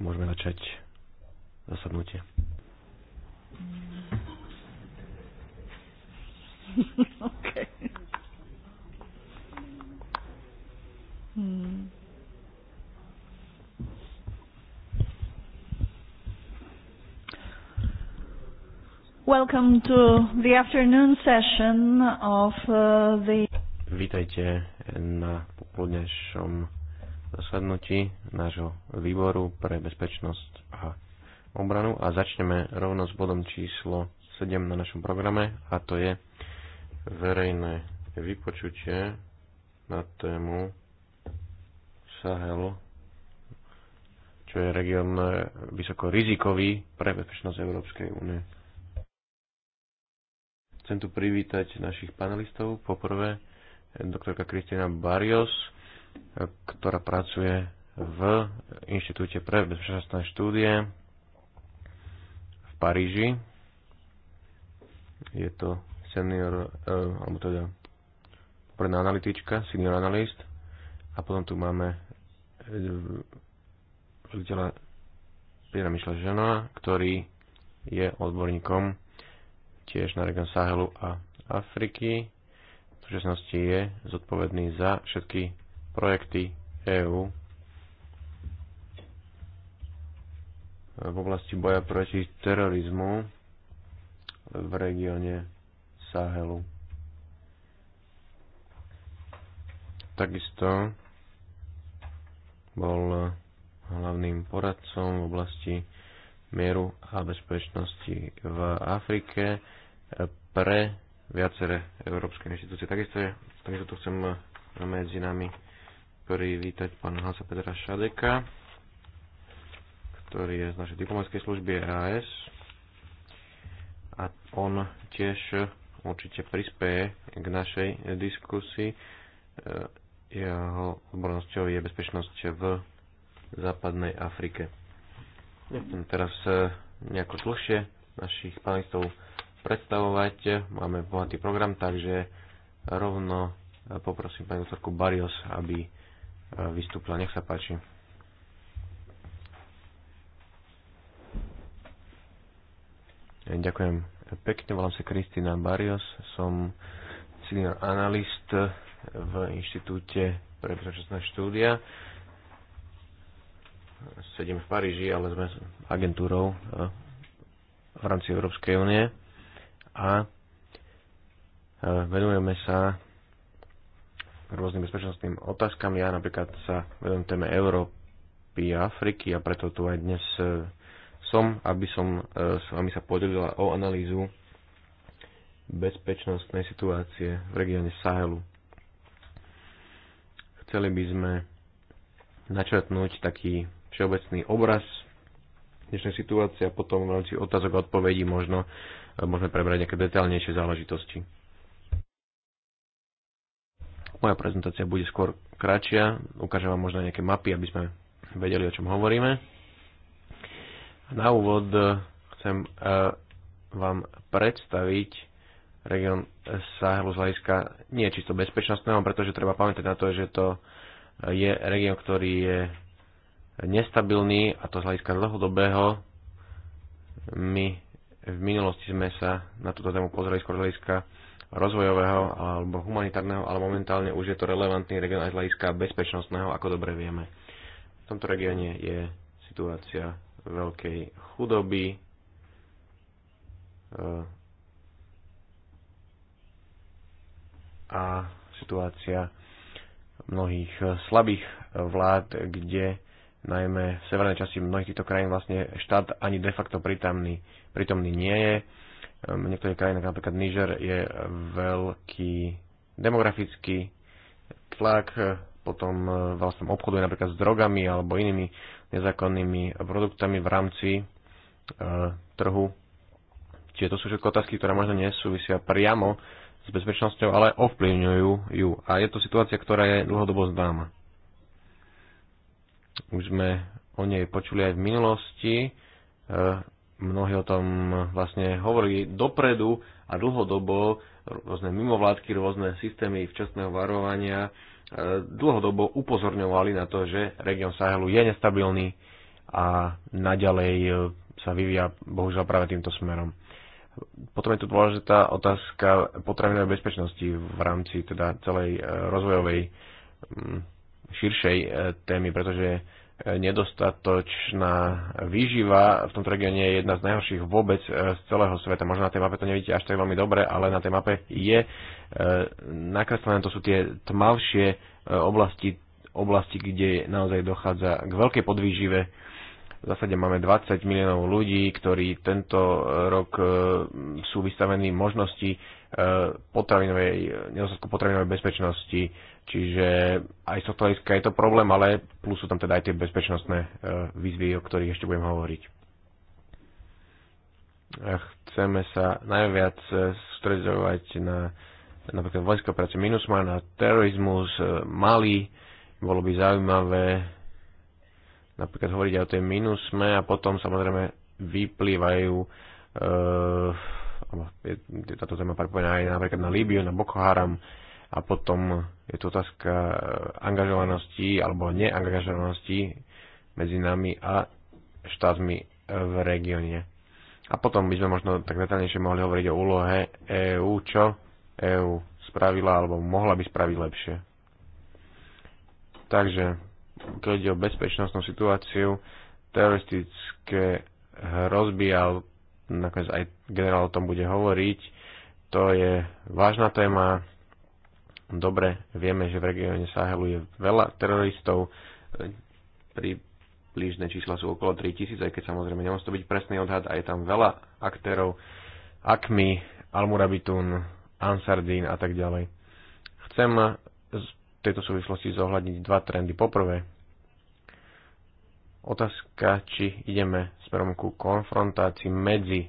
Môžeme začať zasadnutie. okay. Hmm. Welcome to the afternoon session of uh, the Vítajte na popoludnejšom zasadnutí nášho výboru pre bezpečnosť a obranu a začneme rovno s bodom číslo 7 na našom programe a to je verejné vypočutie na tému Sahel, čo je región vysoko rizikový pre bezpečnosť Európskej únie. Chcem tu privítať našich panelistov. Poprvé doktorka Kristina Barrios, ktorá pracuje v Inštitúte pre bezpečnostné štúdie v Paríži. Je to senior, eh, alebo teda predná analytička, senior analyst. A potom tu máme eh, veliteľa Petra Mišla Žena, ktorý je odborníkom tiež na region Sahelu a Afriky. V súčasnosti je zodpovedný za všetky projekty EÚ v oblasti boja proti terorizmu v regióne Sahelu. Takisto bol hlavným poradcom v oblasti mieru a bezpečnosti v Afrike pre viaceré európske inštitúcie. Takisto, takisto tu chcem medzi nami privítať pána Hansa Petra Šadeka, ktorý je z našej diplomatskej služby EAS a on tiež určite prispieje k našej diskusii. E, jeho odbornosťou je bezpečnosť v západnej Afrike. Nechcem teraz e, nejako dlhšie našich panelistov predstavovať. Máme bohatý program, takže rovno poprosím pani doktorku Barrios, aby vystúpila. Nech sa páči. Ďakujem pekne, volám sa Kristina Barrios, som senior analyst v Inštitúte pre bezpečnostné štúdia. Sedím v Paríži, ale sme s agentúrou eh, v rámci Európskej únie a eh, venujeme sa rôznym bezpečnostným otázkam. Ja napríklad sa vedom téme Európy a Afriky a preto tu aj dnes e, som, aby som e, s vami sa podelila o analýzu bezpečnostnej situácie v regióne Sahelu. Chceli by sme načrtnúť taký všeobecný obraz dnešnej situácie a potom v rámci otázok a odpovedí možno e, môžeme prebrať nejaké detálnejšie záležitosti. Moja prezentácia bude skôr kratšia, ukážem vám možno nejaké mapy, aby sme vedeli, o čom hovoríme. Na úvod eh, chcem eh, vám predstaviť región Sahelu z hľadiska nie čisto bezpečnostného, pretože treba pamätať na to, že to eh, je región, ktorý je nestabilný a to z hľadiska dlhodobého. My v minulosti sme sa na túto tému pozreli skôr z hľadiska rozvojového alebo humanitárneho, ale momentálne už je to relevantný region aj z hľadiska bezpečnostného, ako dobre vieme. V tomto regióne je situácia veľkej chudoby, e, a situácia mnohých slabých vlád, kde najmä v severnej časti mnohých týchto krajín vlastne štát ani de facto prítomný, prítomný nie je Ehm, v niektorých krajinách, napríklad Niger, je veľký demografický tlak, eh, potom vlastne obchoduje napríklad s drogami alebo inými nezákonnými produktami v rámci e, trhu. Čiže to sú všetko otázky, ktoré možno nesúvisia priamo s bezpečnosťou, ale ovplyvňujú ju. A je to situácia, ktorá je dlhodobo známa. Už sme o nej počuli aj v minulosti. E, mnohí o tom vlastne hovorili dopredu a dlhodobo rôzne mimovládky, rôzne systémy včasného varovania e, dlhodobo upozorňovali na to, že región Sahelu je nestabilný a naďalej e, sa vyvíja bohužiaľ práve týmto smerom. Potom je tu dôležitá otázka potravinovej bezpečnosti v rámci teda celej e, rozvojovej mm, širšej témy, pretože nedostatočná výživa v tomto regióne je jedna z najhorších vôbec e, z celého sveta. Možno na tej mape to nevidíte až tak veľmi dobre, ale na tej mape je e, nakreslené, to sú tie tmavšie e, oblasti, oblasti, kde naozaj dochádza k veľkej podvýžive. V zásade máme 20 miliónov ľudí, ktorí tento rok sú vystavení možnosti potravinovej, nedostatku potravinovej bezpečnosti. Čiže aj z tohto hľadiska je to problém, ale plus sú tam teda aj tie bezpečnostné e, výzvy, o ktorých ešte budem hovoriť. Chceme sa najviac e, sústredovať na napríklad vojenské operácie MINUSMA, na terorizmus, e, Mali. Bolo by zaujímavé napríklad hovoriť aj o tej MINUSME a potom samozrejme vyplývajú táto téma prepojená aj napríklad na Líbiu, na Boko Haram a potom je to otázka eh, angažovanosti alebo neangažovanosti medzi nami a štátmi eh, v regióne. A potom by sme možno tak detaľnejšie mohli hovoriť o úlohe EÚ, čo EÚ spravila alebo mohla by spraviť lepšie. Takže, keď ide o bezpečnostnú situáciu, teroristické hrozby a nakoniec aj generál o tom bude hovoriť. To je vážna téma. Dobre, vieme, že v regióne Sahelu je veľa teroristov. Približné čísla sú okolo 3000, aj keď samozrejme nemusí to byť presný odhad, a je tam veľa aktérov. Akmi, Almurabitun, Ansardín a tak ďalej. Chcem v tejto súvislosti zohľadniť dva trendy. Poprvé, otázka, či ideme smerom ku konfrontácii medzi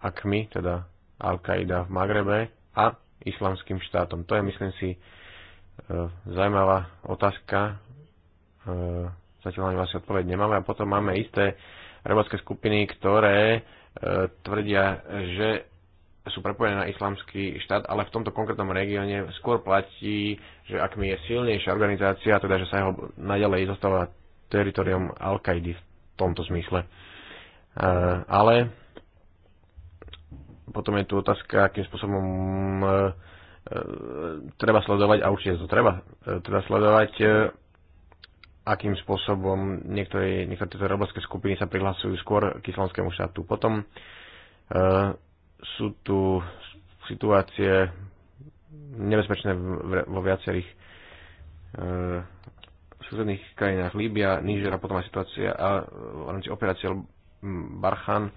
akmi, teda Al-Qaida v Magrebe a islamským štátom. To je, myslím si, e, zaujímavá otázka. E, zatiaľ na vás odpoveď nemáme. A potom máme isté rebotské skupiny, ktoré e, tvrdia, že sú prepojené na islamský štát, ale v tomto konkrétnom regióne skôr platí, že ak mi je silnejšia organizácia, teda že sa jeho nadalej zostáva teritorium Al-Kaidy v tomto zmysle. E, ale potom je tu otázka, akým spôsobom e, e, treba sledovať, a určite to treba, treba sledovať, akým spôsobom niektoré, niektoré tieto rebelské skupiny sa prihlasujú skôr k islamskému štátu. Potom sú tu situácie nebezpečné vo viacerých susedných krajinách Líbia, Níger a potom aj situácia a v rámci operácie Barchan,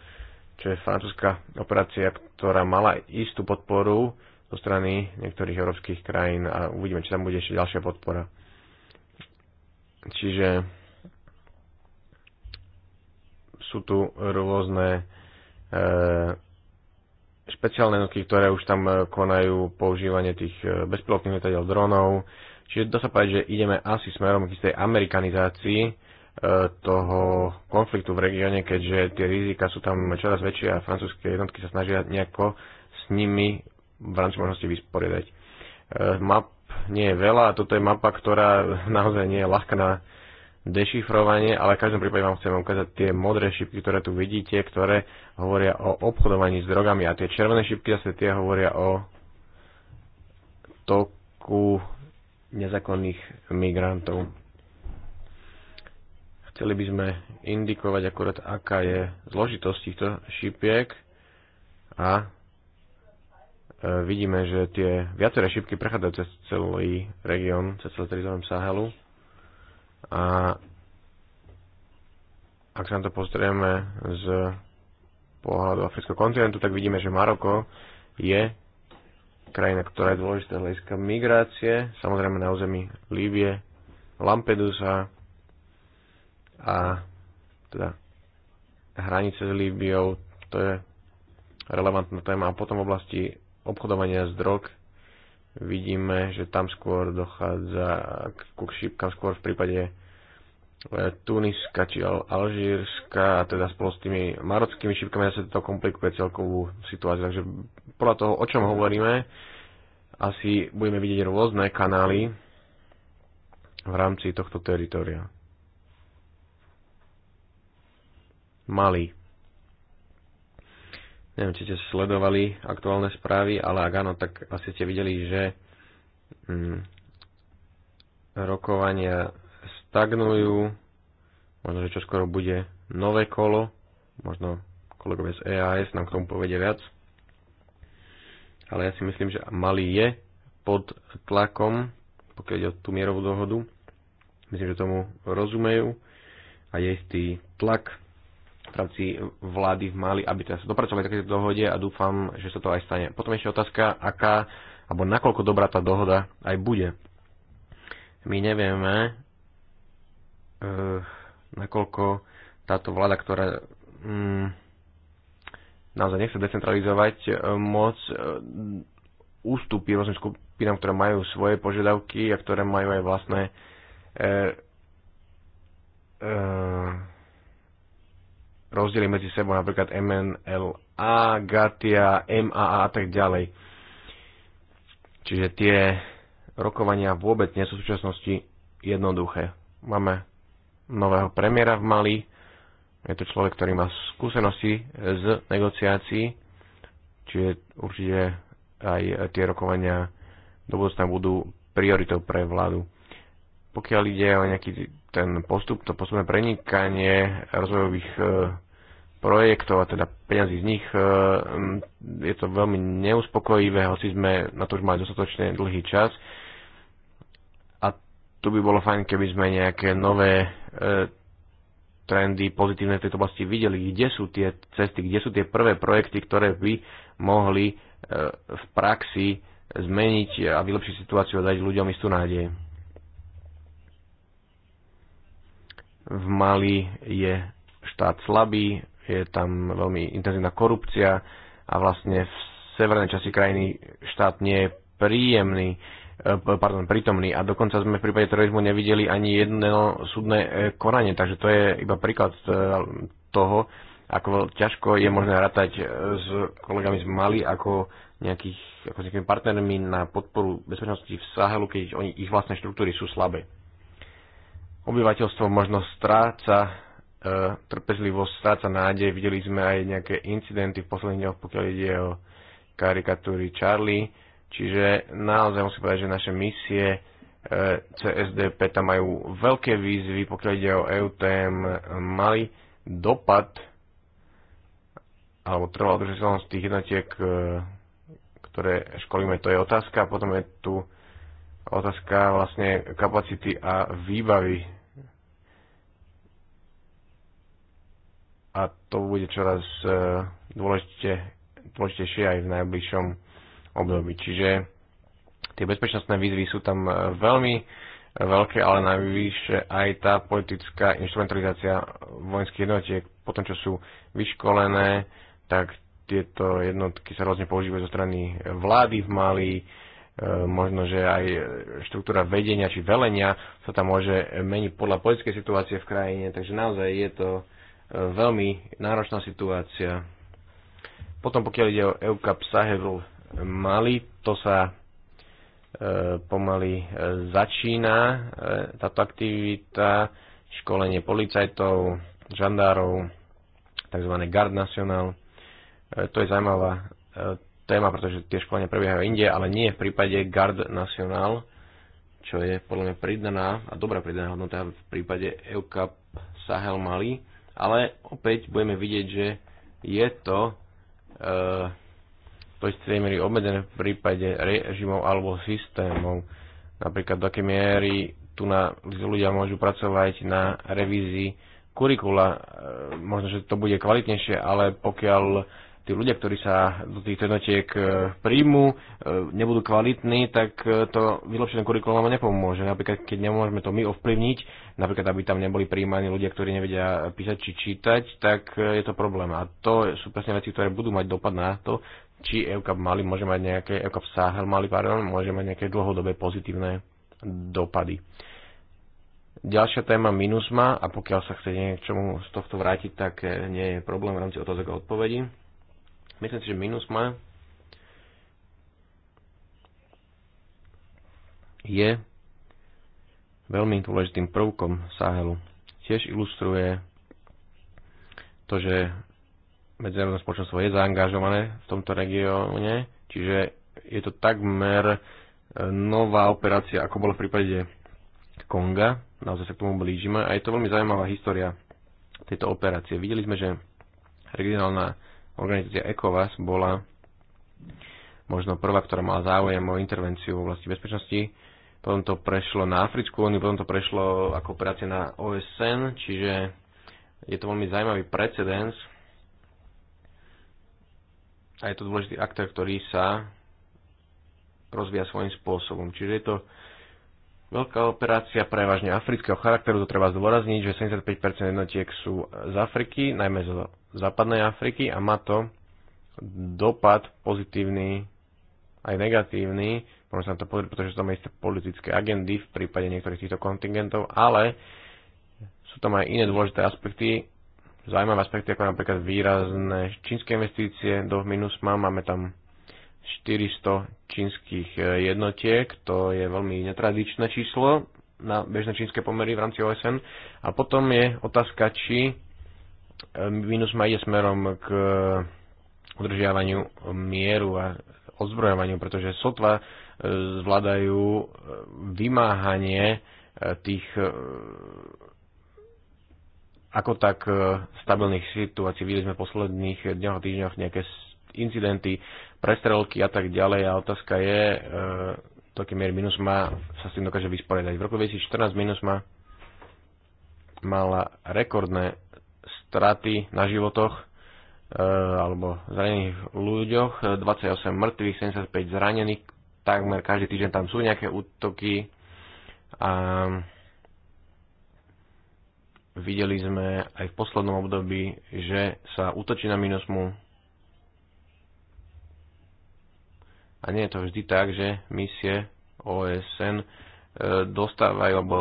čo je francúzska operácia, ktorá mala istú podporu zo strany niektorých európskych krajín a uvidíme, či tam bude ešte ďalšia podpora. Čiže sú tu rôzne e, špeciálne jednotky, ktoré už tam e, konajú používanie tých e, bezpilotných letadiel dronov, Čiže dá sa povedať, že ideme asi smerom k istej amerikanizácii e, toho konfliktu v regióne, keďže tie rizika sú tam čoraz väčšie a francúzske jednotky sa snažia nejako s nimi v rámci možnosti vysporiadať. E, map nie je veľa a toto je mapa, ktorá naozaj nie je ľahká na dešifrovanie, ale v každom prípade vám chcem ukázať tie modré šipky, ktoré tu vidíte, ktoré hovoria o obchodovaní s drogami a tie červené šipky zase tie hovoria o toku nezákonných migrantov. Chceli by sme indikovať akorát, aká je zložitosť týchto šipiek a e, vidíme, že tie viaceré šipky prechádzajú cez celý región, cez celý teritorium Sahelu a ak sa na to pozrieme z pohľadu afrického kontinentu, tak vidíme, že Maroko je krajina, ktorá je dôležitá hľadiska migrácie, samozrejme na území Líbie, Lampedusa a teda hranice s Líbiou, to je relevantná téma. A potom v oblasti obchodovania s drog vidíme, že tam skôr dochádza k šípkam, skôr v prípade E, Tuniska či Alžírska a teda spolu s tými marockými šípkami sa to komplikuje celkovú situáciu. Takže podľa toho, o čom hovoríme, asi budeme vidieť rôzne kanály v rámci tohto teritoria. Mali. Neviem, či ste sledovali aktuálne správy, ale ak áno, tak asi ste videli, že hm, rokovania stagnujú, možno, že čo skoro bude nové kolo, možno kolegovia z EAS nám k tomu povedia viac, ale ja si myslím, že Mali je pod tlakom, pokiaľ ide o tú mierovú dohodu. Myslím, že tomu rozumejú a je istý tlak v rámci vlády v Mali, aby teda sa dopracovali takéto dohode a dúfam, že sa to aj stane. Potom ešte otázka, aká alebo nakoľko dobrá tá dohoda aj bude. My nevieme, Eh, nakoľko táto vláda, ktorá mm, naozaj nechce decentralizovať eh, moc, ústupí eh, rôznym skupinám, ktoré majú svoje požiadavky a ktoré majú aj vlastné e, e, rozdiely medzi sebou, napríklad MNLA, GATIA, MAA a tak ďalej. Čiže tie rokovania vôbec nie sú v súčasnosti jednoduché. Máme nového premiéra v Mali. Je to človek, ktorý má skúsenosti z negociácií, čiže určite aj tie rokovania do budúcna budú prioritou pre vládu. Pokiaľ ide o nejaký ten postup, to posledné prenikanie rozvojových e, projektov, a teda peňazí z nich, e, je to veľmi neuspokojivé, hoci sme na to už mali dostatočne dlhý čas tu by bolo fajn, keby sme nejaké nové e, trendy pozitívne v tejto oblasti videli, kde sú tie cesty, kde sú tie prvé projekty, ktoré by mohli e, v praxi zmeniť a vylepšiť situáciu a dať ľuďom istú nádej. V Mali je štát slabý, je tam veľmi intenzívna korupcia a vlastne v severnej časti krajiny štát nie je príjemný. E, E, pardon, prítomní a dokonca sme v prípade terorizmu nevideli ani jedno súdne e, konanie, takže to je iba príklad e, toho, ako ťažko je možné rátať s kolegami z Mali ako, nejakých, ako s nejakými partnermi na podporu bezpečnosti v Sahelu, keď oni, ich vlastné štruktúry sú slabé. Obyvateľstvo možno stráca e, trpezlivosť, stráca nádej. Videli sme aj nejaké incidenty v posledných dňoch, pokiaľ ide o karikatúry Charlie, Čiže naozaj musím povedať, že naše misie e, CSDP tam majú veľké výzvy, pokiaľ ide o EUTM, mali dopad alebo trvalo udržateľnosť tých jednotiek, e, ktoré školíme, to je otázka. A potom je tu otázka vlastne kapacity a výbavy. A to bude čoraz e, dôležite, dôležitejšie aj v najbližšom období. Čiže tie bezpečnostné výzvy sú tam e, veľmi e, veľké, ale najvyššie aj tá politická instrumentalizácia vojenských jednotiek. Po tom, čo sú vyškolené, tak tieto jednotky sa rôzne používajú zo strany vlády v Mali, e, možno, že aj štruktúra vedenia či velenia sa tam môže meniť podľa politickej situácie v krajine, takže naozaj je to veľmi náročná situácia. Potom pokiaľ ide o EUCAP Sahel mali. To sa e, pomaly e, začína e, táto aktivita, školenie policajtov, žandárov, tzv. Guard National. To je zaujímavá téma, pretože tie školenia prebiehajú inde, ale nie v prípade Guard National, čo je podľa mňa pridaná a dobrá pridaná hodnota v prípade EUCAP Sahel Mali, ale opäť budeme vidieť, že je to do istej miery obmedzené v prípade režimov alebo systémov. Napríklad do akej miery tu na, ľudia môžu pracovať na revízii kurikula. E, možno, že to bude kvalitnejšie, ale pokiaľ tí ľudia, ktorí sa do týchto jednotiek e, príjmu, e, nebudú kvalitní, tak to vylepšené kurikulum nám nepomôže. Napríklad, keď nemôžeme to my ovplyvniť, napríklad, aby tam neboli príjmaní ľudia, ktorí nevedia písať či čítať, tak je to problém. A to sú presne veci, ktoré budú mať dopad na to, či EUCAP Mali môže mať nejaké, EUCAP Sahel Mali, pardon, môže mať nejaké dlhodobé pozitívne dopady. Ďalšia téma minusma a pokiaľ sa chcete k čomu z tohto vrátiť, tak eh, nie je problém v rámci otázok a odpovedí. Myslím si, že minusma je veľmi dôležitým prvkom Sahelu. Tiež ilustruje to, že medzinárodné spoločenstvo je zaangažované v tomto regióne, čiže je to takmer e, nová operácia, ako bolo v prípade Konga. Naozaj sa k tomu blížime a je to veľmi zaujímavá história tejto operácie. Videli sme, že regionálna organizácia ECOWAS bola možno prvá, ktorá mala záujem o intervenciu v oblasti bezpečnosti. Potom to prešlo na Africkú úniu, potom to prešlo ako operácia na OSN, čiže je to veľmi zaujímavý precedens, a je to dôležitý aktér, ktorý sa rozvíja svojím spôsobom. Čiže je to veľká operácia prevažne afrického charakteru, to treba zdôrazniť, že 75% jednotiek sú z Afriky, najmä zo západnej Afriky a má to dopad pozitívny aj negatívny, môžem sa na to pozrieť, pretože sú tam isté politické agendy v prípade niektorých týchto kontingentov, ale sú tam aj iné dôležité aspekty, zaujímavé aspekty, ako napríklad výrazné čínske investície do MINUSMA. Máme tam 400 čínskych e, jednotiek, to je veľmi netradičné číslo na bežné čínske pomery v rámci OSN. A potom je otázka, či e, MINUSMA ide smerom k e, udržiavaniu mieru a ozbrojovaniu, pretože sotva zvládajú vymáhanie tých ako tak e, stabilných situácií. Videli sme v posledných dňoch a týždňoch nejaké incidenty, prestrelky a tak ďalej a otázka je, e, do akej miery Minusma sa s tým dokáže vysporiadať. V roku 2014 Minusma mala rekordné straty na životoch e, alebo zranených ľuďoch, 28 mŕtvych, 75 zranených, takmer každý týždeň tam sú nejaké útoky a Videli sme aj v poslednom období, že sa útočí na minusmu. A nie je to vždy tak, že misie OSN e, dostávajú alebo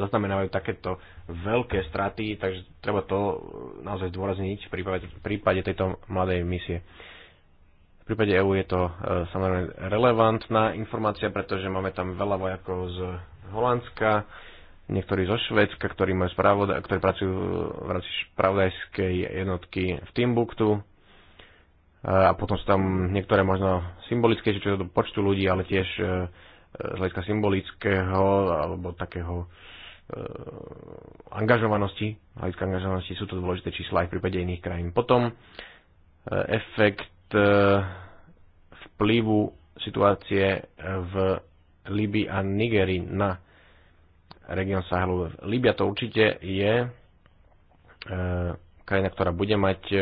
zaznamenávajú takéto veľké straty, takže treba to naozaj zdôrazniť v prípade, v prípade tejto mladej misie. V prípade EU je to e, samozrejme relevantná informácia, pretože máme tam veľa vojakov z Holandska, niektorí zo Švedska, ktorí, majú spravoda- ktorí pracujú v rámci spravodajskej jednotky v Timbuktu. A potom sú tam niektoré možno symbolické, čo do počtu ľudí, ale tiež e, z hľadiska symbolického alebo takého e, angažovanosti, hľadiska angažovanosti sú to dôležité čísla aj v prípade iných krajín. Potom e, efekt vplyvu situácie v Libii a Nigerii na región Sahelu. Líbia to určite je e, krajina, ktorá bude mať e,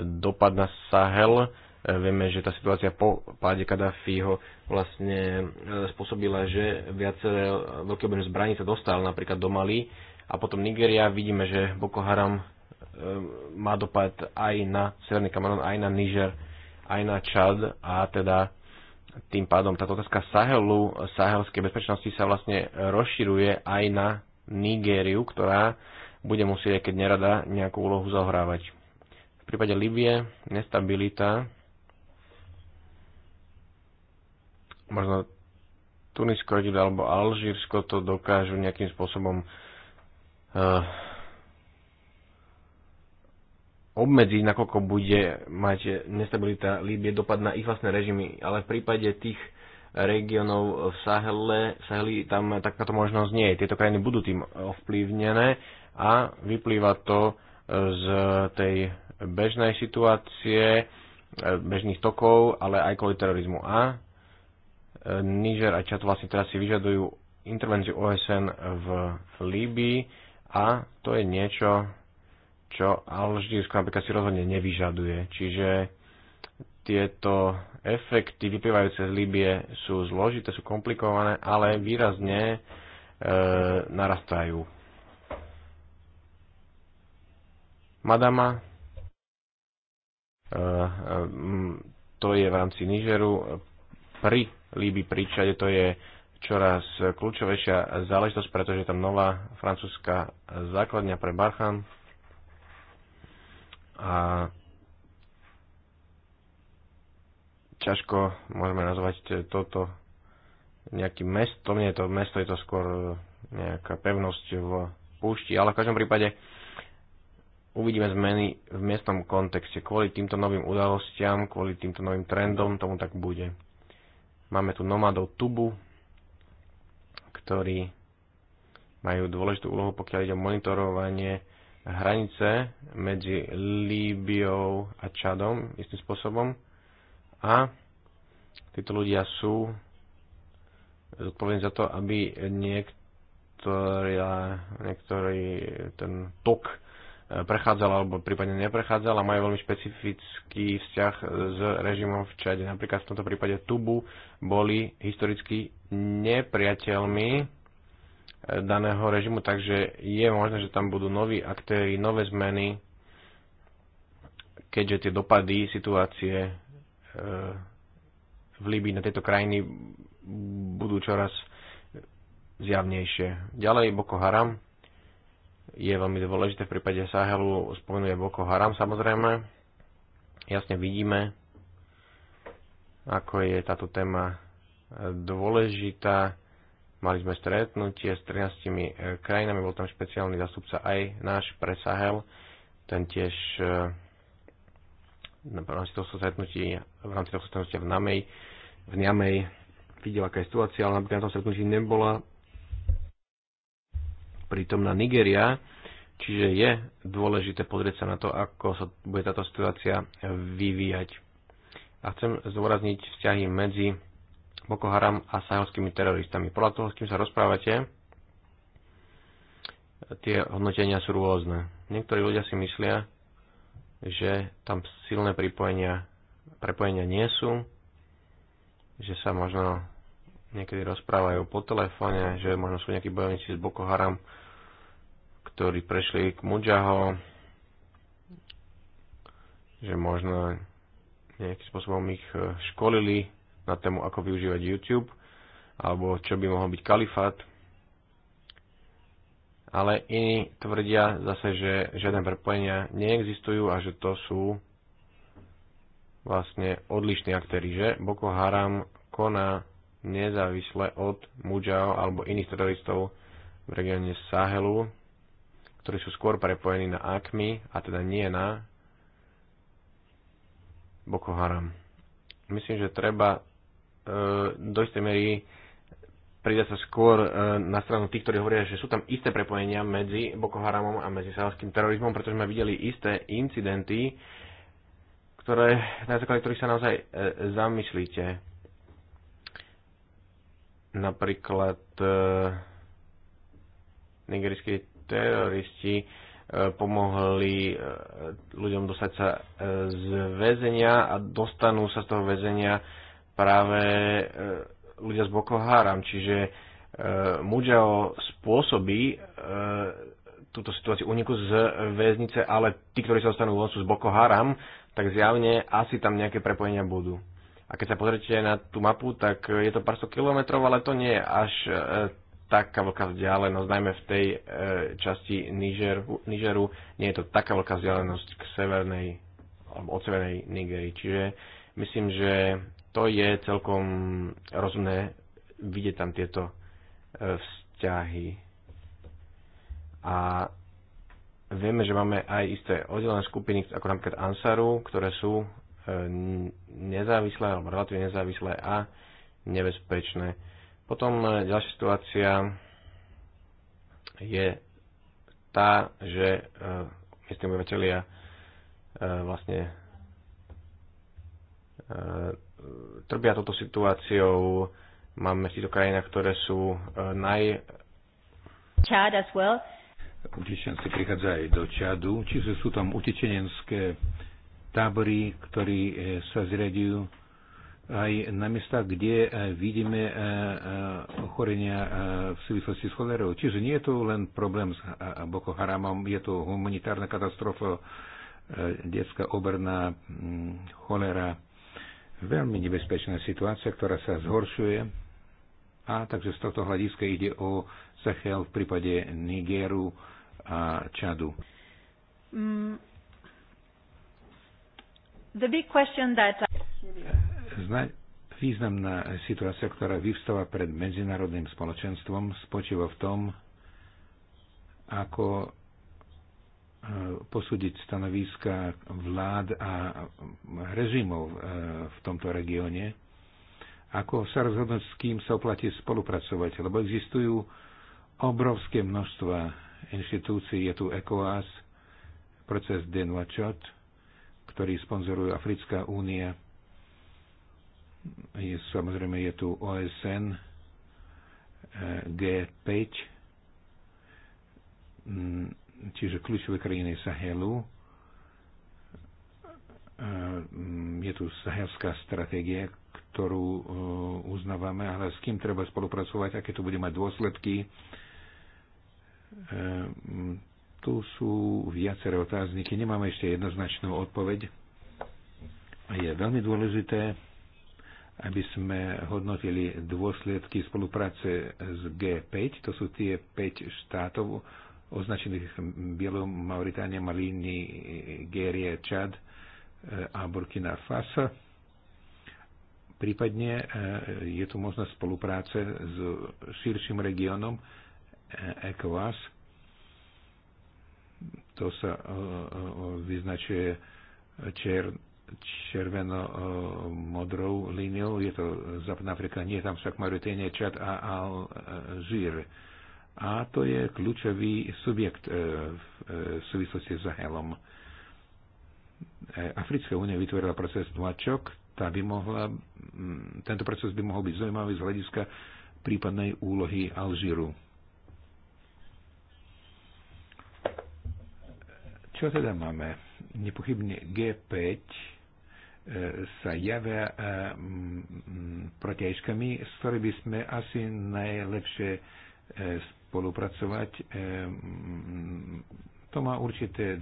dopad na Sahel. E, vieme, že tá situácia po páde Kadáfiho vlastne spôsobila, že viaceré veľké objem zbraní sa dostal napríklad do Mali a potom Nigeria. Vidíme, že Boko Haram má dopad aj na Severný Kamerun, aj na Niger, aj na Čad a teda tým pádom táto otázka Sahelu, sahelskej bezpečnosti sa vlastne rozširuje aj na Nigériu, ktorá bude musieť, keď nerada, nejakú úlohu zohrávať. V prípade Libie nestabilita, možno Tunisko alebo Alžírsko to dokážu nejakým spôsobom uh, obmedzí, nakoľko bude mať nestabilita Líbie dopad na ich vlastné režimy, ale v prípade tých regiónov v Sahele, Saheli tam takáto možnosť nie je. Tieto krajiny budú tým ovplyvnené a vyplýva to z tej bežnej situácie, bežných tokov, ale aj kvôli terorizmu. A Niger a Čat vlastne teraz si vyžadujú intervenciu OSN v Líbii a to je niečo, čo Alžírsko napríklad si rozhodne nevyžaduje. Čiže tieto efekty vyplývajúce z Libie sú zložité, sú komplikované, ale výrazne e, narastajú. Madama, e, e, to je v rámci Nigeru, pri Líbi príčade to je čoraz kľúčovejšia záležitosť, pretože je tam nová francúzska základňa pre Barchan, a ťažko môžeme nazvať toto nejakým mestom, nie je to mesto, je to skôr nejaká pevnosť v púšti, ale v každom prípade uvidíme zmeny v miestnom kontexte. Kvôli týmto novým udalostiam, kvôli týmto novým trendom tomu tak bude. Máme tu nomadov Tubu, ktorí majú dôležitú úlohu, pokiaľ ide o monitorovanie hranice medzi Líbiou a Čadom istým spôsobom a títo ľudia sú zodpovední za to, aby niektorá, niektorý ten tok eh, prechádzal alebo prípadne neprechádzal a majú veľmi špecifický vzťah s režimom v Čade. Napríklad v tomto prípade Tubu boli historicky nepriateľmi daného režimu, takže je možné, že tam budú noví aktéry, nové zmeny, keďže tie dopady situácie e, v Líbii na tieto krajiny budú čoraz zjavnejšie. Ďalej Boko Haram je veľmi dôležité v prípade Sahelu, spomenuje Boko Haram samozrejme. Jasne vidíme, ako je táto téma dôležitá Mali sme stretnutie s 13 e, krajinami, bol tam špeciálny zastupca aj náš pre Sahel. Ten tiež e, v rámci toho stretnutia v, rámci toho stretnutia v, Namej, v Niamej videl, aká je situácia, ale napríklad na tom stretnutí nebola prítomná Nigeria, čiže je dôležité pozrieť sa na to, ako sa bude táto situácia vyvíjať. A chcem zdôrazniť vzťahy medzi Boko Haram a sahelskými teroristami. Podľa toho, s kým sa rozprávate, tie hodnotenia sú rôzne. Niektorí ľudia si myslia, že tam silné pripojenia, prepojenia nie sú, že sa možno niekedy rozprávajú po telefóne, že možno sú nejakí bojovníci z Boko Haram, ktorí prešli k Mujaho, že možno nejakým spôsobom ich školili na tému, ako využívať YouTube, alebo čo by mohol byť kalifát. Ale iní tvrdia zase, že žiadne prepojenia neexistujú a že to sú vlastne odlišní aktéry, že Boko Haram koná nezávisle od Mujao alebo iných teroristov v regióne Sahelu, ktorí sú skôr prepojení na AKMI a teda nie na Boko Haram. Myslím, že treba E, do istej miery príde sa skôr e, na stranu tých, ktorí hovoria, že sú tam isté prepojenia medzi Boko Haramom a medzi sahelským terorizmom, pretože sme videli isté incidenty, ktoré, na základe ktorých sa naozaj e, zamyslíte. Napríklad nigerijskí teroristi pomohli ľuďom dostať sa z väzenia a dostanú sa z toho väzenia práve e, ľudia z Boko Haram, čiže e, Mujao spôsobí e, túto situáciu uniku z väznice, ale tí, ktorí sa dostanú von sú z Boko Haram, tak zjavne asi tam nejaké prepojenia budú. A keď sa pozrite na tú mapu, tak je to pár sto kilometrov, ale to nie je až e, taká veľká vzdialenosť, najmä v tej e, časti Nigeru, Nigeru nie je to taká veľká vzdialenosť k severnej, alebo od severnej Nigerii. Čiže myslím, že to je celkom rozumné vidieť tam tieto e, vzťahy. A vieme, že máme aj isté oddelené skupiny, ako napríklad Ansaru, ktoré sú e, nezávislé alebo relatívne nezávislé a nebezpečné. Potom e, ďalšia situácia je tá, že miestni obyvateľia vlastne E, trpia toto situáciou. Máme si to krajina, ktoré sú e, naj... Čad as well. Utečenci prichádzajú do Čadu, čiže sú tam utečenenské tábory, ktorí e, sa zriadujú aj na miesta, kde vidíme ochorenia v súvislosti s cholerou. Čiže nie je to len problém s Boko Haramom, je to humanitárna katastrofa, detská oberná cholera veľmi nebezpečná situácia, ktorá sa zhoršuje. A takže z tohto hľadiska ide o Sahel v prípade Nigeru a Čadu. Mm. The big question that Zna- významná situácia, ktorá vyvstáva pred medzinárodným spoločenstvom, spočíva v tom, ako posúdiť stanoviska vlád a režimov e, v tomto regióne, ako sa rozhodnúť, s kým sa oplatí spolupracovať, lebo existujú obrovské množstva inštitúcií, je tu ECOAS, proces Denwachot, ktorý sponzorujú Africká únia, je, samozrejme je tu OSN, e, G5, čiže kľúčové krajiny Sahelu. E, mm, je tu sahelská stratégia, ktorú e, uznávame, ale s kým treba spolupracovať, aké to bude mať dôsledky. E, mm, tu sú viaceré otázniky, nemáme ešte jednoznačnú odpoveď. Je veľmi dôležité, aby sme hodnotili dôsledky spolupráce s G5, to sú tie 5 štátov, označených bielou Mauritánia, Mali, Nigérie, Čad eh, a Burkina Faso. Prípadne eh, je tu možnosť spolupráce s širším regiónom eh, ECOWAS. To sa vyznačuje čer, červeno-modrou líniou. Je to Západná Afrika, nie tam však Mauritánia, Čad a Alžír. Al- a to je kľúčový subjekt e, e, v súvislosti s Sahelom. E, Africká únia vytvorila proces tlačok, tá by mohla, mm, tento proces by mohol byť zaujímavý z hľadiska prípadnej úlohy Alžíru. Čo teda máme? Nepochybne G5 sa javia protiažkami, s ktorými by sme asi najlepšie spolupracovať. Eh, to má určité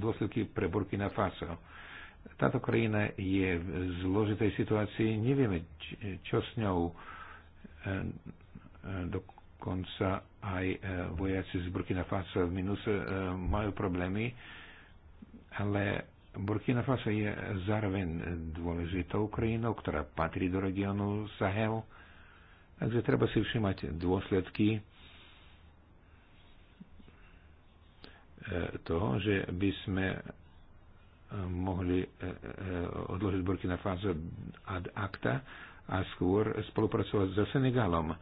dôsledky pre Burkina Faso. Táto krajina je v zložitej situácii, nevieme, čo s ňou eh, eh, dokonca aj vojaci z Burkina Faso v Minuse majú problémy, ale Burkina Faso je zároveň dôležitou krajinou, ktorá patrí do regiónu Sahel, takže treba si všimať dôsledky to, že by sme mohli e, e, odložiť na fázu ad acta a skôr spolupracovať so Senegalom.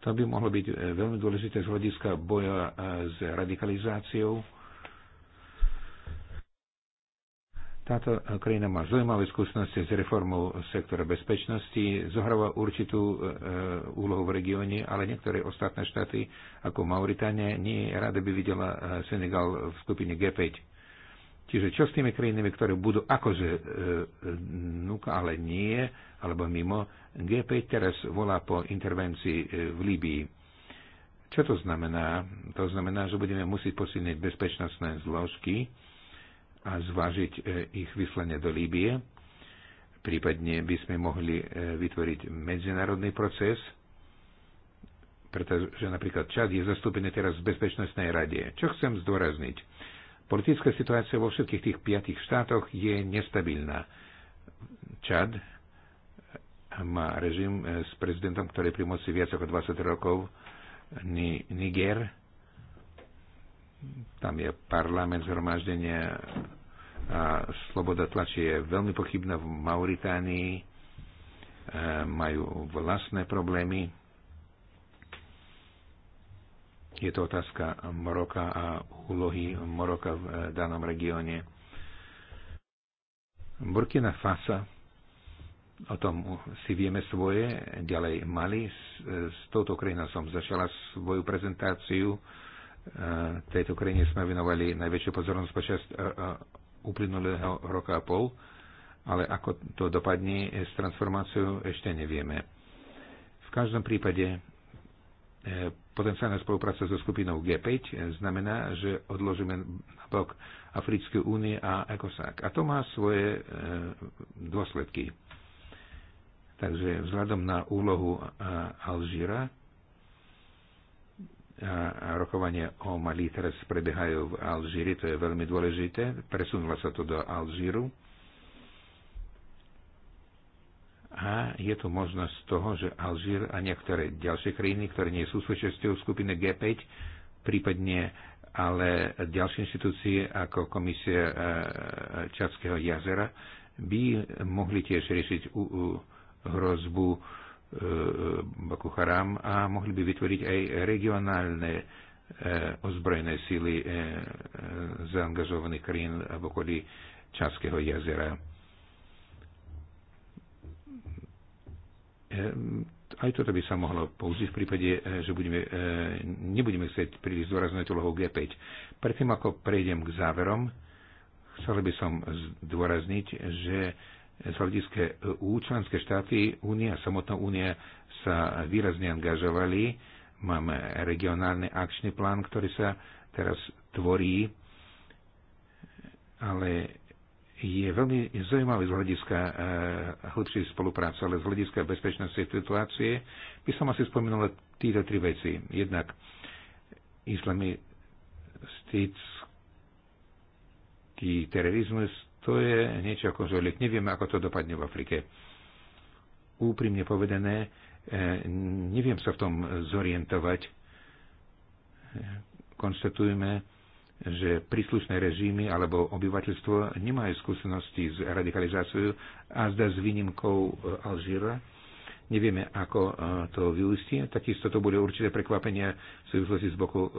To by mohlo byť e, veľmi dôležité z hľadiska boja s radikalizáciou Táto eh, krajina má zaujímavé skúsenosti s reformou sektora bezpečnosti, zohráva určitú e, úlohu v regióne, ale niektoré ostatné štáty, ako Mauritania, nie rada by videla Senegal v skupine G5. Čiže čo s tými krajinami, ktoré budú akože e, nuka, ale nie, alebo mimo, G5 teraz volá po intervencii v Líbii. Čo to znamená? To znamená, že budeme musieť posilniť bezpečnostné zložky, a zvážiť e, ich vyslanie do Líbie. Prípadne by sme mohli e, vytvoriť medzinárodný proces, pretože napríklad Čad je zastúpený teraz v Bezpečnostnej rade. Čo chcem zdôrazniť? Politická situácia vo všetkých tých piatých štátoch je nestabilná. Čad má režim e, s prezidentom, ktorý pri moci viac ako 20 rokov. Niger tam je parlament, zhromaždenia a sloboda tlače je veľmi pochybná v Mauritánii. E, majú vlastné problémy. Je to otázka Moroka a úlohy Moroka v e, danom regióne. Burkina Fasa, o tom si vieme svoje, ďalej Mali. S, e, s touto krajinou som začala svoju prezentáciu. Eh, tejto krajine sme venovali najväčšiu pozornosť počas eh, eh, uplynulého roka a pol, ale ako to dopadne s transformáciou, ešte nevieme. V každom prípade potenciálna spolupráca so skupinou G5 znamená, že odložíme na bok Africké únie a ECOSAC. A to má svoje dôsledky. Takže vzhľadom na úlohu Alžíra rokovania o Mali teraz prebiehajú v Alžíri, to je veľmi dôležité. Presunula sa to do Alžíru. A je tu možnosť toho, že Alžír a niektoré ďalšie krajiny, ktoré nie sú súčasťou skupiny G5, prípadne ale ďalšie inštitúcie ako Komisia e, Čadského jazera by mohli tiež riešiť hrozbu uh, Baku Haram a mohli by vytvoriť aj regionálne e, ozbrojené síly e, e, zaangažovaných krajín v okolí Čaského jazera. Aj toto by sa mohlo použiť v prípade, že budeme, nebudeme chcieť príliš zdôrazňovať úlohu G5. Predtým, ako prejdem k záverom, chcel by som zdôrazniť, že z hľadiska EU členské štáty, Únia, samotná Únia sa výrazne angažovali. Máme regionálny akčný plán, ktorý sa teraz tvorí, ale je veľmi zaujímavý z hľadiska e, hĺbšej spolupráce, ale z hľadiska bezpečnosti situácie by som asi spomenula tieto tri veci. Jednak islamistický terorizmus, to je niečo ako žolik. Nevieme, ako to dopadne v Afrike. Úprimne povedané, e, neviem sa v tom zorientovať. E, konštatujeme, že príslušné režimy alebo obyvateľstvo nemajú skúsenosti s radikalizáciou a zda s výnimkou e, Alžíra. Nevieme, ako to vyústie. Takisto to bude určité prekvapenie v súvislosti z boku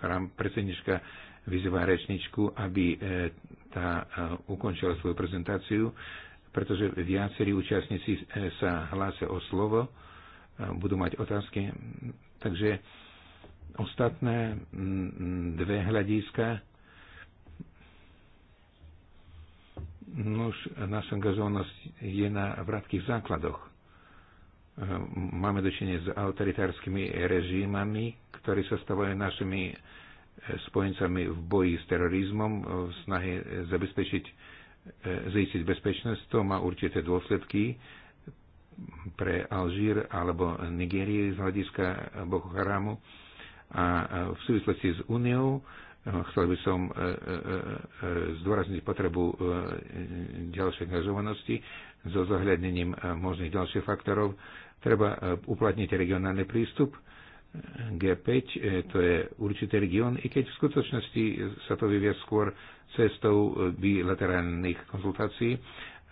chrám predsednička vyzýva rečničku, aby e, tá e, ukončila svoju prezentáciu, pretože viacerí účastníci e, sa hlásia o slovo, budú mať otázky. Takže ostatné dve hľadiska. Nož, naša angažovanosť je na vratkých základoch. Máme dočenie s autoritárskymi režimami, ktorí sa stavajú našimi spojencami v boji s terorizmom, v snahe zabezpečiť, e, zistiť bezpečnosť. To má určité dôsledky pre Alžír alebo Nigériu z hľadiska Boko Haramu. A e, v súvislosti s Úniou e, chcel by som zdôrazniť potrebu ďalšej angažovanosti so zohľadnením možných ďalších faktorov. Treba uplatniť regionálny prístup G5, e, to je určitý region, i keď v skutočnosti sa to vyvie skôr cestou e, bilaterálnych konzultácií,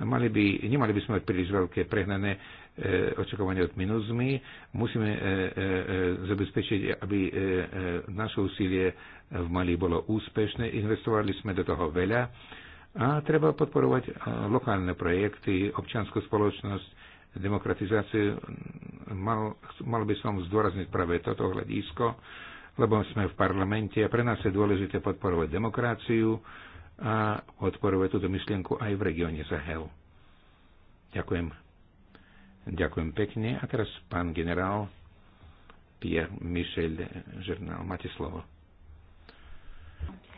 mali by, nemali by sme mať príliš veľké prehnané e, očakávania od minusmy. Musíme e, e, e, zabezpečiť, aby e, e, naše úsilie v Mali bolo úspešné. Investovali sme do toho veľa a treba podporovať e, lokálne projekty, občianskú spoločnosť, e, demokratizáciu, mal, mal by som zdôrazniť práve toto hľadisko, lebo sme v parlamente a pre nás je dôležité podporovať demokraciu a podporovať túto myšlienku aj v regióne Sahel. Ďakujem. Ďakujem pekne. A teraz pán generál Pierre Michel Žernal, máte slovo. Okay.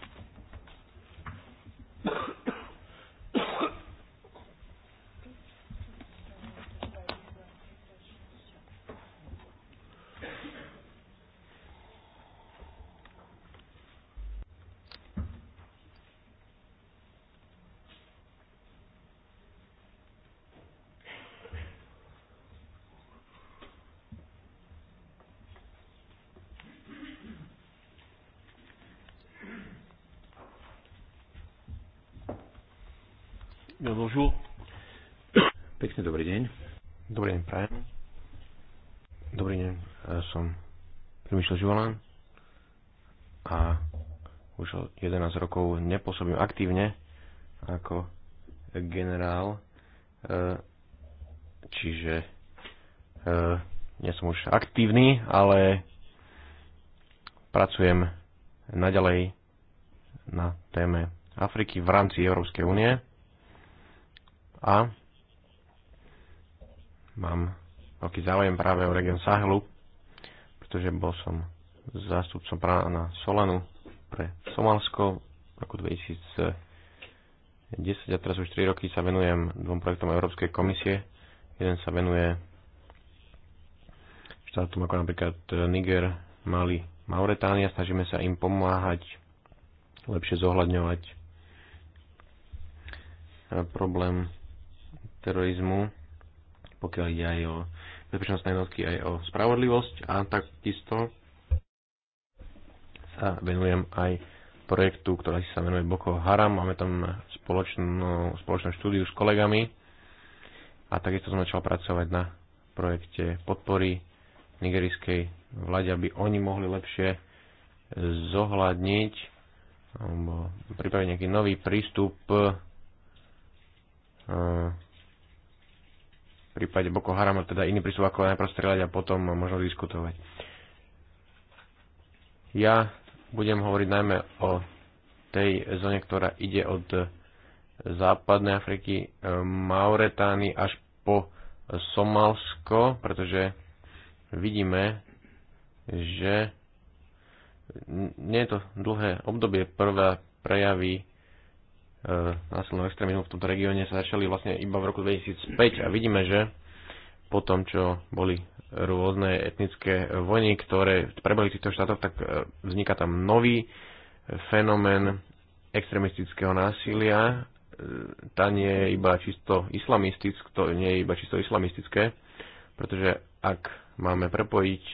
rokov nepôsobím aktívne ako generál, e, čiže e, nie som už aktívny, ale pracujem naďalej na téme Afriky v rámci Európskej únie a mám veľký záujem práve o region Sahelu, pretože bol som zástupcom práva na Solanu pre Somalsko v roku 2010 a teraz už 3 roky sa venujem dvom projektom Európskej komisie. Jeden sa venuje štátom ako napríklad Niger, Mali, Mauretánia. Snažíme sa im pomáhať lepšie zohľadňovať problém terorizmu, pokiaľ ide aj o bezpečnostné jednotky, aj o spravodlivosť a takisto sa venujem aj projektu, ktorá sa venuje Boko Haram. Máme tam spoločnú, spoločnú štúdiu s kolegami a takisto som začal pracovať na projekte podpory nigerijskej vláde, aby oni mohli lepšie zohľadniť alebo pripraviť nejaký nový prístup e, v prípade Boko Harama, teda iný prístup ako najprv strieľať a potom možno diskutovať. Ja budem hovoriť najmä o tej zóne, ktorá ide od západnej Afriky, e, Mauretány až po Somalsko, pretože vidíme, že nie je to dlhé obdobie. Prvé prejavy e, násilného extrémizmu v tomto regióne sa začali vlastne iba v roku 2005 a vidíme, že po tom, čo boli rôzne etnické vojny, ktoré prebehli v týchto štátoch, tak e, vzniká tam nový e, fenomén extremistického násilia. E, tá nie je iba čisto islamistické, to nie je iba čisto islamistické, pretože ak máme prepojiť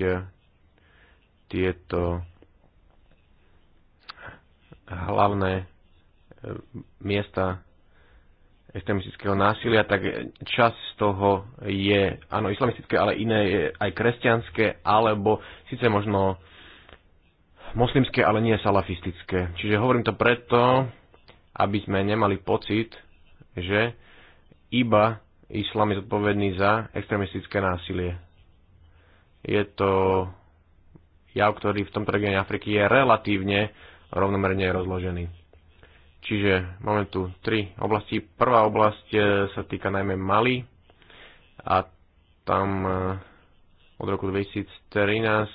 tieto hlavné miesta extremistického násilia, tak čas z toho je, áno, islamistické, ale iné je aj kresťanské, alebo síce možno moslimské, ale nie salafistické. Čiže hovorím to preto, aby sme nemali pocit, že iba islám je zodpovedný za extremistické násilie. Je to jav, ktorý v tomto regióne Afriky je relatívne rovnomerne rozložený. Čiže máme tu tri oblasti. Prvá oblasť e, sa týka najmä Mali a tam e, od roku 2013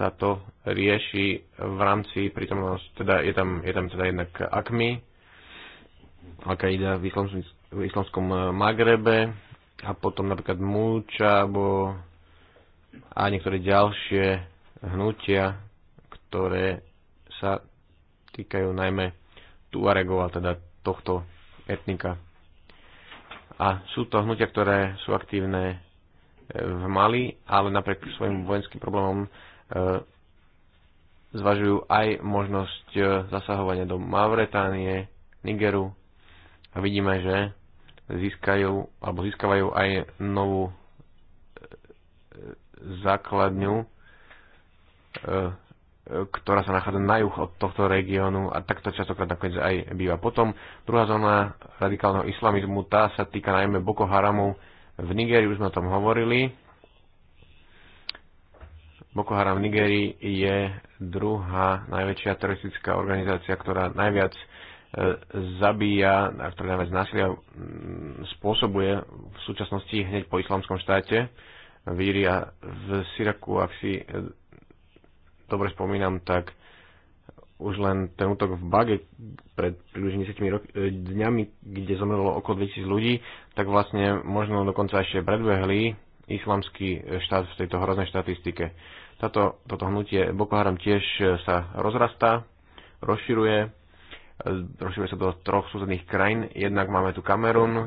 sa to rieši v rámci prítomnosť, teda je tam, je tam teda jednak ACMI, aká ide v, islamskom, v e, islamskom Magrebe a potom napríklad Múča alebo a niektoré ďalšie hnutia, ktoré sa týkajú najmä Tuaregov, a teda tohto etnika. A sú to hnutia, ktoré sú aktívne e, v Mali, ale napriek svojim vojenským problémom e, zvažujú aj možnosť e, zasahovania do Mauretánie, Nigeru a vidíme, že získajú alebo získavajú aj novú základňu ktorá sa nachádza na juh od tohto regiónu a takto častokrát nakoniec aj býva. Potom druhá zóna radikálneho islamizmu, tá sa týka najmä Boko Haramu v Nigerii, už sme o tom hovorili. Boko Haram v Nigerii je druhá najväčšia teroristická organizácia, ktorá najviac e, zabíja, ktorá najviac násilia spôsobuje v súčasnosti hneď po islamskom štáte Víria v Syraku, ak si e, dobre spomínam, tak už len ten útok v Bage pred približne 10 rok, e, dňami, kde zomrelo okolo 2000 ľudí, tak vlastne možno dokonca ešte predbehli islamský štát v tejto hroznej štatistike. Tato, toto hnutie Boko Haram tiež sa rozrastá, rozširuje, e, rozširuje sa do troch susedných krajín. Jednak máme tu Kamerun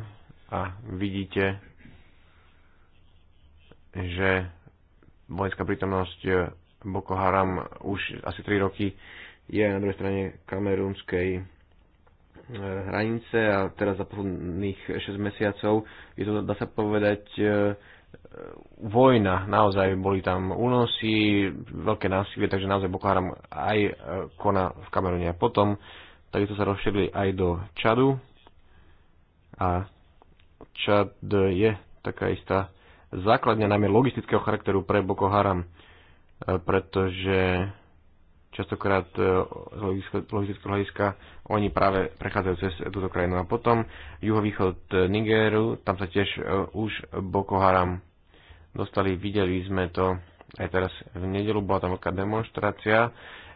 a vidíte, že vojenská prítomnosť Boko Haram už asi 3 roky je na druhej strane kamerúnskej eh, hranice a teraz za posledných 6 mesiacov je to, dá sa povedať, eh, vojna. Naozaj boli tam únosy, veľké násilie, takže naozaj Boko Haram aj eh, koná v Kamerune. A potom takisto sa rozšírili aj do Čadu a Čad je taká istá základňa, najmä logistického charakteru pre Boko Haram. E, pretože častokrát e, z logického hľadiska oni práve prechádzajú cez túto krajinu. A potom juhovýchod e, Nigéru, tam sa tiež už Boko Haram dostali, videli sme to aj teraz v nedelu, bola tam veľká demonstrácia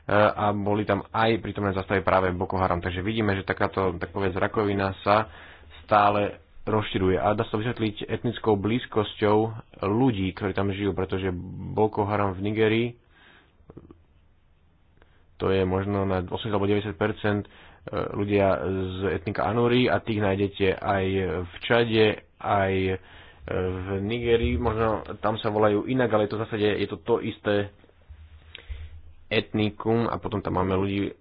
a boli tam aj prítomné zastavy práve Boko Haram. Takže vidíme, že takáto, tak povedz, rakovina sa stále rozširuje. A dá sa vysvetliť etnickou blízkosťou ľudí, ktorí tam žijú, pretože Boko Haram v Nigerii to je možno na 80 alebo 90 e, ľudia z etnika Anúry a tých nájdete aj v Čade, aj e, v Nigerii, možno tam sa volajú inak, ale to v zásade je to to isté etnikum a potom tam máme ľudí e,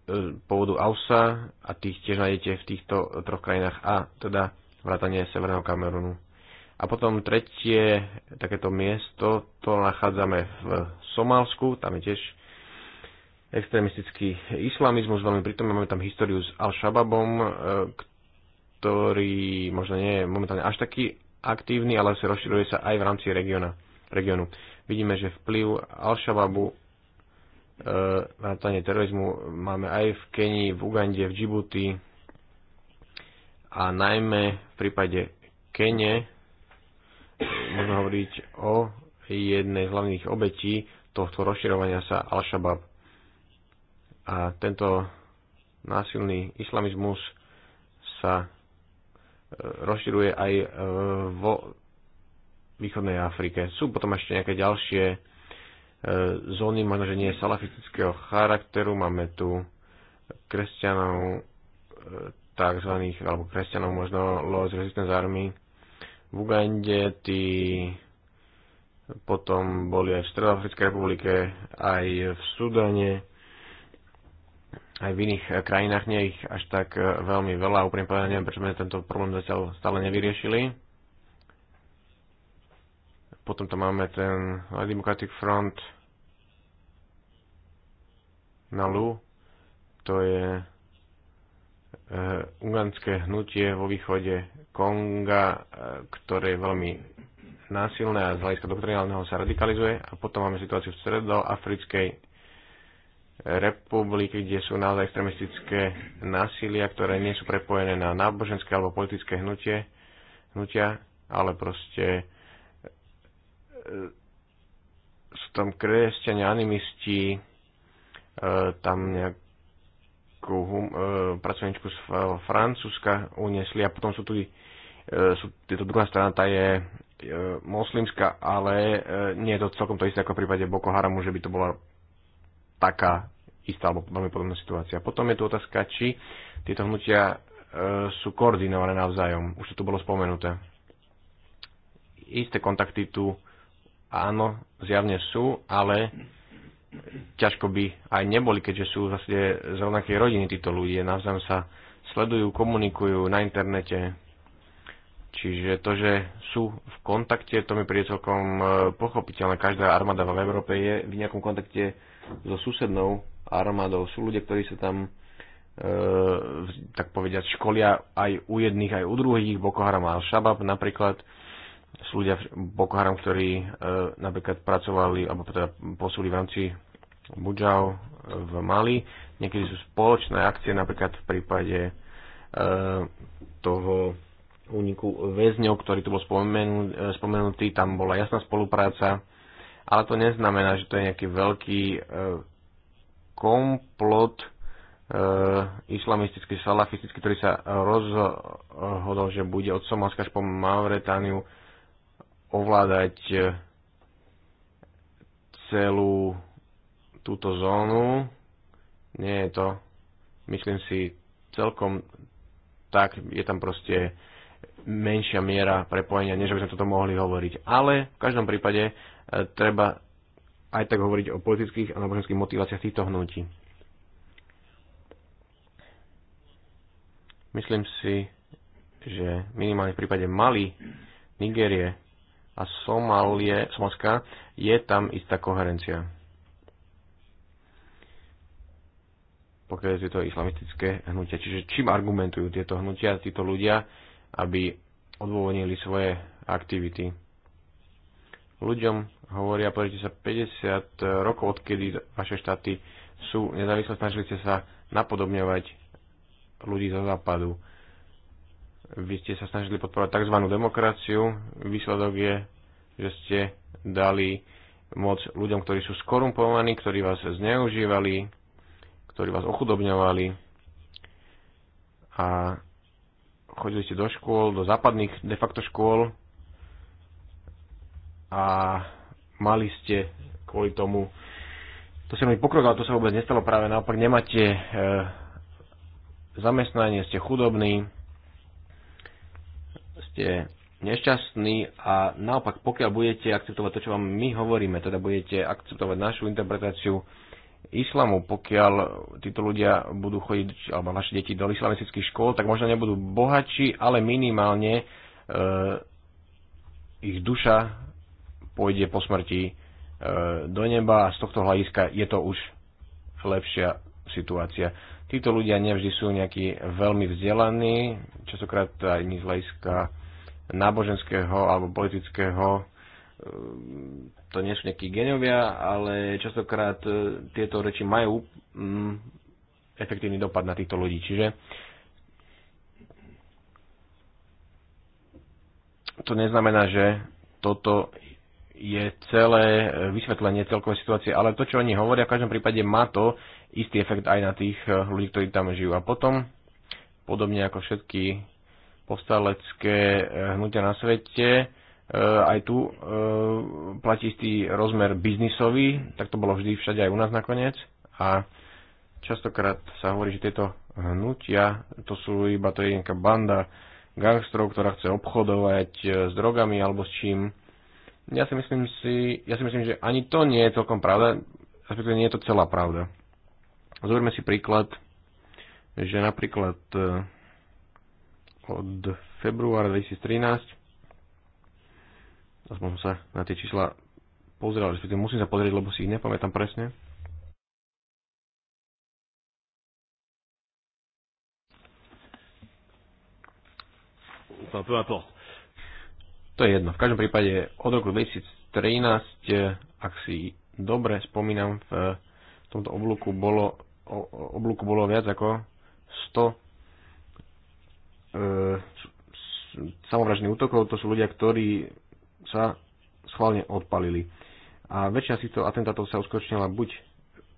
pôvodu Ausa a tých tiež nájdete v týchto troch krajinách. A teda vrátanie Severného Kamerunu. A potom tretie takéto miesto, to nachádzame v Somálsku, tam je tiež extrémistický islamizmus, veľmi pritom máme tam históriu s Al-Shababom, e, ktorý možno nie je momentálne až taký aktívny, ale sa rozširuje sa aj v rámci regiona, regionu. Vidíme, že vplyv Al-Shababu e, na terorizmu máme aj v Kenii, v Ugande, v Džibuti, a najmä v prípade Kene môžeme hovoriť o jednej z hlavných obetí tohto rozširovania sa Al-Shabaab. A tento násilný islamizmus sa e, rozširuje aj e, vo východnej Afrike. Sú potom ešte nejaké ďalšie e, zóny, možno, že nie salafistického charakteru. Máme tu kresťanov tzv. alebo kresťanov možno Lord's Resistance Army v Ugande, tí potom boli aj v Stredoafrickej republike, aj v Sudane, aj v iných eh, krajinách, nie ich až tak eh, veľmi veľa, úprimne povedané, neviem, prečo sme tento problém zatiaľ stále nevyriešili. Potom tam máme ten Democratic Front na Lu, to je Eh, uganské hnutie vo východe Konga, eh, ktoré je veľmi násilné a z hľadiska doktrinálneho sa radikalizuje. A potom máme situáciu v Stredoafrickej republiky, kde sú naozaj extremistické násilia, ktoré nie sú prepojené na náboženské alebo politické hnutie, hnutia, ale proste eh, sú tam kresťania, animisti, tam nejak hum, e, pracovničku z Francúzska uniesli a potom sú tu e, sú, tieto druhá strana, tá je e, moslimská, ale e, nie je to celkom to isté ako v prípade Boko Haramu, že by to bola taká istá alebo veľmi podobná situácia. Potom je tu otázka, či tieto hnutia e, sú koordinované navzájom. Už to tu bolo spomenuté. Isté kontakty tu áno, zjavne sú, ale ťažko by aj neboli, keďže sú vlastne z rovnakej rodiny títo ľudia. Navzájom sa sledujú, komunikujú na internete. Čiže to, že sú v kontakte, to mi príde celkom e, pochopiteľné. Každá armáda v Európe je v nejakom kontakte so susednou armádou. Sú ľudia, ktorí sa tam e, tak povediať, školia aj u jedných, aj u druhých, Boko Haram a Al-Shabaab napríklad sú ľudia v Boko Haram, ktorí e, napríklad pracovali, alebo teda posúli v rámci Budžau e, v Mali. Niekedy sú spoločné akcie, napríklad v prípade e, toho úniku väzňov, ktorý tu bol spomenutý, e, spomenutý, tam bola jasná spolupráca, ale to neznamená, že to je nejaký veľký e, komplot, e, islamistický, salafistický, ktorý sa rozhodol, že bude od Somalska až po Mauretániu ovládať e, celú túto zónu. Nie je to, myslím si, celkom tak, je tam proste menšia miera prepojenia, než by sme toto mohli hovoriť. Ale v každom prípade e, treba aj tak hovoriť o politických a náboženských motiváciách týchto hnutí. Myslím si, že minimálne v prípade Mali, Nigérie, a Somalie, Somalska, je tam istá koherencia. Pokiaľ je to islamistické hnutia. Čiže čím argumentujú tieto hnutia, títo ľudia, aby odôvodnili svoje aktivity. Ľuďom hovoria, pozrite sa, 50 rokov, odkedy vaše štáty sú nezávislé, snažili ste sa napodobňovať ľudí zo západu. Vy ste sa snažili podporovať tzv. demokraciu. Výsledok je, že ste dali moc ľuďom, ktorí sú skorumpovaní, ktorí vás zneužívali, ktorí vás ochudobňovali a chodili ste do škôl, do západných de facto škôl a mali ste kvôli tomu to sa mi pokrok, ale to sa vôbec nestalo práve naopak. Nemáte e, zamestnanie, ste chudobní, ste nešťastní a naopak, pokiaľ budete akceptovať to, čo vám my hovoríme, teda budete akceptovať našu interpretáciu islamu, pokiaľ títo ľudia budú chodiť, alebo naše deti do islamistických škôl, tak možno nebudú bohatší, ale minimálne e, ich duša pôjde po smrti e, do neba a z tohto hľadiska je to už lepšia situácia. Títo ľudia nevždy sú nejakí veľmi vzdelaní, časokrát aj z hľadiska náboženského alebo politického e, to nie sú nejakí geniovia, ale častokrát e, tieto reči majú mm, efektívny dopad na týchto ľudí. Čiže to neznamená, že toto je celé e, vysvetlenie celkovej situácie, ale to, čo oni hovoria, v každom prípade má to istý efekt aj na tých ľudí, ktorí tam žijú. A potom, podobne ako všetky postalecké eh, hnutia na svete. Eh, aj tu eh, platí istý rozmer biznisový, tak to bolo vždy všade aj u nás nakoniec. A častokrát sa hovorí, že tieto hnutia, to sú iba to je nejaká banda gangstrov, ktorá chce obchodovať s drogami alebo s čím. Ja si myslím, si, ja si myslím že ani to nie je celkom pravda, respektíve nie je to celá pravda. Zoberme si príklad, že napríklad od februára 2013. Aspoň som sa na tie čísla pozeral, že musím sa pozrieť, lebo si ich nepamätám presne. To je jedno. V každom prípade od roku 2013, ak si dobre spomínam, v tomto oblúku bolo, oblúku bolo viac ako 100 E, samovražných útokov, to sú ľudia, ktorí sa schválne odpalili. A väčšina z týchto atentátov sa uskutočnila buď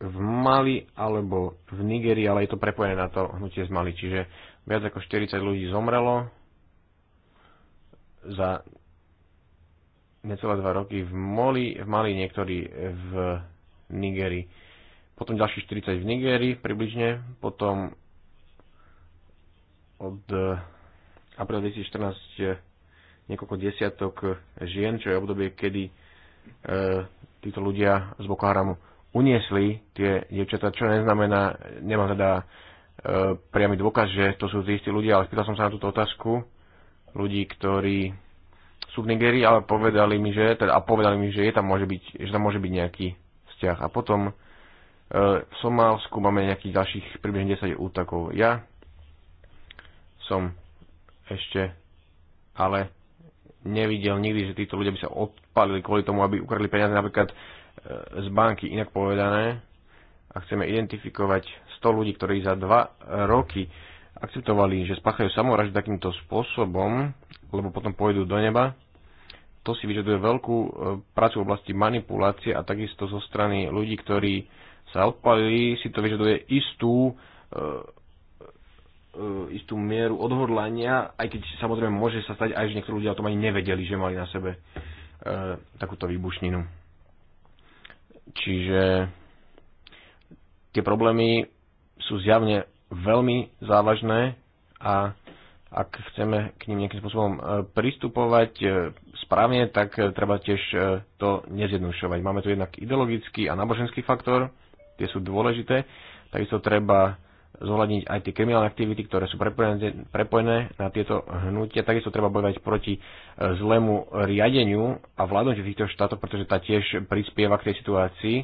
v Mali alebo v Nigerii, ale je to prepojené na to hnutie z Mali, čiže viac ako 40 ľudí zomrelo za necelé dva roky v Mali, v Mali niektorí v Nigerii. Potom ďalších 40 v Nigerii približne, potom od eh, apríla 2014 niekoľko desiatok eh, žien, čo je obdobie, kedy eh, títo ľudia z Boko Haramu uniesli tie dievčatá, čo neznamená, nemám teda e, priamy dôkaz, že to sú tí istí ľudia, ale spýtal som sa na túto otázku ľudí, ktorí sú v Nigerii, ale povedali mi, že, teda, a povedali mi, že, je tam môže byť, že tam môže byť nejaký vzťah. A potom e, v Somálsku máme nejakých ďalších približne 10 útakov. Ja som ešte ale nevidel nikdy, že títo ľudia by sa odpalili kvôli tomu, aby ukradli peniaze napríklad e, z banky, inak povedané. A chceme identifikovať 100 ľudí, ktorí za 2 roky akceptovali, že spáchajú samovraždu takýmto spôsobom, lebo potom pôjdu do neba, to si vyžaduje veľkú e, prácu v oblasti manipulácie a takisto zo strany ľudí, ktorí sa odpalili, si to vyžaduje istú e, E, istú mieru odhodlania, aj keď samozrejme môže sa stať aj, že niektorí ľudia o tom ani nevedeli, že mali na sebe uh, takúto výbušninu. Čiže tie problémy sú zjavne veľmi závažné a ak chceme k ním nejakým spôsobom e, pristupovať správne, tak treba tiež to nezjednúšovať. Máme tu jednak ideologický a náboženský faktor, tie sú dôležité, takisto treba zohľadniť aj tie kriminálne aktivity, ktoré sú prepojené, prepojené na tieto hnutia. Takisto treba bojovať proti e, zlému riadeniu a vládnutiu týchto štátov, pretože tá tiež prispieva k tej situácii.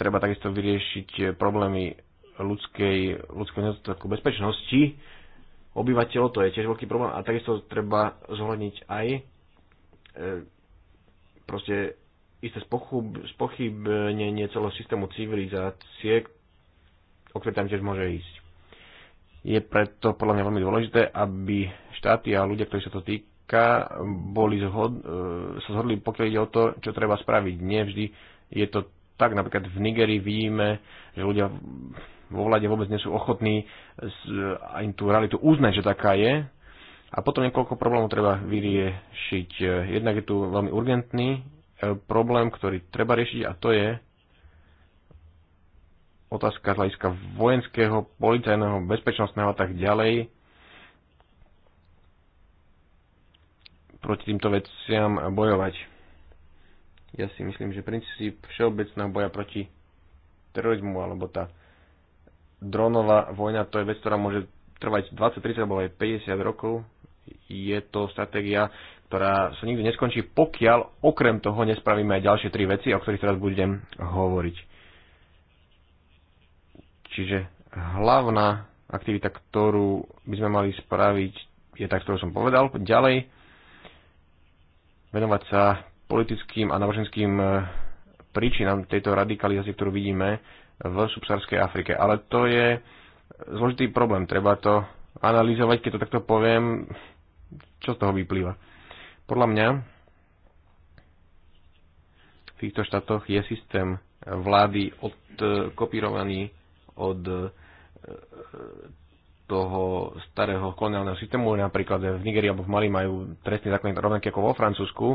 Treba takisto vyriešiť problémy ľudskej, ľudskej nedostatku bezpečnosti obyvateľov, to je tiež veľký problém a takisto treba zohľadniť aj e, proste isté spochybnenie celého systému civilizácie, o ktoré tam tiež môže ísť. Je preto podľa mňa veľmi dôležité, aby štáty a ľudia, ktorí sa to týka, boli zhod, e, sa zhodli, pokiaľ ide o to, čo treba spraviť. Nie vždy je to tak. Napríklad v Nigerii vidíme, že ľudia vo vláde vôbec nie sú ochotní aj tú realitu uznať, že taká je. A potom niekoľko problémov treba vyriešiť. Jednak je tu veľmi urgentný e, problém, ktorý treba riešiť a to je otázka z hľadiska vojenského, policajného, bezpečnostného a tak ďalej. Proti týmto veciam bojovať. Ja si myslím, že princíp všeobecného boja proti terorizmu alebo tá dronová vojna, to je vec, ktorá môže trvať 20, 30 alebo aj 50 rokov. Je to stratégia, ktorá sa nikdy neskončí, pokiaľ okrem toho nespravíme aj ďalšie tri veci, o ktorých teraz budem hovoriť Čiže hlavná aktivita, ktorú by sme mali spraviť, je tak, ktorú som povedal. Ďalej, venovať sa politickým a náboženským e, príčinám tejto radikalizácie, ktorú vidíme v subsárskej Afrike. Ale to je zložitý problém. Treba to analyzovať, keď to takto poviem, čo z toho vyplýva. Podľa mňa v týchto štátoch je systém vlády odkopírovaný od e, toho starého koloniálneho systému, napríklad v Nigerii alebo v Mali majú trestný zákon rovnaký ako vo Francúzsku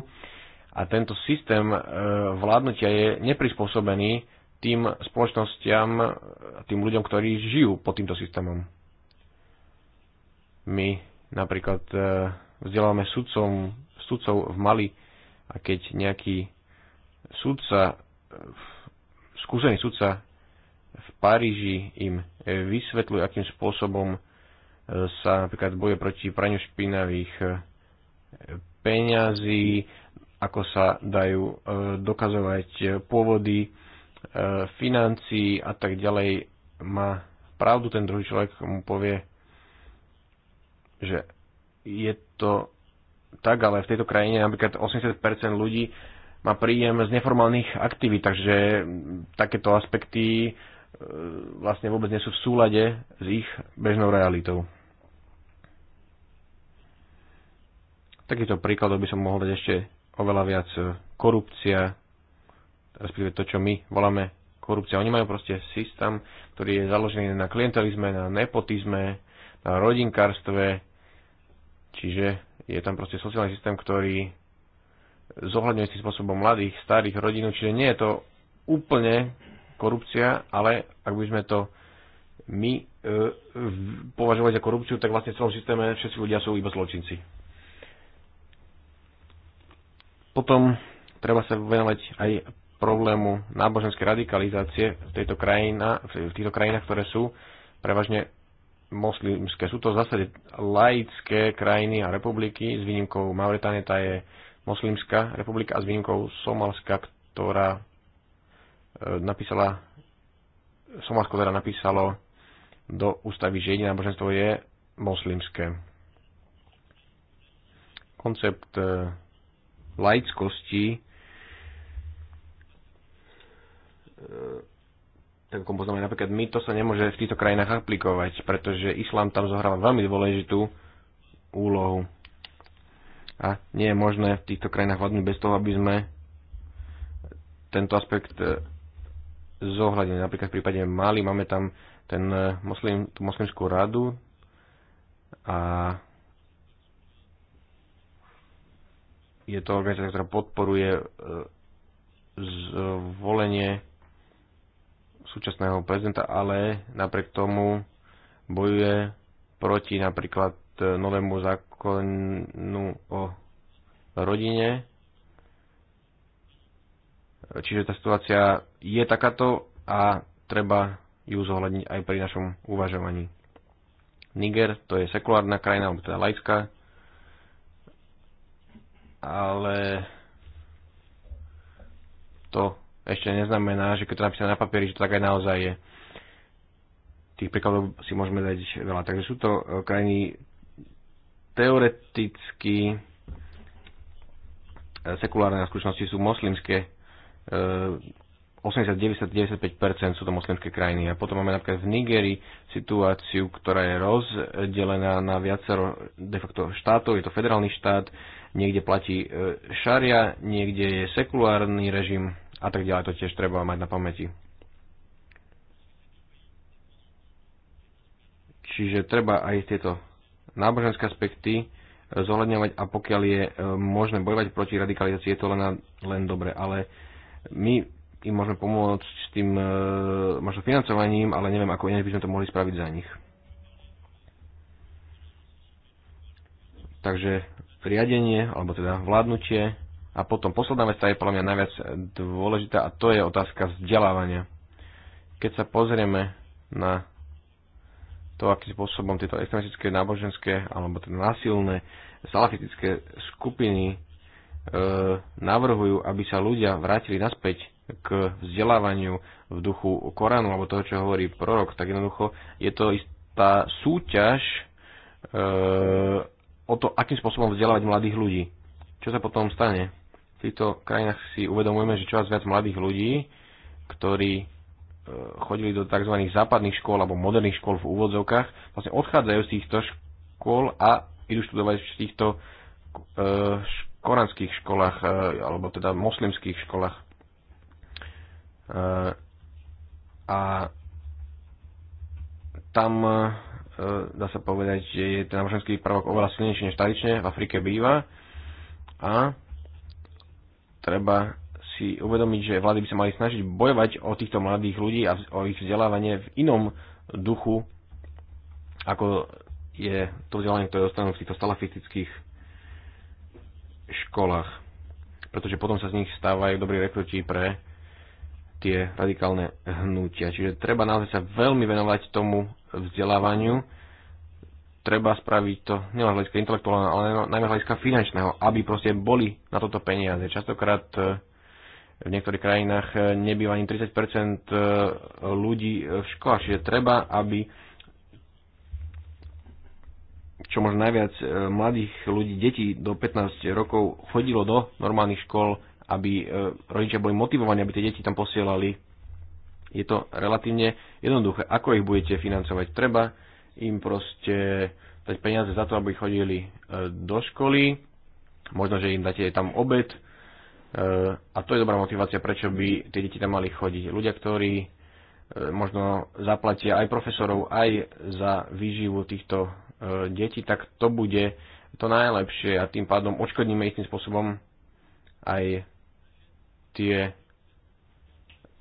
a tento systém e, vládnutia je neprispôsobený tým spoločnostiam, tým ľuďom, ktorí žijú pod týmto systémom. My napríklad e, vzdelávame sudcom, sudcov v Mali a keď nejaký sudca, skúsený sudca v Paríži im e, vysvetľujú, akým spôsobom e, sa napríklad boje proti praniu špinavých e, peňazí, ako sa dajú dokazovať pôvody financií a tak ďalej. Má pravdu ten druhý človek, mu povie, že je to tak, ale v tejto krajine napríklad 80% ľudí má príjem z neformálnych aktivít, takže takéto aspekty E, vlastne vôbec nie sú v súlade s ich bežnou realitou. Takýchto príkladov by som mohol dať ešte oveľa viac. Korupcia, respektíve to, čo my voláme korupcia. Oni majú proste systém, ktorý je založený na klientelizme, na nepotizme, na rodinkárstve, čiže je tam proste sociálny systém, ktorý zohľadňuje si spôsobom mladých, starých, rodinu, čiže nie je to úplne korupcia, ale ak by sme to my e, považovali za korupciu, tak vlastne v celom systéme všetci ľudia sú iba zločinci. Potom treba sa venovať aj problému náboženskej radikalizácie v, tejto krajina, v týchto krajinách, ktoré sú prevažne moslimské. Sú to v zásade laické krajiny a republiky, s výnimkou Mauritánie, tá je moslimská republika a s výnimkou Somalska, ktorá napísala, Somálsko teda napísalo do ústavy, že jediné náboženstvo je moslimské. Koncept e, laickosti e, tak ako poznáme napríklad my, to sa nemôže v týchto krajinách aplikovať, pretože islám tam zohráva veľmi dôležitú úlohu. A nie je možné v týchto krajinách vládnuť bez toho, aby sme tento aspekt e, zohľadnené. Napríklad v prípade Mali máme tam ten eh, moslim, tú moslimskú radu a je to organizácia, ktorá podporuje eh, zvolenie súčasného prezidenta, ale napriek tomu bojuje proti napríklad eh, novému zákonu o rodine Čiže tá situácia je takáto a treba ju zohľadniť aj pri našom uvažovaní. Niger to je sekulárna krajina, alebo teda laická, ale to ešte neznamená, že keď to napísané na papieri, že to tak aj naozaj je. Tých príkladov si môžeme dať veľa. Takže sú to e, krajiny teoreticky e, sekulárne na skutočnosti sú moslimské 80-90-95% e, sú to moslimské krajiny. A potom máme napríklad v Nigerii situáciu, ktorá je rozdelená na viacero de facto štátov. Je to federálny štát, niekde platí e, šaria, niekde je sekulárny režim a tak ďalej. To tiež treba mať na pamäti. Čiže treba aj tieto náboženské aspekty e, zohľadňovať a pokiaľ je možné bojovať proti radikalizácii, je to len, len dobre. Ale my im môžeme pomôcť s tým e, možno financovaním, ale neviem, ako inak by sme to mohli spraviť za nich. Takže riadenie, alebo teda vládnutie. A potom posledná vec, tá je podľa mňa najviac dôležitá, a to je otázka vzdelávania. Keď sa pozrieme na to, akým spôsobom tieto extremistické, náboženské alebo teda násilné salafitické skupiny E, navrhujú, aby sa ľudia vrátili naspäť k vzdelávaniu v duchu Koránu alebo toho, čo hovorí prorok, tak jednoducho je to istá súťaž e, o to, akým spôsobom vzdelávať mladých ľudí. Čo sa potom stane? V týchto krajinách si uvedomujeme, že čoraz viac mladých ľudí, ktorí e, chodili do tzv. západných škôl alebo moderných škôl v úvodzovkách, vlastne odchádzajú z týchto škôl a idú študovať v týchto e, koranských školách, e, alebo teda moslimských školách. E, a tam, e, dá sa povedať, že je ten náboženský prvok oveľa silnejší než tradične, v Afrike býva. A treba si uvedomiť, že vlády by sa mali snažiť bojovať o týchto mladých ľudí a o ich vzdelávanie v inom duchu, ako je to vzdelanie, ktoré dostanú v týchto salafistických školách, pretože potom sa z nich stávajú dobrí rekruti pre tie radikálne hnutia. Čiže treba naozaj sa veľmi venovať tomu vzdelávaniu, treba spraviť to nielen hľadiska intelektuálneho, ale najmä hľadiska finančného, aby proste boli na toto peniaze. Častokrát e, v niektorých krajinách e, nebýva ani 30% e, ľudí v školách, čiže treba, aby čo možno najviac e, mladých ľudí, detí do 15 rokov chodilo do normálnych škôl, aby e, rodičia boli motivovaní, aby tie deti tam posielali. Je to relatívne jednoduché. Ako ich budete financovať? Treba im proste dať peniaze za to, aby chodili e, do školy. Možno, že im dáte tam obed. A to je dobrá motivácia, prečo by tie deti tam mali chodiť. Ľudia, ktorí možno zaplatia aj profesorov, aj za výživu týchto E, deti, tak to bude to najlepšie a tým pádom očkodníme istým spôsobom aj tie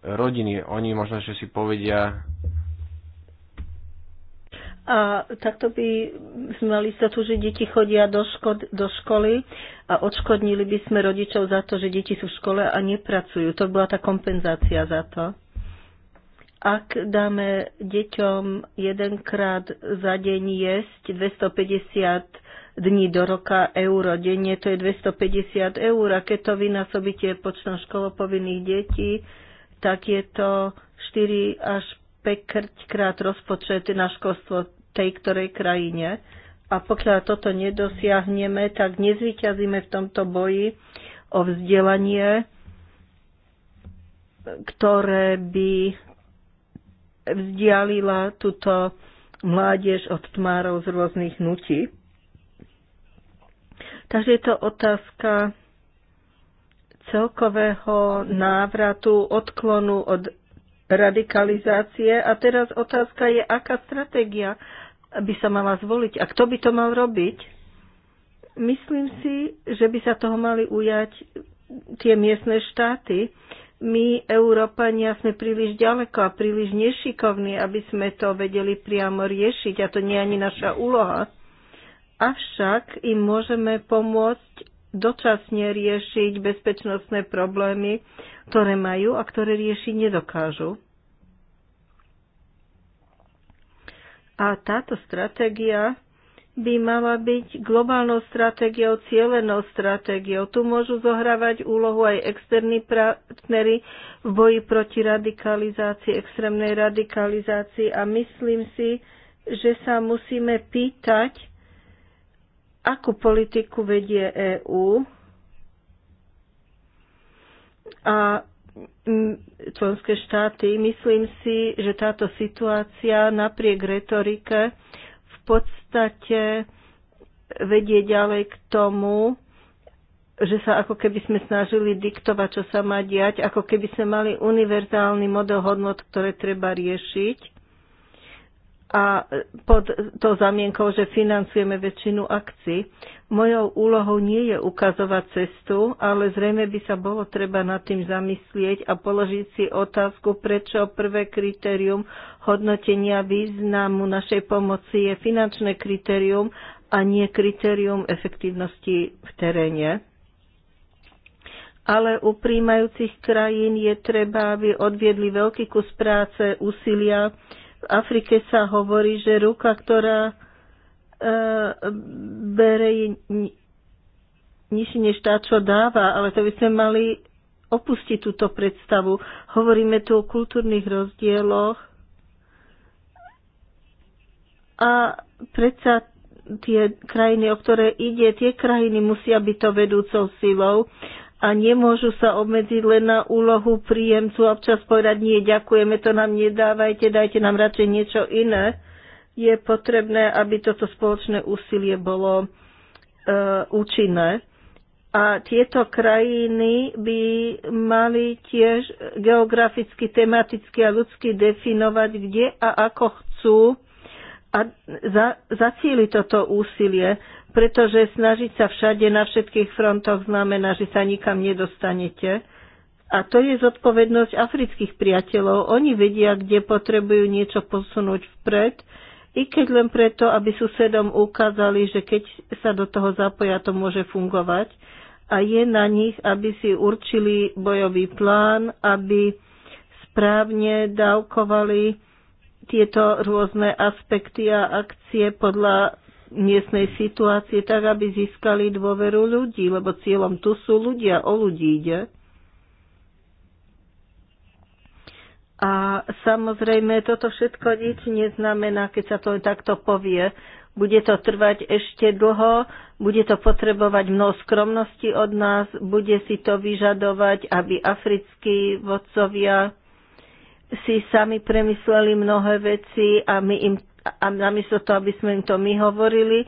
rodiny. Oni možno, že si povedia, a takto by sme mali tu, že deti chodia do, ško- do školy a odškodnili by sme rodičov za to, že deti sú v škole a nepracujú. To bola tá kompenzácia za to. Ak dáme deťom jedenkrát za deň jesť 250 dní do roka euro denne, to je 250 eur. A keď to vynásobíte počtom školopovinných detí, tak je to 4 až 5 krát rozpočet na školstvo tej ktorej krajine. A pokiaľ toto nedosiahneme, tak nezvyťazíme v tomto boji o vzdelanie, ktoré by vzdialila túto mládež od tmárov z rôznych nutí. Takže je to otázka celkového návratu, odklonu od radikalizácie. A teraz otázka je, aká stratégia by sa mala zvoliť a kto by to mal robiť. Myslím si, že by sa toho mali ujať tie miestne štáty my, Európania, sme príliš ďaleko a príliš nešikovní, aby sme to vedeli priamo riešiť a to nie je ani naša úloha. Avšak im môžeme pomôcť dočasne riešiť bezpečnostné problémy, ktoré majú a ktoré riešiť nedokážu. A táto stratégia by mala byť globálnou stratégiou, cieľenou stratégiou. Tu môžu zohrávať úlohu aj externí partnery v boji proti radikalizácii, extrémnej radikalizácii a myslím si, že sa musíme pýtať, akú politiku vedie EÚ a členské štáty. Myslím si, že táto situácia napriek retorike podstate vedie ďalej k tomu, že sa ako keby sme snažili diktovať, čo sa má diať, ako keby sme mali univerzálny model hodnot, ktoré treba riešiť a pod to zamienkou, že financujeme väčšinu akcií. Mojou úlohou nie je ukazovať cestu, ale zrejme by sa bolo treba nad tým zamyslieť a položiť si otázku, prečo prvé kritérium hodnotenia významu našej pomoci je finančné kritérium a nie kritérium efektívnosti v teréne ale u príjmajúcich krajín je treba, aby odviedli veľký kus práce, úsilia Afrike sa hovorí, že ruka, ktorá e, bere, je ni, nižšie než tá, čo dáva, ale to by sme mali opustiť túto predstavu. Hovoríme tu o kultúrnych rozdieloch a predsa tie krajiny, o ktoré ide, tie krajiny musia byť to vedúcou silou a nemôžu sa obmedziť len na úlohu príjemcu a občas povedať nie, ďakujeme, to nám nedávajte, dajte nám radšej niečo iné. Je potrebné, aby toto spoločné úsilie bolo e, účinné. A tieto krajiny by mali tiež geograficky, tematicky a ľudsky definovať, kde a ako chcú a za, zacíli toto úsilie pretože snažiť sa všade na všetkých frontoch znamená, že sa nikam nedostanete. A to je zodpovednosť afrických priateľov. Oni vedia, kde potrebujú niečo posunúť vpred, i keď len preto, aby susedom ukázali, že keď sa do toho zapoja, to môže fungovať. A je na nich, aby si určili bojový plán, aby správne dávkovali tieto rôzne aspekty a akcie podľa miestnej situácie tak, aby získali dôveru ľudí, lebo cieľom tu sú ľudia, o ľudí ide. A samozrejme, toto všetko nič neznamená, keď sa to takto povie. Bude to trvať ešte dlho, bude to potrebovať mnoho skromnosti od nás, bude si to vyžadovať, aby africkí vodcovia si sami premysleli mnohé veci a my im a namiesto toho, aby sme im to my hovorili,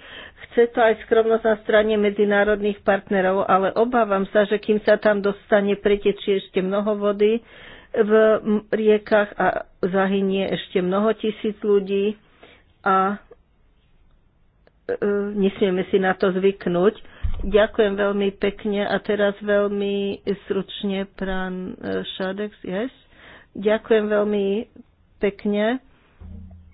chce to aj skromnosť na strane medzinárodných partnerov, ale obávam sa, že kým sa tam dostane, pretečie ešte mnoho vody v riekach a zahynie ešte mnoho tisíc ľudí a e, nesmieme si na to zvyknúť. Ďakujem veľmi pekne a teraz veľmi stručne pán e, Šadex, Yes. Ďakujem veľmi pekne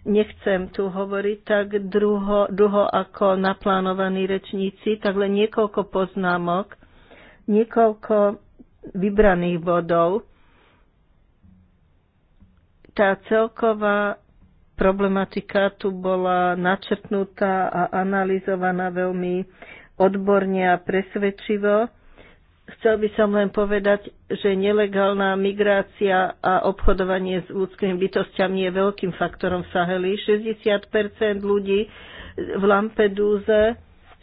nechcem tu hovoriť tak druho, druho ako naplánovaní rečníci, tak len niekoľko poznámok, niekoľko vybraných bodov. Tá celková problematika tu bola načrtnutá a analyzovaná veľmi odborne a presvedčivo Chcel by som len povedať, že nelegálna migrácia a obchodovanie s ľudskými bytostiami je veľkým faktorom v Saheli. 60 ľudí v Lampedúze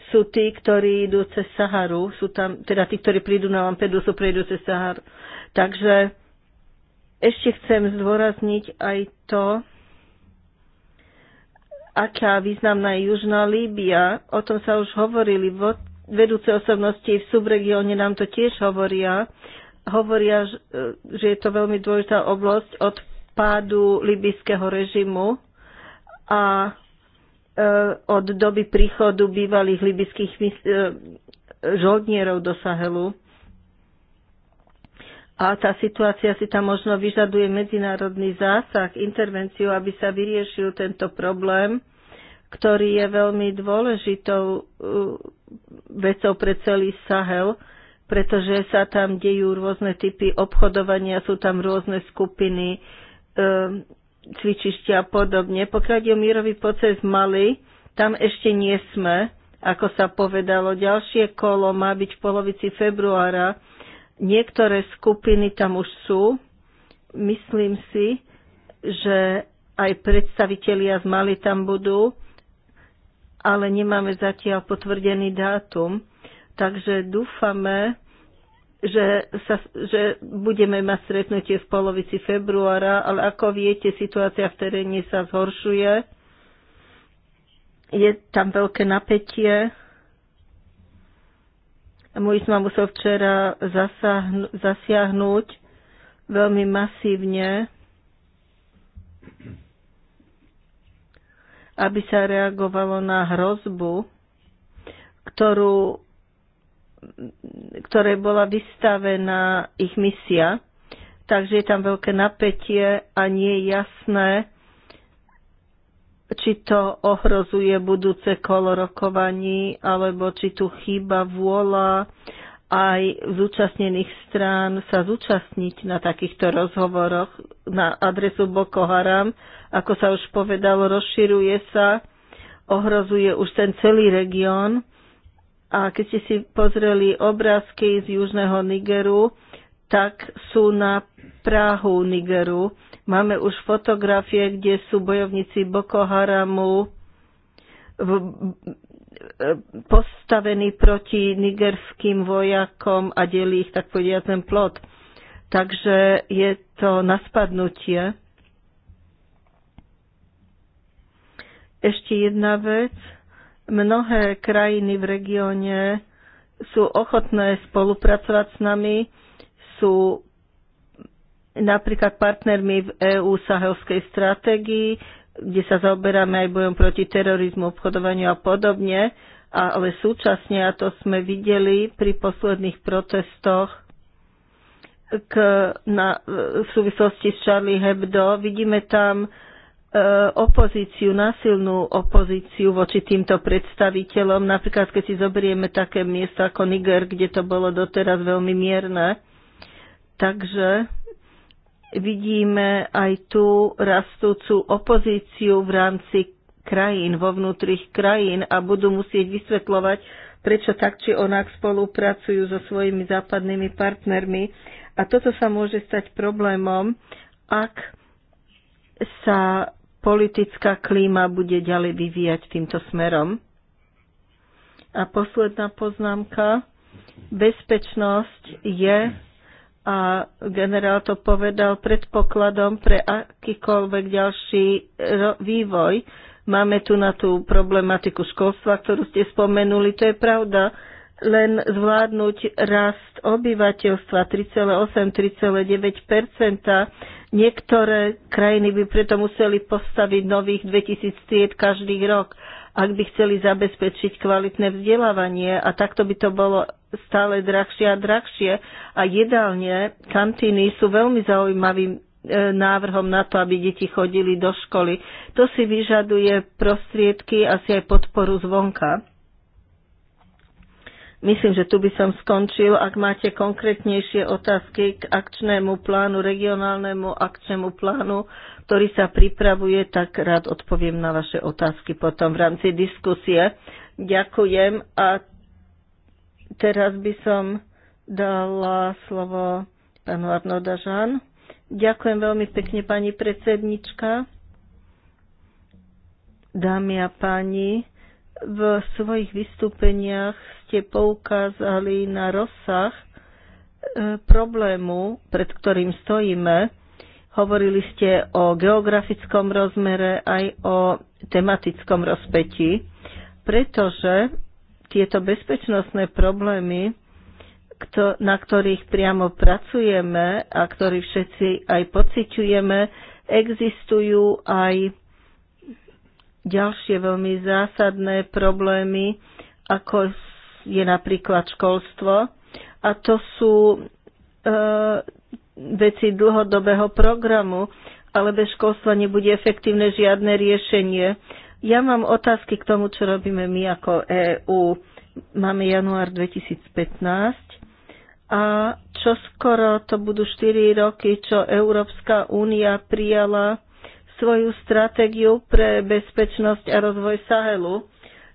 sú tí, ktorí idú cez Saharu, sú tam, teda tí, ktorí prídu na Lampedúzu, prídu cez Saharu. Takže ešte chcem zdôrazniť aj to, aká významná je Južná Líbia. O tom sa už hovorili v vedúce osobnosti v subregióne nám to tiež hovoria. Hovoria, že je to veľmi dôležitá oblasť od pádu libyského režimu a e, od doby príchodu bývalých libyských e, žoldnierov do Sahelu. A tá situácia si tam možno vyžaduje medzinárodný zásah, intervenciu, aby sa vyriešil tento problém ktorý je veľmi dôležitou uh, vecou pre celý Sahel, pretože sa tam dejú rôzne typy obchodovania, sú tam rôzne skupiny, um, cvičišťa a podobne. Pokiaľ je mírový proces malý, tam ešte nie sme, ako sa povedalo. Ďalšie kolo má byť v polovici februára. Niektoré skupiny tam už sú. Myslím si, že aj predstavitelia z Mali tam budú ale nemáme zatiaľ potvrdený dátum, takže dúfame, že, sa, že budeme mať stretnutie v polovici februára, ale ako viete, situácia v teréne sa zhoršuje. Je tam veľké napätie. Môj ma musel včera zasiahnuť veľmi masívne aby sa reagovalo na hrozbu, ktorú, ktorej bola vystavená ich misia. Takže je tam veľké napätie a nie je jasné, či to ohrozuje budúce kolorokovaní, rokovaní, alebo či tu chýba vôľa aj zúčastnených strán sa zúčastniť na takýchto rozhovoroch na adresu Boko Haram. Ako sa už povedalo, rozširuje sa, ohrozuje už ten celý región. A keď ste si pozreli obrázky z južného Nigeru, tak sú na Prahu Nigeru. Máme už fotografie, kde sú bojovníci Boko Haramu v E, postavený proti nigerským vojakom a delí ich, tak povediať, ten plot. Takže je to naspadnutie. Ešte jedna vec. Mnohé krajiny v regióne sú ochotné spolupracovať s nami, sú napríklad partnermi v EÚ sahelskej stratégii, kde sa zaoberáme aj bojom proti terorizmu, obchodovaniu a podobne ale súčasne, a to sme videli pri posledných protestoch k, na, v súvislosti s Charlie Hebdo, vidíme tam e, opozíciu, násilnú opozíciu voči týmto predstaviteľom. Napríklad, keď si zoberieme také miesto ako Niger, kde to bolo doteraz veľmi mierne. Takže vidíme aj tú rastúcu opozíciu v rámci krajín, vo vnútrých krajín a budú musieť vysvetľovať, prečo tak či onak spolupracujú so svojimi západnými partnermi. A toto sa môže stať problémom, ak sa politická klíma bude ďalej vyvíjať týmto smerom. A posledná poznámka. Bezpečnosť je, a generál to povedal, predpokladom pre akýkoľvek ďalší vývoj. Máme tu na tú problematiku školstva, ktorú ste spomenuli, to je pravda. Len zvládnuť rast obyvateľstva 3,8-3,9 Niektoré krajiny by preto museli postaviť nových 2000 tried každý rok, ak by chceli zabezpečiť kvalitné vzdelávanie a takto by to bolo stále drahšie a drahšie. A jedálne kantíny sú veľmi zaujímavým E, návrhom na to, aby deti chodili do školy. To si vyžaduje prostriedky, asi aj podporu zvonka. Myslím, že tu by som skončil. Ak máte konkrétnejšie otázky k akčnému plánu, regionálnemu akčnému plánu, ktorý sa pripravuje, tak rád odpoviem na vaše otázky potom v rámci diskusie. Ďakujem a teraz by som dala slovo pánu Arnoda Žánu. Ďakujem veľmi pekne, pani predsednička. Dámy a páni, v svojich vystúpeniach ste poukázali na rozsah e, problému, pred ktorým stojíme. Hovorili ste o geografickom rozmere aj o tematickom rozpetí, pretože tieto bezpečnostné problémy na ktorých priamo pracujeme a ktorí všetci aj pociťujeme, existujú aj ďalšie veľmi zásadné problémy, ako je napríklad školstvo. A to sú e, veci dlhodobého programu, ale bez školstva nebude efektívne žiadne riešenie. Ja mám otázky k tomu, čo robíme my ako EÚ. Máme január 2015 a čo skoro to budú 4 roky, čo Európska únia prijala svoju stratégiu pre bezpečnosť a rozvoj Sahelu.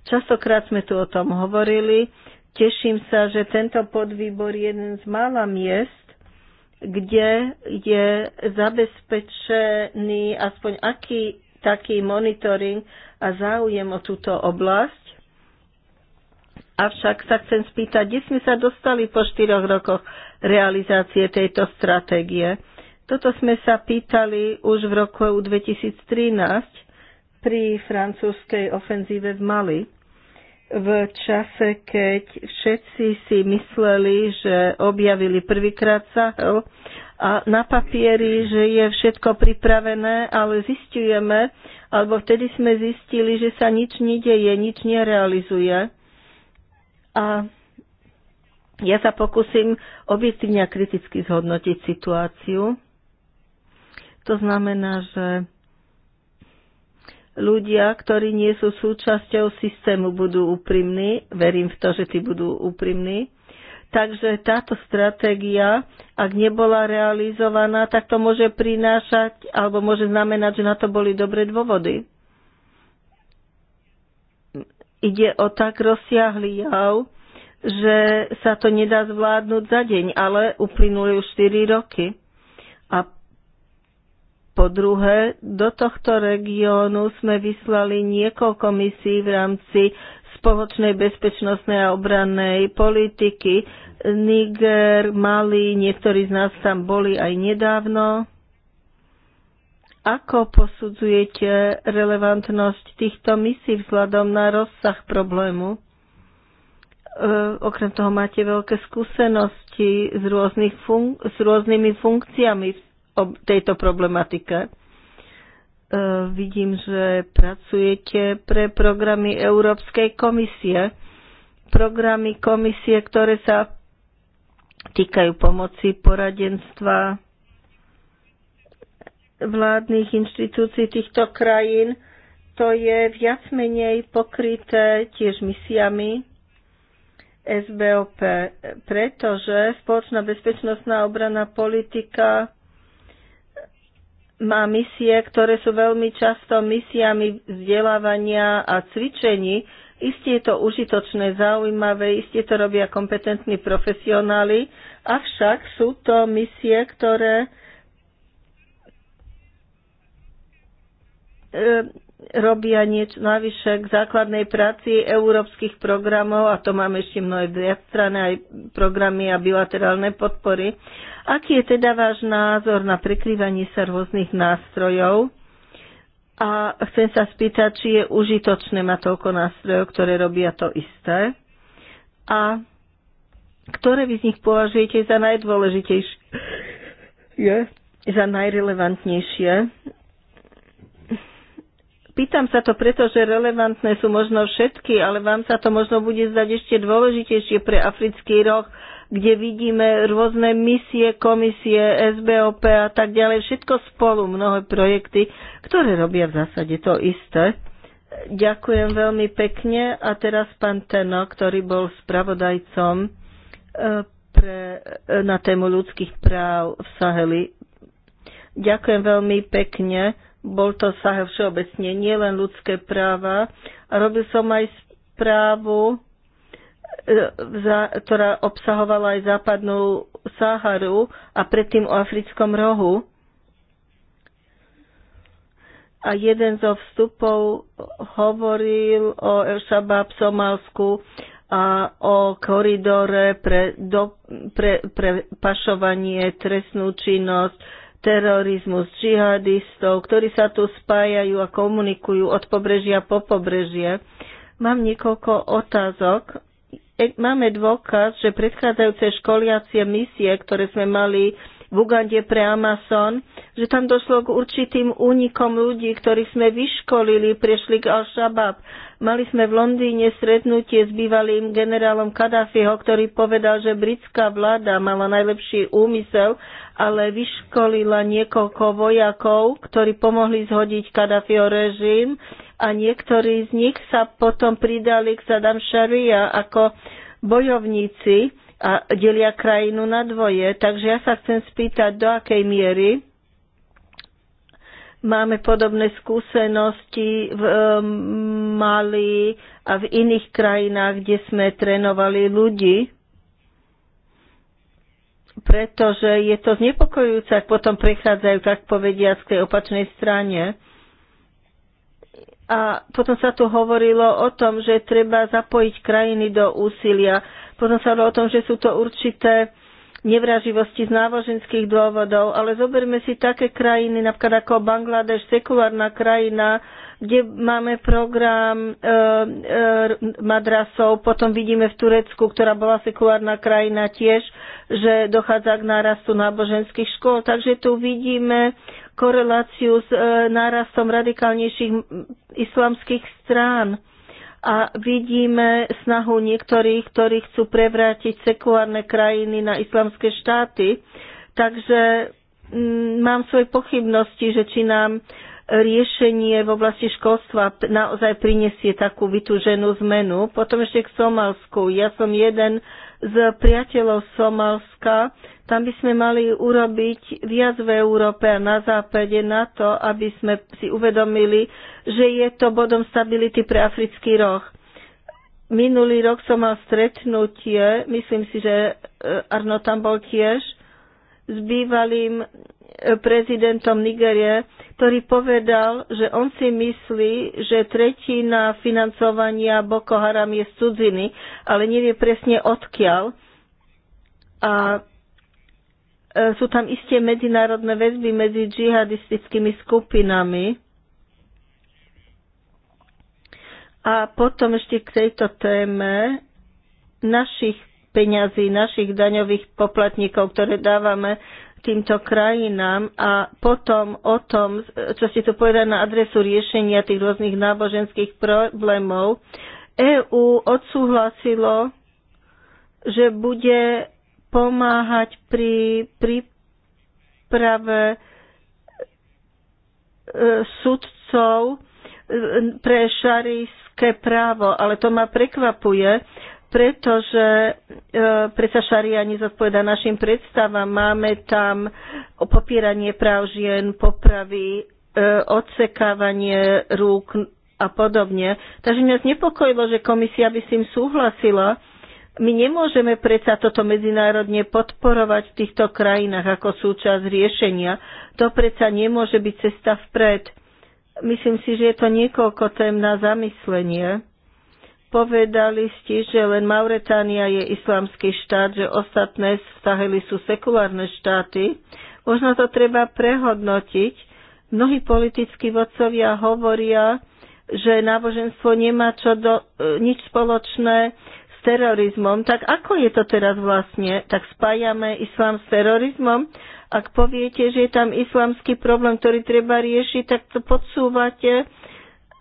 Častokrát sme tu o tom hovorili. Teším sa, že tento podvýbor je jeden z mála miest, kde je zabezpečený aspoň aký taký monitoring a záujem o túto oblasť. Avšak sa chcem spýtať, kde sme sa dostali po štyroch rokoch realizácie tejto stratégie. Toto sme sa pýtali už v roku 2013 pri francúzskej ofenzíve v Mali. V čase, keď všetci si mysleli, že objavili prvýkrát Sahel a na papieri, že je všetko pripravené, ale zistujeme, alebo vtedy sme zistili, že sa nič nedeje, nič nerealizuje a ja sa pokúsim objektívne a kriticky zhodnotiť situáciu. To znamená, že ľudia, ktorí nie sú súčasťou systému, budú úprimní. Verím v to, že tí budú úprimní. Takže táto stratégia, ak nebola realizovaná, tak to môže prinášať alebo môže znamenať, že na to boli dobré dôvody. Ide o tak rozsiahly jav, že sa to nedá zvládnuť za deň, ale uplynuli už 4 roky. A po druhé, do tohto regiónu sme vyslali niekoľko misí v rámci spoločnej bezpečnostnej a obrannej politiky. Niger, Mali, niektorí z nás tam boli aj nedávno. Ako posudzujete relevantnosť týchto misí vzhľadom na rozsah problému? E, okrem toho máte veľké skúsenosti s, rôznych fun- s rôznymi funkciami v tejto problematike. E, vidím, že pracujete pre programy Európskej komisie. Programy komisie, ktoré sa týkajú pomoci, poradenstva, vládnych inštitúcií týchto krajín, to je viac menej pokryté tiež misiami SBOP, pretože spoločná bezpečnostná obrana politika má misie, ktoré sú veľmi často misiami vzdelávania a cvičení. Isté je to užitočné, zaujímavé, isté to robia kompetentní profesionáli, avšak sú to misie, ktoré E, robia niečo navyše k základnej práci európskych programov, a to máme ešte mnohé viacstrané aj programy a bilaterálne podpory. Aký je teda váš názor na prekrývanie sa rôznych nástrojov? A chcem sa spýtať, či je užitočné mať toľko nástrojov, ktoré robia to isté? A ktoré vy z nich považujete za najdôležitejšie? Je za najrelevantnejšie Pýtam sa to preto, že relevantné sú možno všetky, ale vám sa to možno bude zdať ešte dôležitejšie pre africký roh, kde vidíme rôzne misie, komisie, SBOP a tak ďalej, všetko spolu, mnohé projekty, ktoré robia v zásade to isté. Ďakujem veľmi pekne a teraz pán Teno, ktorý bol spravodajcom e, pre, e, na tému ľudských práv v Saheli. Ďakujem veľmi pekne bol to sa všeobecne nielen ľudské práva. A robil som aj správu, e, ktorá obsahovala aj západnú Saharu a predtým o africkom rohu. A jeden zo vstupov hovoril o El Shabaab Somálsku a o koridore pre, do, pre, pre pašovanie, trestnú činnosť, terorizmus, džihadistov, ktorí sa tu spájajú a komunikujú od pobrežia po pobrežie. Mám niekoľko otázok. E, máme dôkaz, že predchádzajúce školiacie misie, ktoré sme mali v Ugande pre Amazon, že tam došlo k určitým únikom ľudí, ktorých sme vyškolili, prešli k Al-Shabaab. Mali sme v Londýne stretnutie s bývalým generálom Kadáfiho, ktorý povedal, že britská vláda mala najlepší úmysel, ale vyškolila niekoľko vojakov, ktorí pomohli zhodiť Kadáfiho režim a niektorí z nich sa potom pridali k Saddam Sharia ako bojovníci a delia krajinu na dvoje. Takže ja sa chcem spýtať, do akej miery máme podobné skúsenosti v e, Mali a v iných krajinách, kde sme trénovali ľudí, pretože je to znepokojujúce, ak potom prechádzajú, tak povedia, z tej opačnej strane. A potom sa tu hovorilo o tom, že treba zapojiť krajiny do úsilia. Potom sa hovorilo o tom, že sú to určité nevraživosti z náboženských dôvodov, ale zoberme si také krajiny, napríklad ako Bangladeš, sekulárna krajina, kde máme program e, e, madrasov, potom vidíme v Turecku, ktorá bola sekulárna krajina tiež, že dochádza k nárastu náboženských škôl. Takže tu vidíme koreláciu s e, nárastom radikálnejších islamských strán a vidíme snahu niektorých, ktorí chcú prevrátiť sekulárne krajiny na islamské štáty. Takže m, mm, mám svoje pochybnosti, že či nám riešenie v oblasti školstva naozaj prinesie takú vytúženú zmenu. Potom ešte k Somalsku. Ja som jeden z priateľov Somalska, tam by sme mali urobiť viac v Európe a na západe na to, aby sme si uvedomili, že je to bodom stability pre africký roh. Minulý rok som mal stretnutie, myslím si, že e, Arno tam bol tiež, s bývalým e, prezidentom Nigerie, ktorý povedal, že on si myslí, že tretina financovania Boko Haram je z cudziny, ale nevie presne odkiaľ. A E, sú tam isté medzinárodné väzby medzi džihadistickými skupinami. A potom ešte k tejto téme našich peňazí, našich daňových poplatníkov, ktoré dávame týmto krajinám a potom o tom, čo ste tu povedali na adresu riešenia tých rôznych náboženských problémov, EÚ odsúhlasilo, že bude pomáhať pri príprave e, sudcov e, pre šarijské právo. Ale to ma prekvapuje, pretože e, predsa šaria nezodpoveda našim predstavám. Máme tam popieranie práv žien, popravy, odsekávanie rúk a podobne. Takže mňa znepokojilo, že komisia by s tým súhlasila, my nemôžeme predsa toto medzinárodne podporovať v týchto krajinách ako súčasť riešenia. To predsa nemôže byť cesta vpred. Myslím si, že je to niekoľko tém na zamyslenie. Povedali ste, že len Mauretánia je islamský štát, že ostatné v sú sekulárne štáty. Možno to treba prehodnotiť. Mnohí politickí vodcovia hovoria, že náboženstvo nemá čo do, e, nič spoločné terorizmom, tak ako je to teraz vlastne? Tak spájame islám s terorizmom? Ak poviete, že je tam islamský problém, ktorý treba riešiť, tak to podsúvate,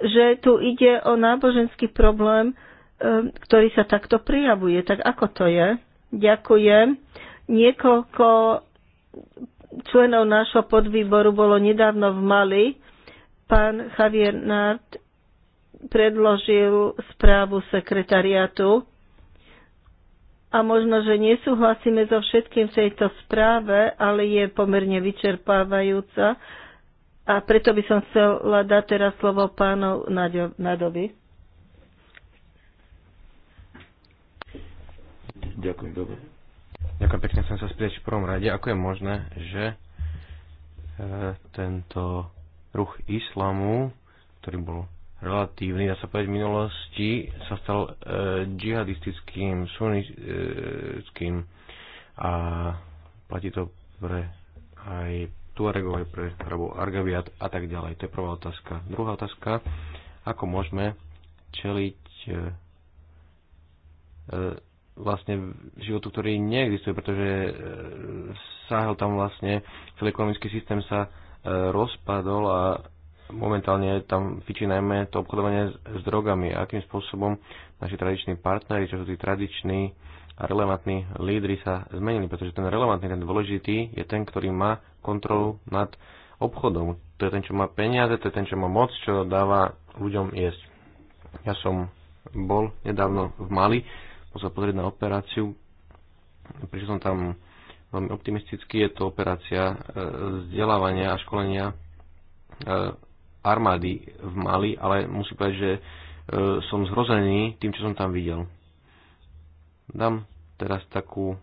že tu ide o náboženský problém, ehm, ktorý sa takto prijavuje. Tak ako to je? Ďakujem. Niekoľko členov nášho podvýboru bolo nedávno v Mali. Pán Javier Nart predložil správu sekretariatu a možno, že nesúhlasíme so všetkým v tejto správe, ale je pomerne vyčerpávajúca. A preto by som chcela dať teraz slovo pánov Nadovi. Ďakujem, dobre. Ďakujem pekne, chcem sa sprieť v prvom rade. Ako je možné, že e, tento ruch islamu, ktorý bol relatívny, dá sa povedať, v minulosti sa stal e, džihadistickým, sunnickým a platí to pre aj Tuaregov, aj pre Arabov Argaviat a tak ďalej. To je prvá otázka. Druhá otázka, ako môžeme čeliť e, e, vlastne životu, ktorý neexistuje, pretože e, Sahel tam vlastne, celý ekonomický systém sa e, rozpadol a momentálne tam fičí najmä to obchodovanie s drogami a akým spôsobom naši tradiční partneri, čo sú tí tradiční a relevantní lídry sa zmenili, pretože ten relevantný, ten dôležitý je ten, ktorý má kontrolu nad obchodom. To je ten, čo má peniaze, to je ten, čo má moc, čo dáva ľuďom jesť. Ja som bol nedávno v Mali, bol sa pozrieť na operáciu, prišiel som tam veľmi optimisticky, je to operácia e, vzdelávania a školenia e, armády v Mali, ale musím povedať, že e, som zhrozený tým, čo som tam videl. Dám teraz takú,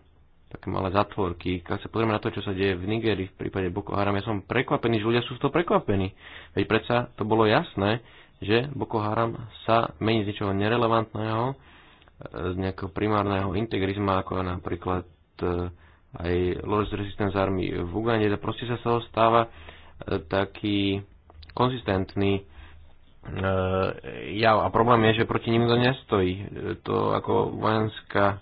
také malé zatvorky. Keď sa pozrieme na to, čo sa deje v Nigerii v prípade Boko Haram, ja som prekvapený, že ľudia sú v to prekvapení. Veď predsa to bolo jasné, že Boko Haram sa mení z niečoho nerelevantného, e, z nejakého primárneho integrizma, ako napríklad e, aj Lord's Resistance Army v Ugande, proste sa z toho stáva taký konzistentný e, jav. A problém je, že proti nim to nestojí. To ako vojenská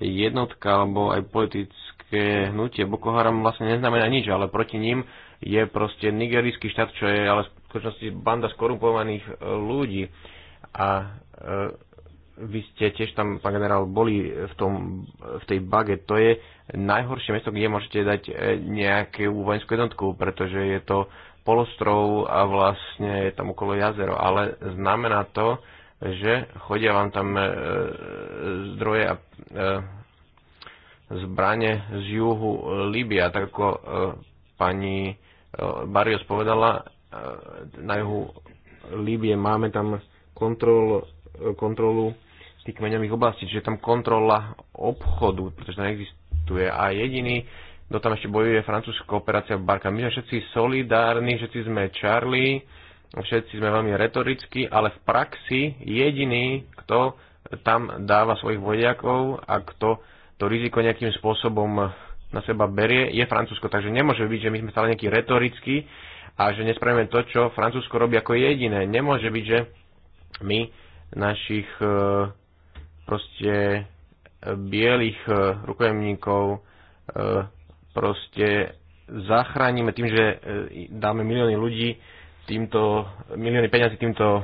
jednotka alebo aj politické hnutie Boko Haram vlastne neznamená nič, ale proti ním je proste nigerijský štát, čo je ale v skutočnosti banda skorumpovaných e, ľudí. A e, vy ste tiež tam, pán generál, boli v, tom, v tej bage. To je najhoršie miesto, kde môžete dať nejakú vojenskú jednotku, pretože je to polostrov a vlastne je tam okolo jazero, ale znamená to, že chodia vám tam e, zdroje a e, zbranie z juhu e, Libia, tak ako e, pani e, Barrios povedala, e, na juhu Líbie máme tam kontrol, e, kontrolu tých kmeňových oblastí, čiže tam kontrola obchodu, pretože tam existuje a jediný kto tam ešte bojuje, francúzska operácia Barka. My sme všetci solidárni, všetci sme Charlie, všetci sme veľmi retorickí, ale v praxi jediný, kto tam dáva svojich vojakov a kto to riziko nejakým spôsobom na seba berie, je Francúzsko. Takže nemôže byť, že my sme stále nejakí retorickí a že nespravíme to, čo Francúzsko robí ako jediné. Nemôže byť, že my našich e, proste e, bielých e, rukojemníkov proste zachránime tým, že e, dáme milióny ľudí týmto, milióny peňazí týmto e,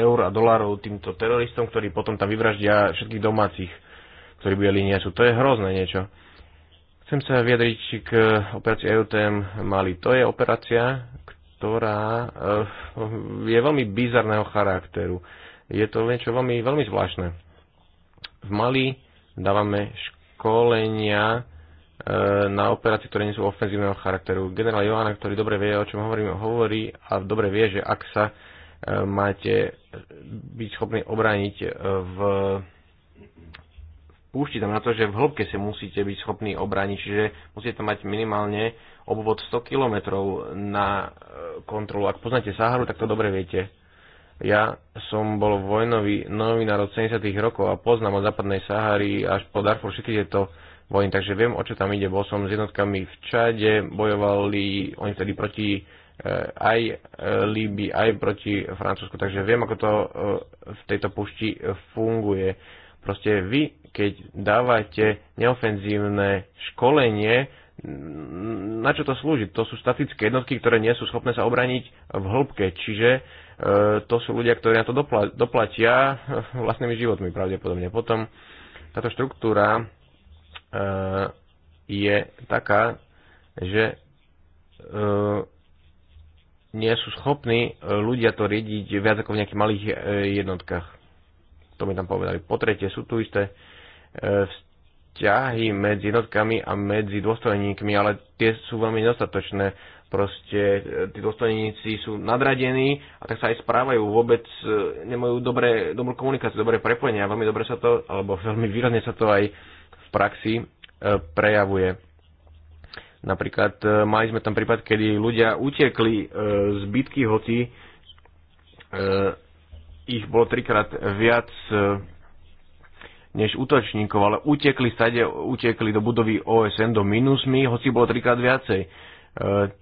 eur a dolárov týmto teroristom, ktorí potom tam vyvraždia všetkých domácich, ktorí bojeli nie sú. To je hrozné niečo. Chcem sa vyjadriť k e, operácii EUTM Mali. To je operácia, ktorá je veľmi bizarného charakteru. Je to niečo veľmi, veľmi zvláštne. V Mali dávame školenia E, na operácie, ktoré nie sú ofenzívneho charakteru. Generál Johana, ktorý dobre vie, o čom hovorím, hovorí a dobre vie, že ak sa e, máte byť schopní obrániť e, v púšti, tam na to, že v hĺbke sa musíte byť schopní obrániť, čiže musíte mať minimálne obvod 100 km na kontrolu. Ak poznáte Saharu, tak to dobre viete. Ja som bol vojnový novinár od 70. rokov a poznám od západnej Sahary až po Darfur všetky tieto vojny, takže viem, o čo tam ide. Bol som s jednotkami v Čade, bojovali oni vtedy proti eh, aj eh, Líby, aj proti Francúzsku, takže viem, ako to eh, v tejto pušti funguje. Proste vy, keď dávate neofenzívne školenie, na čo to slúži? To sú statické jednotky, ktoré nie sú schopné sa obraniť v hĺbke, čiže to sú ľudia, ktorí na to doplatia vlastnými životmi pravdepodobne. Potom táto štruktúra E, je taká, že e, nie sú schopní e, ľudia to riediť viac ako v nejakých malých jednotkách. To mi tam povedali. Po tretie, sú tu isté vzťahy medzi jednotkami a medzi dôstojníkmi, ale tie sú veľmi nedostatočné. Proste tí dôstojníci sú nadradení a tak sa aj správajú. Vôbec nemajú dobré, dobrú komunikáciu, dobré prepojenie a veľmi dobre sa to, alebo veľmi výrazne sa to aj v praxi e, prejavuje. Napríklad e, mali sme tam prípad, kedy ľudia utekli e, z bitky, hoci ich bolo trikrát viac než útočníkov, ale utekli stade, utekli do budovy OSN, do minusmi, hoci bolo trikrát viacej. E,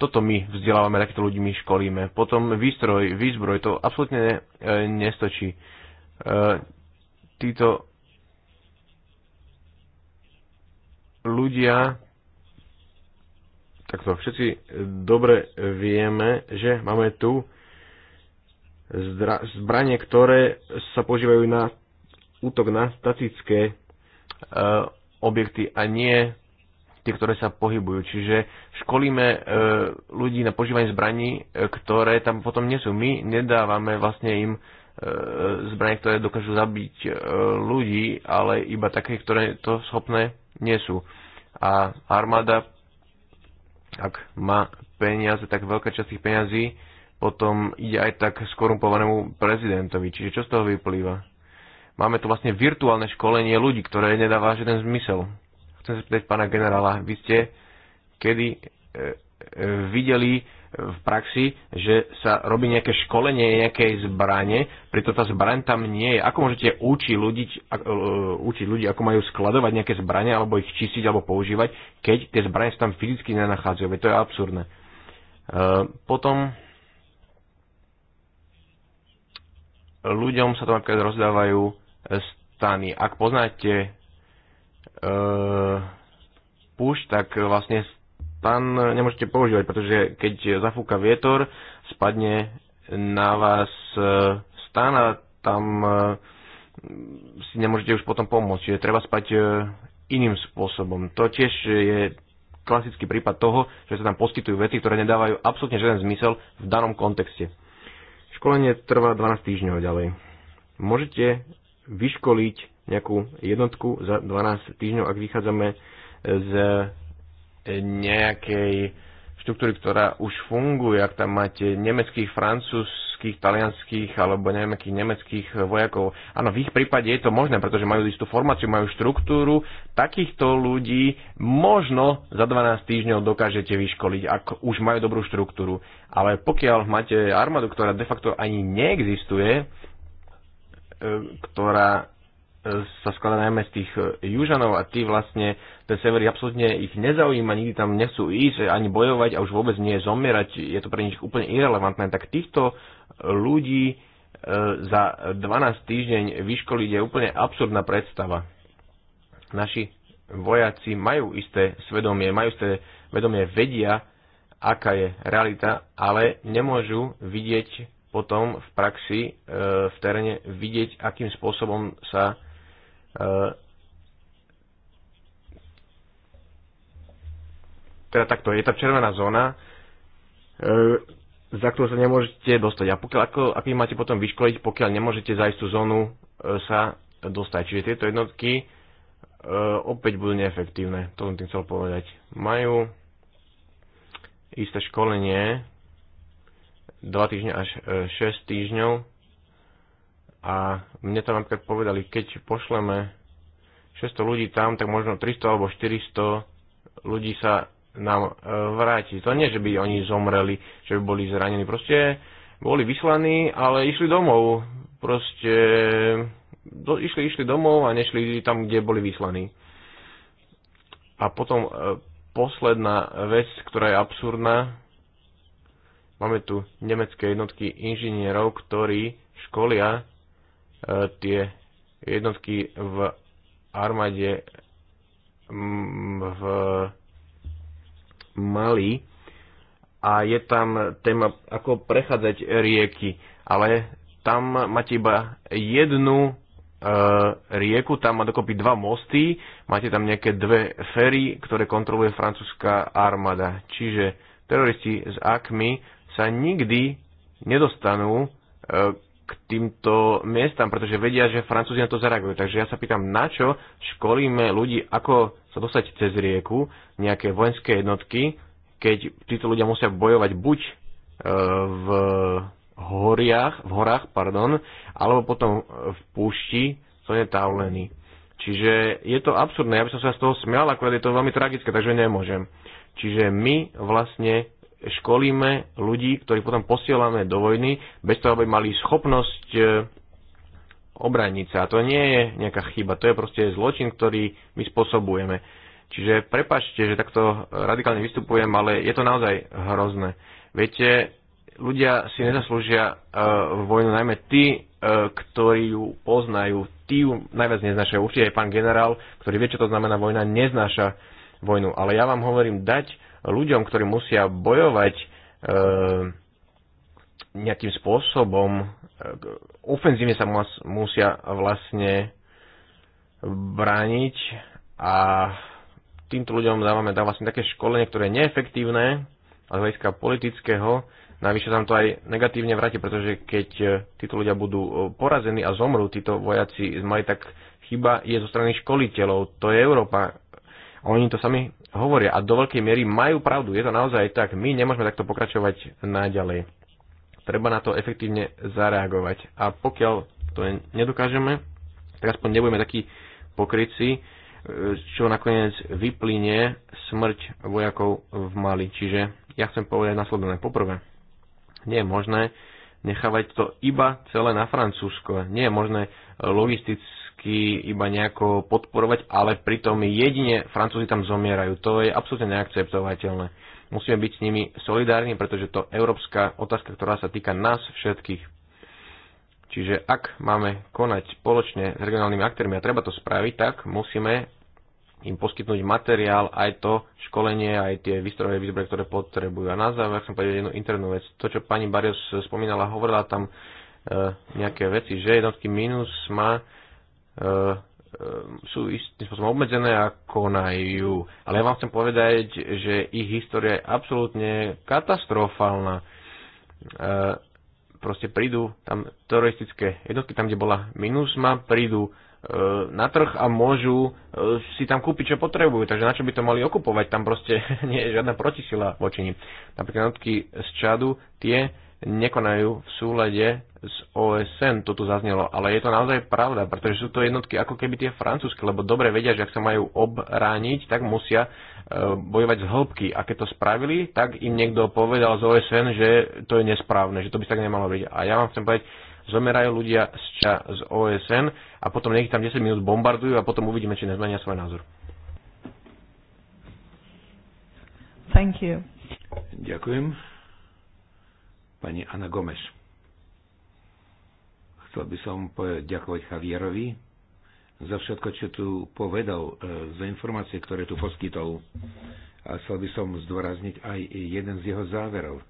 toto my vzdelávame, takýchto ľudí my školíme. Potom výstroj, výzbroj, to absolútne ne, e, nestačí. E, títo ľudia, takto všetci dobre vieme, že máme tu zbranie, ktoré sa používajú na útok na statické e, objekty a nie tie, ktoré sa pohybujú. Čiže školíme e, ľudí na požívanie zbraní, e, ktoré tam potom nie sú. My nedávame vlastne im e, zbranie, ktoré dokážu zabiť e, ľudí, ale iba také, ktoré to schopné nie sú. A armáda, ak má peniaze, tak veľká časť tých peniazí potom ide aj tak skorumpovanému prezidentovi. Čiže čo z toho vyplýva? Máme tu vlastne virtuálne školenie ľudí, ktoré nedáva žiaden zmysel. Chcem sa spýtať pána generála, vy ste kedy e, e, videli v praxi, že sa robí nejaké školenie nejakej zbrane, preto tá zbraň tam nie je. Ako môžete učiť ľudí, e, učiť ľudí, ako majú skladovať nejaké zbranie, alebo ich čistiť, alebo používať, keď tie zbranie sa tam fyzicky nenachádzajú? to je absurdné. E, potom ľuďom sa tam napríklad rozdávajú e, stany. Ak poznáte púšť, tak vlastne stan nemôžete používať, pretože keď zafúka vietor, spadne na vás e, stan a tam e, si nemôžete už potom pomôcť. Čiže treba spať e, iným spôsobom. To tiež je klasický prípad toho, že sa tam poskytujú veci, ktoré nedávajú absolútne žiaden zmysel v danom kontexte. Školenie trvá 12 týždňov ďalej. Môžete vyškoliť nejakú jednotku za 12 týždňov, ak vychádzame z nejakej štruktúry, ktorá už funguje, ak tam máte nemeckých, francúzských, talianských alebo nejakých nemeckých vojakov. Áno, v ich prípade je to možné, pretože majú istú formáciu, majú štruktúru. Takýchto ľudí možno za 12 týždňov dokážete vyškoliť, ak už majú dobrú štruktúru. Ale pokiaľ máte armádu, ktorá de facto ani neexistuje, e, ktorá e, sa skladá najmä z tých e, južanov a tí vlastne ten sever ich absolútne ich nezaujíma, nikdy tam nechcú ísť ani bojovať a už vôbec nie je zomierať, je to pre nich úplne irrelevantné, tak týchto ľudí e, za 12 týždeň vyškoliť je úplne absurdná predstava. Naši vojaci majú isté svedomie, majú isté vedomie, vedia, aká je realita, ale nemôžu vidieť potom v praxi, e, v teréne, vidieť, akým spôsobom sa e, teda takto, je tá červená zóna, e, za ktorú sa nemôžete dostať. A pokiaľ, ako, ako ich máte potom vyškoliť, pokiaľ nemôžete za istú zónu e, sa dostať. Čiže tieto jednotky e, opäť budú neefektívne. To som tým chcel povedať. Majú isté školenie 2 týždne až 6 týždňov a mne tam napríklad povedali, keď pošleme 600 ľudí tam, tak možno 300 alebo 400 ľudí sa nám e, vrátiť. To nie, že by oni zomreli, že by boli zranení. Proste boli vyslaní, ale išli domov. Proste do, išli, išli domov a nešli tam, kde boli vyslaní. A potom e, posledná vec, ktorá je absurdná. Máme tu nemecké jednotky inžinierov, ktorí školia e, tie jednotky v armáde v Mali a je tam téma, ako prechádzať rieky, ale tam máte iba jednu e, rieku, tam má dokopy dva mosty, máte tam nejaké dve fery, ktoré kontroluje francúzska armáda. Čiže teroristi z AKMI sa nikdy nedostanú e, k týmto miestam, pretože vedia, že Francúzi na to zareagujú. Takže ja sa pýtam, na čo školíme ľudí, ako sa dostať cez rieku, nejaké vojenské jednotky, keď títo ľudia musia bojovať buď e, v horiach, v horách, pardon, alebo potom v púšti, co je taulení. Čiže je to absurdné, ja by som sa z toho smial, akorát je to veľmi tragické, takže nemôžem. Čiže my vlastne školíme ľudí, ktorých potom posielame do vojny, bez toho, aby mali schopnosť e, obraniť sa. A to nie je nejaká chyba, to je proste zločin, ktorý my spôsobujeme. Čiže prepačte, že takto radikálne vystupujem, ale je to naozaj hrozné. Viete, ľudia si nezaslúžia uh, vojnu, najmä tí, uh, ktorí ju poznajú, tí ju najviac neznášajú. Určite aj pán generál, ktorý vie, čo to znamená vojna, neznáša vojnu. Ale ja vám hovorím, dať ľuďom, ktorí musia bojovať e, nejakým spôsobom, e, ofenzívne sa mus, musia vlastne brániť a týmto ľuďom dávame dá vlastne také školenie, ktoré je neefektívne z hľadiska politického, Navyše tam to aj negatívne vráti, pretože keď e, títo ľudia budú e, porazení a zomrú títo vojaci z Mali, tak chyba je zo strany školiteľov. To je Európa. oni to sami hovoria a do veľkej miery majú pravdu. Je to naozaj tak. My nemôžeme takto pokračovať naďalej. Treba na to efektívne zareagovať. A pokiaľ to nedokážeme, tak aspoň nebudeme takí pokryci, e, čo nakoniec vyplynie smrť vojakov v Mali. Čiže ja chcem povedať nasledovné. Poprvé, nie je možné nechávať to iba celé na Francúzsko. Nie je možné logisticky ekonomicky iba nejako podporovať, ale pritom jedine Francúzi tam zomierajú. To je absolútne neakceptovateľné. Musíme byť s nimi solidárni, pretože to je európska otázka, ktorá sa týka nás všetkých. Čiže ak máme konať spoločne s regionálnymi aktérmi a treba to spraviť, tak musíme im poskytnúť materiál, aj to školenie, aj tie výstrojové výzbroje, ktoré potrebujú. A na záver chcem povedať jednu internú vec. To, čo pani Barrios spomínala, hovorila tam e, nejaké veci, že jednotky minus má E, e, sú istým spôsobom obmedzené a konajú. Ale ja vám chcem povedať, že ich história je absolútne katastrofálna. Uh, proste prídu tam teroristické jednotky, tam, kde bola minusma, prídu na trh a môžu si tam kúpiť, čo potrebujú. Takže na čo by to mali okupovať? Tam proste nie je žiadna protisila voči nim. Napríklad notky z Čadu, tie nekonajú v súlade s OSN. Toto zaznelo, ale je to naozaj pravda, pretože sú to jednotky ako keby tie francúzske, lebo dobre vedia, že ak sa majú obrániť, tak musia e, bojovať z hĺbky. A keď to spravili, tak im niekto povedal z OSN, že to je nesprávne, že to by sa tak nemalo byť. A ja vám chcem povedať, zomerajú ľudia z, ča, z OSN a potom nech tam 10 minút bombardujú a potom uvidíme, či nezmenia svoj názor. Thank you. Ďakujem pani Ana Gomeš. Chcel by som poďakovať Javierovi za všetko, čo tu povedal, e, za informácie, ktoré tu poskytol. A chcel by som zdôrazniť aj jeden z jeho záverov.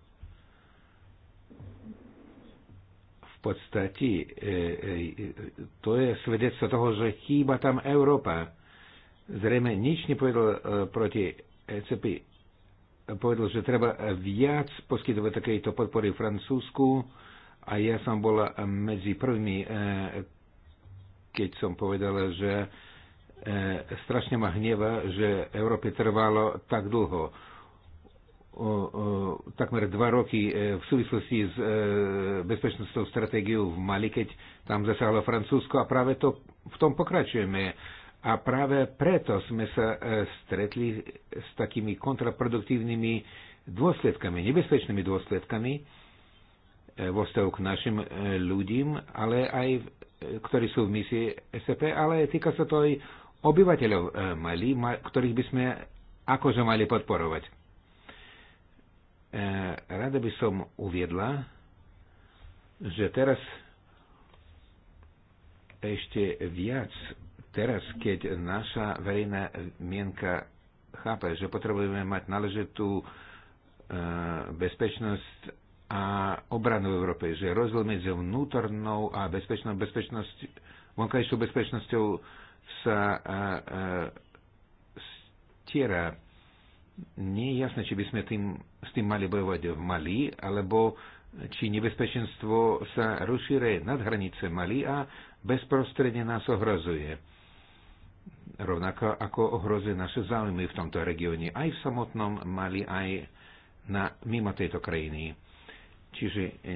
V podstate e, e, to je svedectvo toho, že chýba tam Európa. Zrejme nič nepovedal proti ECP povedal, že treba viac poskytovať takéto podpory Francúzsku a ja som bola medzi prvými, eh, keď som povedala, že eh, strašne ma hnieva, že Európe trvalo tak dlho. O, o, takmer dva roky eh, v súvislosti s e, bezpečnostnou stratégiou v Mali, keď tam zasahalo Francúzsko a práve to v tom pokračujeme. A práve preto sme sa e, stretli s takými kontraproduktívnymi dôsledkami, nebezpečnými dôsledkami e, vo vzťahu k našim e, ľudím, ale aj ktorí sú v misii SCP, ale týka sa to aj obyvateľov Mali, ktorých by sme akože mali podporovať. Rada by som uviedla, že teraz ešte viac teraz, keď naša verejná mienka chápe, že potrebujeme mať náležitú e, bezpečnosť a obranu v Európe, že rozdiel medzi vnútornou a bezpečnou bezpečnosť, vonkajšou bezpečnosťou sa a, e, a, e, stiera. Nie je jasné, či by sme tým, s tým mali bojovať v Mali, alebo či nebezpečenstvo sa rozšíre nad hranice Mali a bezprostredne nás ohrozuje rovnako ako ohrozuje naše záujmy v tomto regióne, aj v samotnom Mali, aj na, mimo tejto krajiny. Čiže e,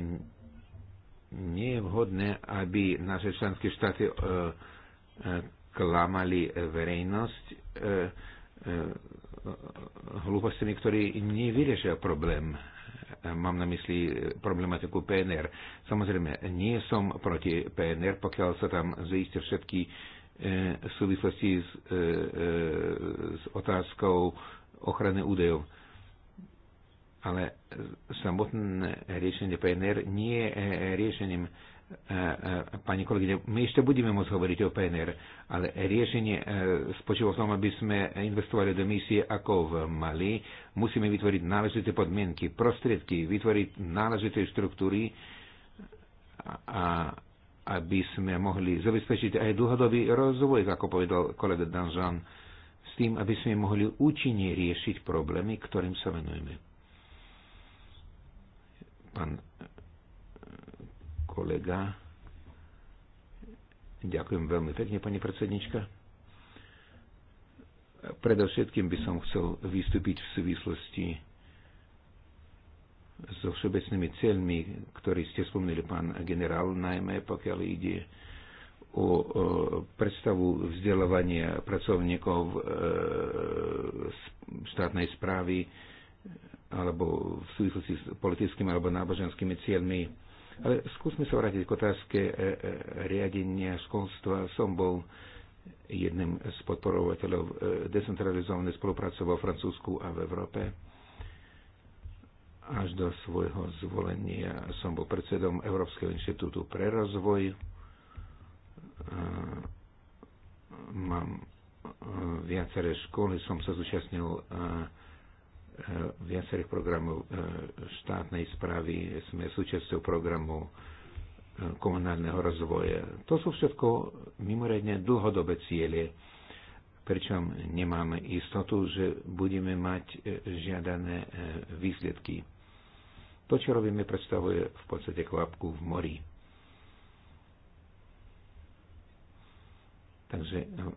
nie je vhodné, aby naše členské štáty e, e, klamali verejnosť e, e hlúpostiami, ktorí nevyriešia problém. E, mám na mysli problematiku PNR. Samozrejme, nie som proti PNR, pokiaľ sa tam zaistia všetky E, v súvislosti s, e, e, s otázkou ochrany údajov. Ale samotné riešenie PNR nie je riešením pani kolegyne, my ešte budeme môcť hovoriť o PNR, ale riešenie spočíva v tom, aby sme investovali do misie ako v Mali. Musíme vytvoriť náležité podmienky, prostriedky, vytvoriť náležité štruktúry a aby sme mohli zabezpečiť aj dlhodobý rozvoj, ako povedal kolega Danžan, s tým, aby sme mohli účinne riešiť problémy, ktorým sa venujeme. Pán eh, kolega, ďakujem veľmi pekne, pani predsednička. Predovšetkým by som chcel vystúpiť v súvislosti so všeobecnými cieľmi, ktorý ste spomínali, pán generál, najmä pokiaľ ide o, predstavu vzdelávania pracovníkov e, štátnej správy alebo v súvislosti s politickými alebo náboženskými cieľmi. Ale skúsme sa vrátiť k otázke e, e, riadenia školstva. Som bol jedným z podporovateľov decentralizovanej spolupráce vo Francúzsku a v Európe až do svojho zvolenia som bol predsedom Európskeho inštitútu pre rozvoj. Mám e, viaceré školy, som sa zúčastnil e, e, viacerých programov štátnej správy, sme súčasťou programu komunálneho rozvoja. To sú všetko mimoriadne dlhodobé ciele, pričom nemáme istotu, že budeme mať žiadané výsledky. To, čo robíme, predstavuje v podstate kvapku v mori. Takže eh, eh,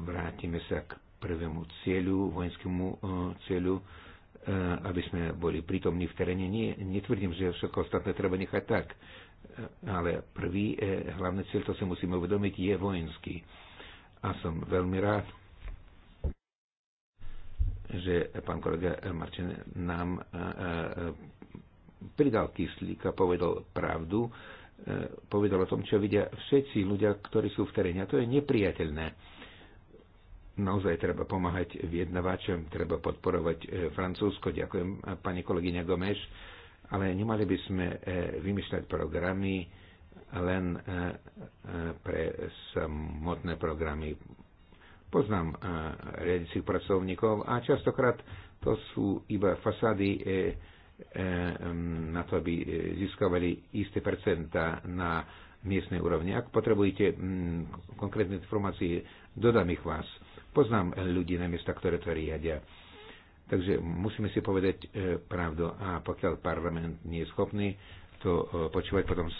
vrátime sa k prvému cieľu, vojenskému eh, cieľu, aby sme boli prítomní v teréne. Nie, netvrdím, že všetko ostatné treba nechať tak, ale prvý hlavný cieľ, to si musíme uvedomiť, je vojenský. A som veľmi rád, že pán kolega Marčen nám pridal kyslík a povedal pravdu, e, povedal o tom, čo vidia všetci ľudia, ktorí sú v teréne. A to je nepriateľné. Naozaj treba pomáhať viednavačom, treba podporovať e, Francúzsko. Ďakujem e, pani kolegyňa Gomeš. Ale nemali by sme vymýšľať programy len pre samotné programy. Poznám riadicích pracovníkov a častokrát to sú iba fasády Ehm, na to, aby e, získavali isté percenta na miestnej úrovni. Ak potrebujete mm, konkrétne informácie, dodám ich vás. Poznám ľudí na miesta, ktoré to riadia. Takže musíme si povedať e, pravdu. A pokiaľ parlament nie je schopný to e, počúvať, potom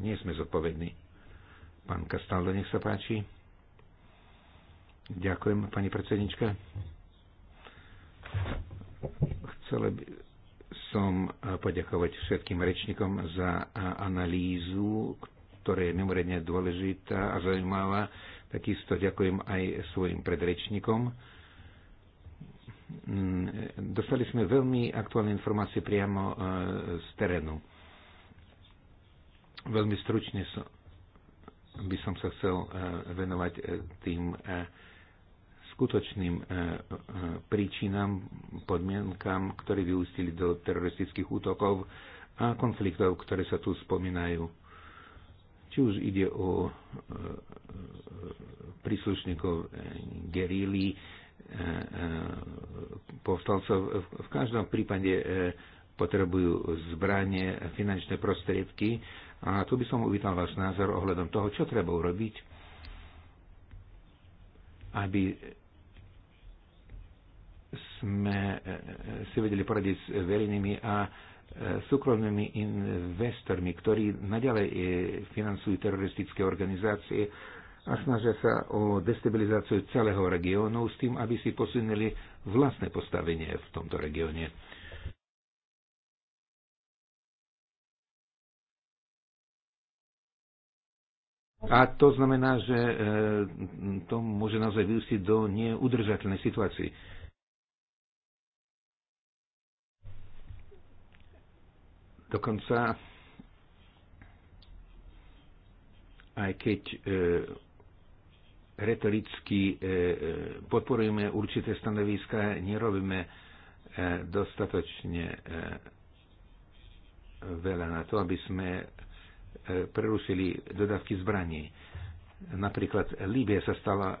nie sme zodpovední. Pán Kastaldo, nech sa páči. Ďakujem, pani predsednička. Chcela by som eh, poďakovať všetkým rečníkom za eh, analýzu, ktorá je mimoriadne dôležitá a zaujímavá. Takisto ďakujem aj svojim predrečníkom. Mm, dostali sme veľmi aktuálne informácie priamo eh, z terénu. Veľmi stručne by som sa chcel venovať tým skutočným e, e, príčinám, podmienkam, ktoré vyústili do teroristických útokov a konfliktov, ktoré sa tu spomínajú. Či už ide o e, príslušníkov gerily, povstalcov, v každom prípade potrebujú zbranie, finančné prostriedky a tu by som uvítal váš názor ohľadom toho, čo treba urobiť, aby sme e, e, si vedeli poradiť s verejnými a e, súkromnými investormi, ktorí naďalej financujú teroristické organizácie a snažia sa o destabilizáciu celého regiónu s tým, aby si posunili vlastné postavenie v tomto regióne. A to znamená, že to môže naozaj vyústiť do neudržateľnej situácii. Dokonca aj keď e, retoricky e, e, podporujeme určité stanoviska, nerobíme e, dostatočne e, veľa na to, aby sme e, prerušili dodávky zbraní. Napríklad Líbia sa stala e, e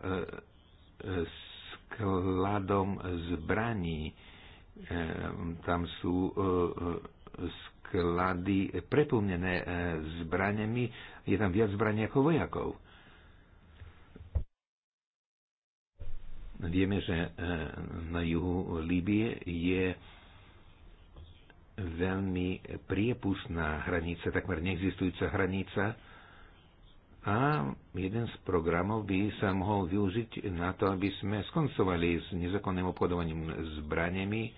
skladom zbraní. E, tam sú e, e sklady preplnené e, zbraniami, je tam viac zbraní ako vojakov. Vieme, že e, na juhu Líbie je veľmi priepustná hranica, takmer neexistujúca hranica a jeden z programov by sa mohol využiť na to, aby sme skoncovali s nezakonným obchodovaním zbraniami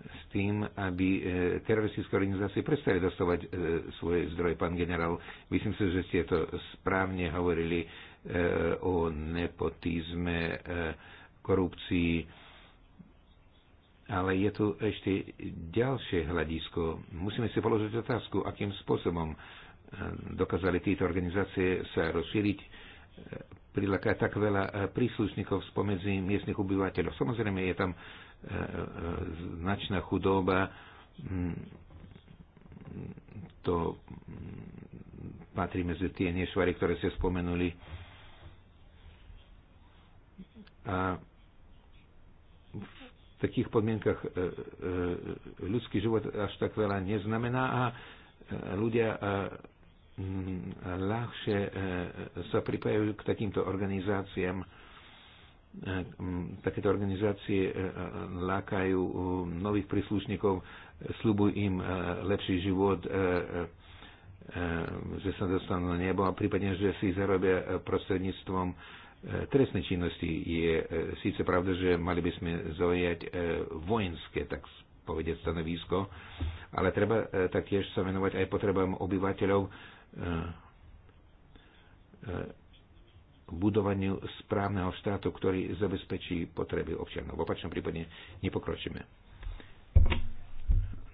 s tým, aby e, teroristické organizácie prestali dostávať e, svoje zdroje. Pán generál, myslím si, že ste to správne hovorili e, o nepotizme, korupcii, ale je tu ešte ďalšie hľadisko. Musíme si položiť otázku, akým spôsobom dokázali tieto organizácie sa rozšíriť, prilakať tak veľa príslušníkov spomedzi miestnych obyvateľov. Samozrejme, je tam značná chudoba, to patrí medzi tie nešvary, ktoré ste spomenuli. A v takých podmienkach e, e, ľudský život až tak veľa neznamená a ľudia e, ľahšie sa pripájajú k takýmto organizáciám, Eh, takéto organizácie eh, eh, lákajú nových príslušníkov, slubujú im lepší život, že sa dostanú na nebo a prípadne, že si zarobia prostredníctvom trestnej činnosti. Je síce pravda, že mali by sme zaujať vojenské, tak povedať, stanovisko, ale treba taktiež sa venovať aj potrebám obyvateľov budovaniu správneho štátu, ktorý zabezpečí potreby občanov. V opačnom prípade nepokročíme.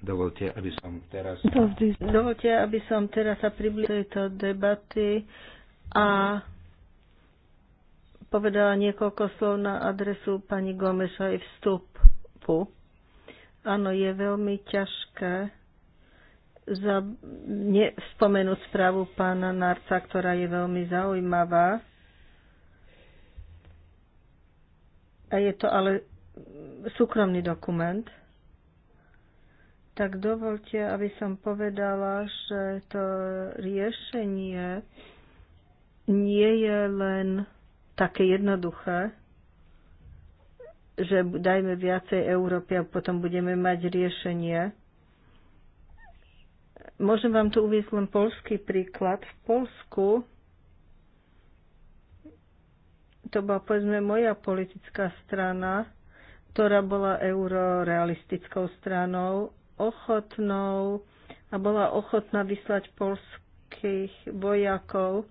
Dovolte, aby som teraz... Dovolte, aby som teraz sa priblížil tejto debaty a povedala niekoľko slov na adresu pani Gomeša aj vstupu. Áno, je veľmi ťažké za, ne, spomenúť správu pána Narca, ktorá je veľmi zaujímavá a je to ale súkromný dokument, tak dovolte, aby som povedala, že to riešenie nie je len také jednoduché, že dajme viacej Európy a potom budeme mať riešenie. Môžem vám tu uvieť len polský príklad. V Polsku to bola povedzme moja politická strana, ktorá bola eurorealistickou stranou, ochotnou a bola ochotná vyslať polských vojakov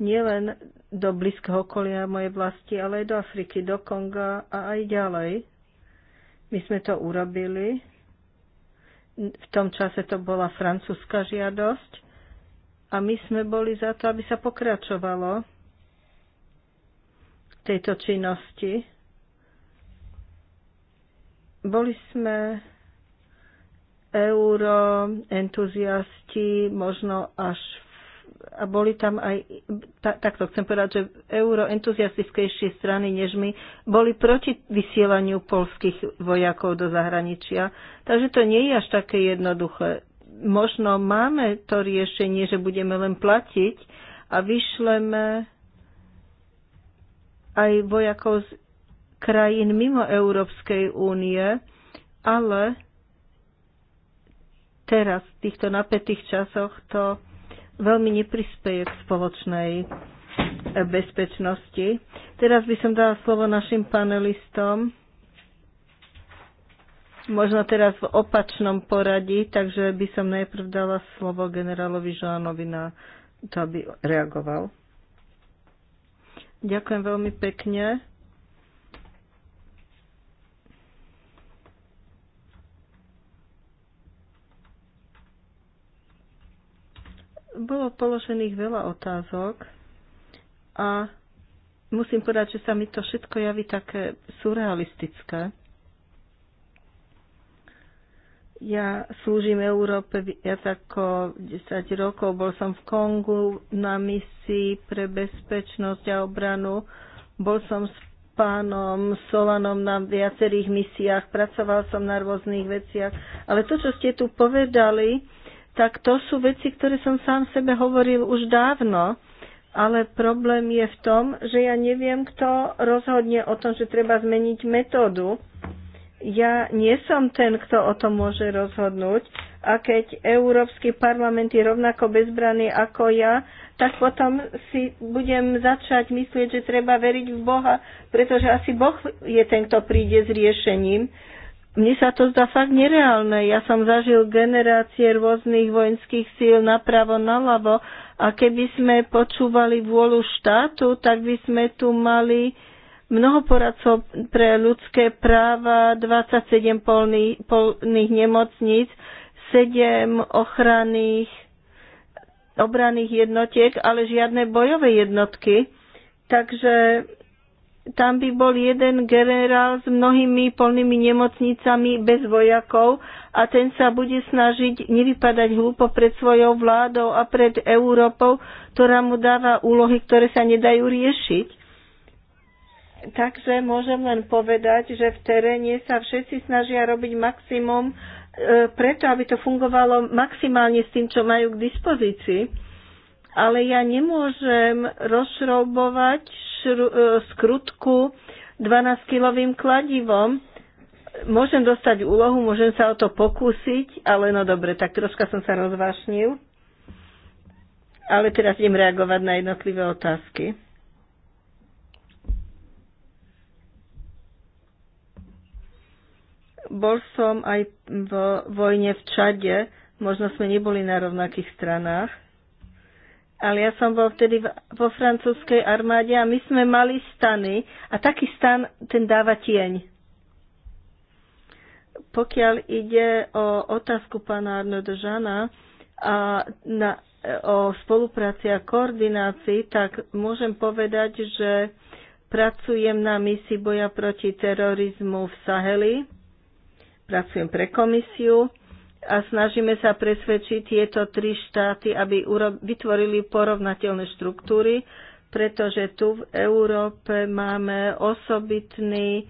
nielen do blízkeho okolia mojej vlasti, ale aj do Afriky, do Konga a aj ďalej. My sme to urobili. V tom čase to bola francúzska žiadosť a my sme boli za to, aby sa pokračovalo tejto činnosti. Boli sme euro, entuziasti, možno až a boli tam aj, tak, takto chcem povedať, že euro entuziastickejšie strany než my boli proti vysielaniu polských vojakov do zahraničia. Takže to nie je až také jednoduché. Možno máme to riešenie, že budeme len platiť a vyšleme aj vojakov z krajín mimo Európskej únie, ale teraz, v týchto napätých časoch, to veľmi neprispieje k spoločnej bezpečnosti. Teraz by som dala slovo našim panelistom. Možno teraz v opačnom poradí, takže by som najprv dala slovo generálovi Žánovi na to, aby reagoval. Ďakujem veľmi pekne. Bolo položených veľa otázok a musím povedať, že sa mi to všetko javí také surrealistické. Ja slúžim Európe viac ako 10 rokov. Bol som v Kongu na misii pre bezpečnosť a obranu. Bol som s pánom Solanom na viacerých misiách. Pracoval som na rôznych veciach. Ale to, čo ste tu povedali, tak to sú veci, ktoré som sám sebe hovoril už dávno. Ale problém je v tom, že ja neviem, kto rozhodne o tom, že treba zmeniť metódu ja nie som ten, kto o tom môže rozhodnúť. A keď Európsky parlament je rovnako bezbranný ako ja, tak potom si budem začať myslieť, že treba veriť v Boha, pretože asi Boh je ten, kto príde s riešením. Mne sa to zdá fakt nereálne. Ja som zažil generácie rôznych vojenských síl napravo, nalavo a keby sme počúvali vôľu štátu, tak by sme tu mali Mnoho poradcov pre ľudské práva, 27 polných, polných nemocníc, 7 ochranných obranných jednotiek, ale žiadne bojové jednotky. Takže tam by bol jeden generál s mnohými polnými nemocnicami bez vojakov a ten sa bude snažiť nevypadať hlúpo pred svojou vládou a pred Európou, ktorá mu dáva úlohy, ktoré sa nedajú riešiť. Takže môžem len povedať, že v teréne sa všetci snažia robiť maximum e, preto, aby to fungovalo maximálne s tým, čo majú k dispozícii. Ale ja nemôžem rozšroubovať e, skrutku 12-kilovým kladivom. Môžem dostať úlohu, môžem sa o to pokúsiť, ale no dobre, tak troška som sa rozvášnil. Ale teraz idem reagovať na jednotlivé otázky. Bol som aj v vojne v Čade, možno sme neboli na rovnakých stranách, ale ja som bol vtedy vo francúzskej armáde a my sme mali stany a taký stan ten dáva tieň. Pokiaľ ide o otázku pána Arnoda Žana a na, o spolupráci a koordinácii, tak môžem povedať, že pracujem na misii boja proti terorizmu v Saheli pracujem pre komisiu a snažíme sa presvedčiť tieto tri štáty, aby vytvorili porovnateľné štruktúry, pretože tu v Európe máme osobitný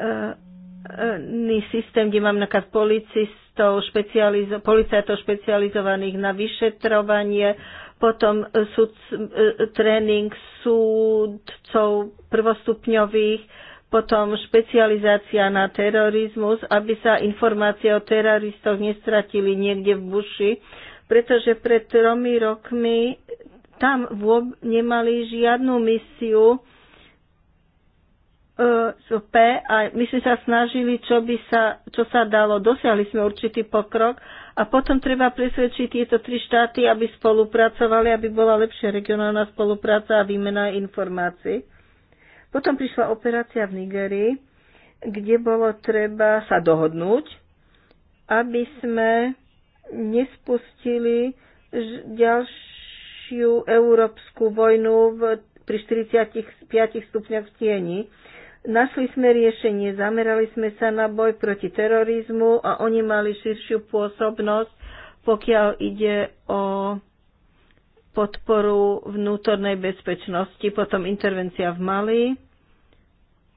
uh, systém, kde máme napríklad policistov, špecializo- policajtov špecializovaných na vyšetrovanie, potom súd, uh, tréning súdcov prvostupňových, potom špecializácia na terorizmus, aby sa informácie o teroristoch nestratili niekde v buši, pretože pred tromi rokmi tam nemali žiadnu misiu e, P a my sme sa snažili, čo, by sa, čo sa dalo. Dosiahli sme určitý pokrok a potom treba presvedčiť tieto tri štáty, aby spolupracovali, aby bola lepšia regionálna spolupráca a výmena informácií. Potom prišla operácia v Nigerii, kde bolo treba sa dohodnúť, aby sme nespustili ďalšiu európsku vojnu v, pri 45 stupňoch v tieni. Našli sme riešenie, zamerali sme sa na boj proti terorizmu a oni mali širšiu pôsobnosť, pokiaľ ide o podporu vnútornej bezpečnosti, potom intervencia v Mali.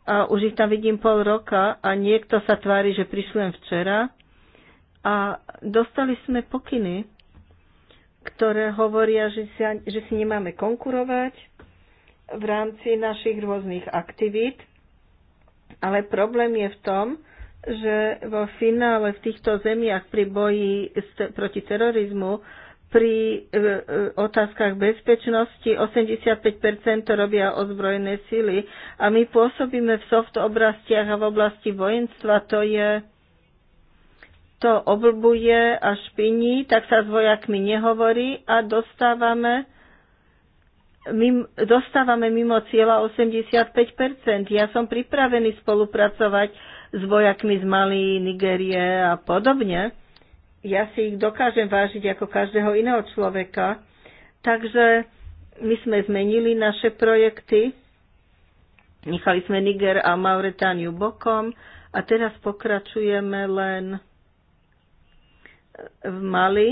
A už ich tam vidím pol roka a niekto sa tvári, že prišli len včera. A dostali sme pokyny, ktoré hovoria, že si, že si nemáme konkurovať v rámci našich rôznych aktivít. Ale problém je v tom, že vo finále v týchto zemiach pri boji proti terorizmu pri e, e, otázkach bezpečnosti 85% to robia ozbrojené sily a my pôsobíme v soft oblastiach a v oblasti vojenstva to je to oblbuje a špiní, tak sa s vojakmi nehovorí a dostávame my dostávame mimo cieľa 85%. Ja som pripravený spolupracovať s vojakmi z Malí, Nigérie a podobne ja si ich dokážem vážiť ako každého iného človeka. Takže my sme zmenili naše projekty, nechali sme Niger a Mauretániu bokom a teraz pokračujeme len v Mali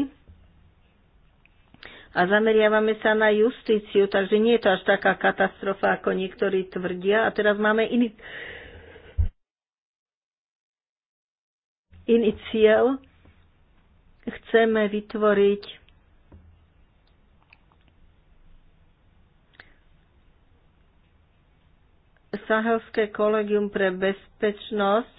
a zameriavame sa na justíciu, takže nie je to až taká katastrofa, ako niektorí tvrdia. A teraz máme iný, iný cieľ, chceme vytvoriť Sahelské kolegium pre bezpečnosť,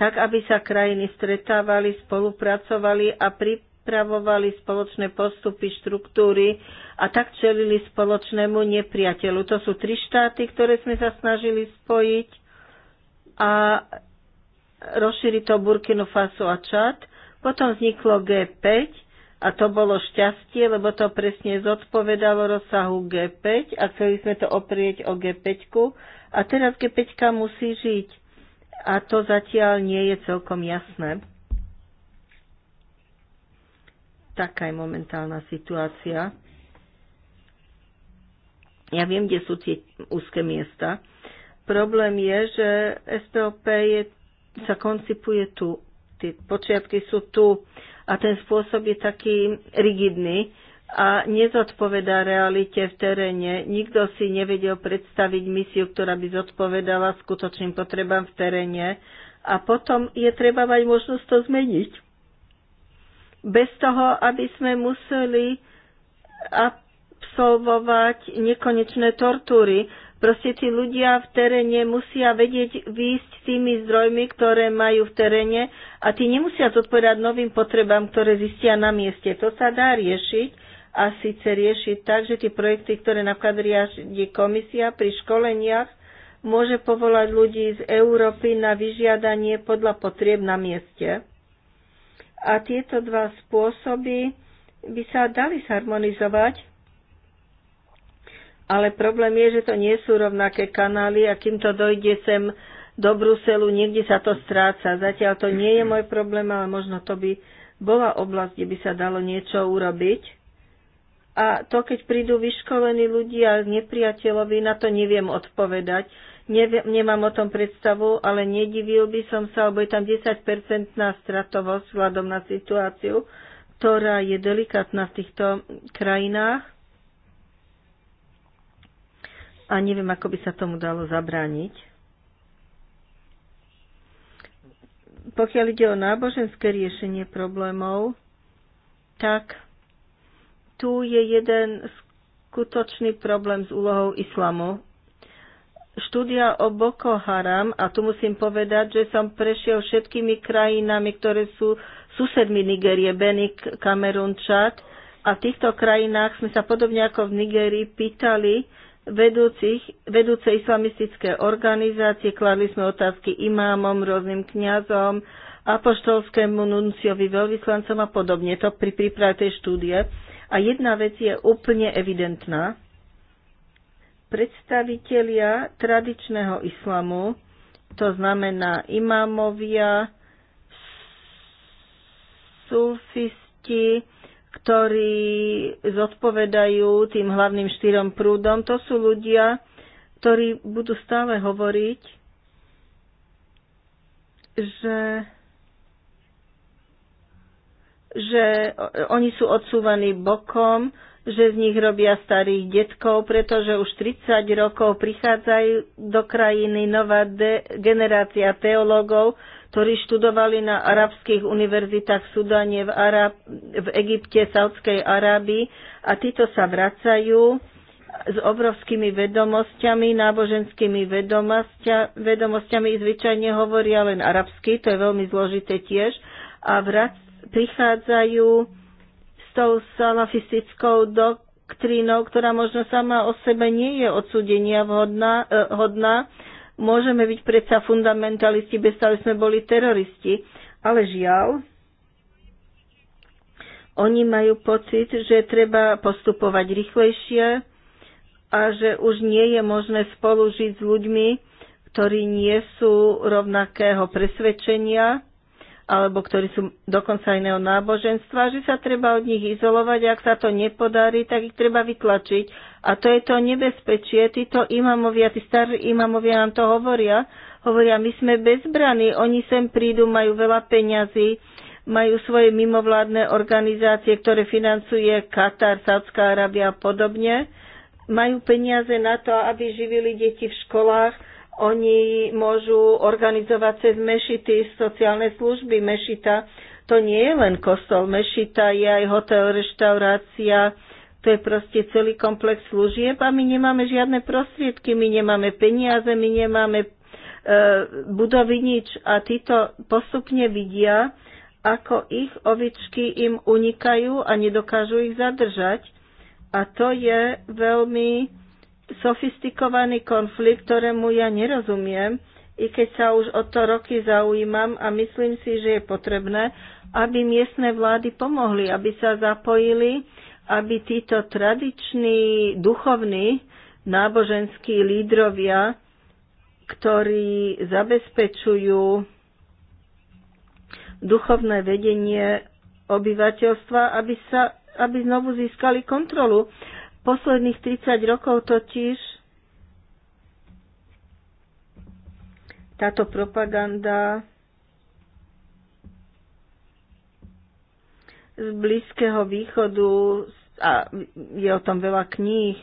tak aby sa krajiny stretávali, spolupracovali a pripravovali spoločné postupy, štruktúry a tak čelili spoločnému nepriateľu. To sú tri štáty, ktoré sme sa snažili spojiť a rozšíri to Burkinu Faso a Čad potom vzniklo G5 a to bolo šťastie, lebo to presne zodpovedalo rozsahu G5 a chceli sme to oprieť o G5 a teraz G5 musí žiť a to zatiaľ nie je celkom jasné. Taká je momentálna situácia. Ja viem, kde sú tie úzke miesta. Problém je, že SPOP je, sa koncipuje tu Tí počiatky sú tu a ten spôsob je taký rigidný a nezodpovedá realite v teréne. Nikto si nevedel predstaviť misiu, ktorá by zodpovedala skutočným potrebám v teréne. A potom je treba mať možnosť to zmeniť. Bez toho, aby sme museli absolvovať nekonečné tortúry, Proste tí ľudia v teréne musia vedieť výjsť tými zdrojmi, ktoré majú v teréne a tí nemusia zodpovedať novým potrebám, ktoré zistia na mieste. To sa dá riešiť a síce riešiť tak, že tie projekty, ktoré napríklad riadi komisia pri školeniach, môže povolať ľudí z Európy na vyžiadanie podľa potrieb na mieste. A tieto dva spôsoby by sa dali zharmonizovať ale problém je, že to nie sú rovnaké kanály a kým to dojde sem do Bruselu, niekde sa to stráca. Zatiaľ to nie je môj problém, ale možno to by bola oblasť, kde by sa dalo niečo urobiť. A to, keď prídu vyškolení ľudia nepriateľovi, na to neviem odpovedať. Neviem, nemám o tom predstavu, ale nedivil by som sa, lebo je tam 10-percentná stratovosť vzhľadom na situáciu, ktorá je delikátna v týchto krajinách a neviem, ako by sa tomu dalo zabrániť. Pokiaľ ide o náboženské riešenie problémov, tak tu je jeden skutočný problém s úlohou islamu. Štúdia o Boko Haram, a tu musím povedať, že som prešiel všetkými krajinami, ktoré sú susedmi Nigérie, Benik, Kamerun, Čad. A v týchto krajinách sme sa podobne ako v Nigérii pýtali, vedúcich, vedúce islamistické organizácie, kladli sme otázky imámom, rôznym kňazom, apoštolskému nunciovi, veľvyslancom a podobne. To pri príprave tej štúdie. A jedna vec je úplne evidentná. Predstavitelia tradičného islamu, to znamená imámovia, sulfisti, ktorí zodpovedajú tým hlavným štyrom prúdom. To sú ľudia, ktorí budú stále hovoriť, že, že oni sú odsúvaní bokom, že z nich robia starých detkov, pretože už 30 rokov prichádzajú do krajiny nová de- generácia teológov, ktorí študovali na arabských univerzitách v Sudáne, v, Arab, v Egypte, Saudskej Arábii a títo sa vracajú s obrovskými vedomosťami, náboženskými vedomosťami, zvyčajne hovoria len arabsky, to je veľmi zložité tiež, a vrac, prichádzajú s tou salafistickou doktrínou, ktorá možno sama o sebe nie je odsudenia vhodná, eh, hodná, Môžeme byť predsa fundamentalisti bez toho, sme boli teroristi. Ale žiaľ, oni majú pocit, že treba postupovať rýchlejšie a že už nie je možné spolužiť s ľuďmi, ktorí nie sú rovnakého presvedčenia alebo ktorí sú dokonca iného náboženstva, že sa treba od nich izolovať. Ak sa to nepodarí, tak ich treba vytlačiť. A to je to nebezpečie. Títo imamovia, tí starí imamovia nám to hovoria. Hovoria, my sme bezbraní, oni sem prídu, majú veľa peňazí, majú svoje mimovládne organizácie, ktoré financuje Katar, Sádzka Arábia a podobne. Majú peniaze na to, aby živili deti v školách. Oni môžu organizovať cez mešity sociálne služby. Mešita to nie je len kostol. Mešita je aj hotel, reštaurácia, to je proste celý komplex služieb a my nemáme žiadne prostriedky, my nemáme peniaze, my nemáme e, budovy nič. A títo postupne vidia, ako ich ovičky im unikajú a nedokážu ich zadržať. A to je veľmi sofistikovaný konflikt, ktorému ja nerozumiem, i keď sa už o to roky zaujímam a myslím si, že je potrebné, aby miestne vlády pomohli, aby sa zapojili aby títo tradiční duchovní náboženskí lídrovia, ktorí zabezpečujú duchovné vedenie obyvateľstva, aby, sa, aby znovu získali kontrolu. Posledných 30 rokov totiž táto propaganda z Blízkeho východu, z a je o tom veľa kníh.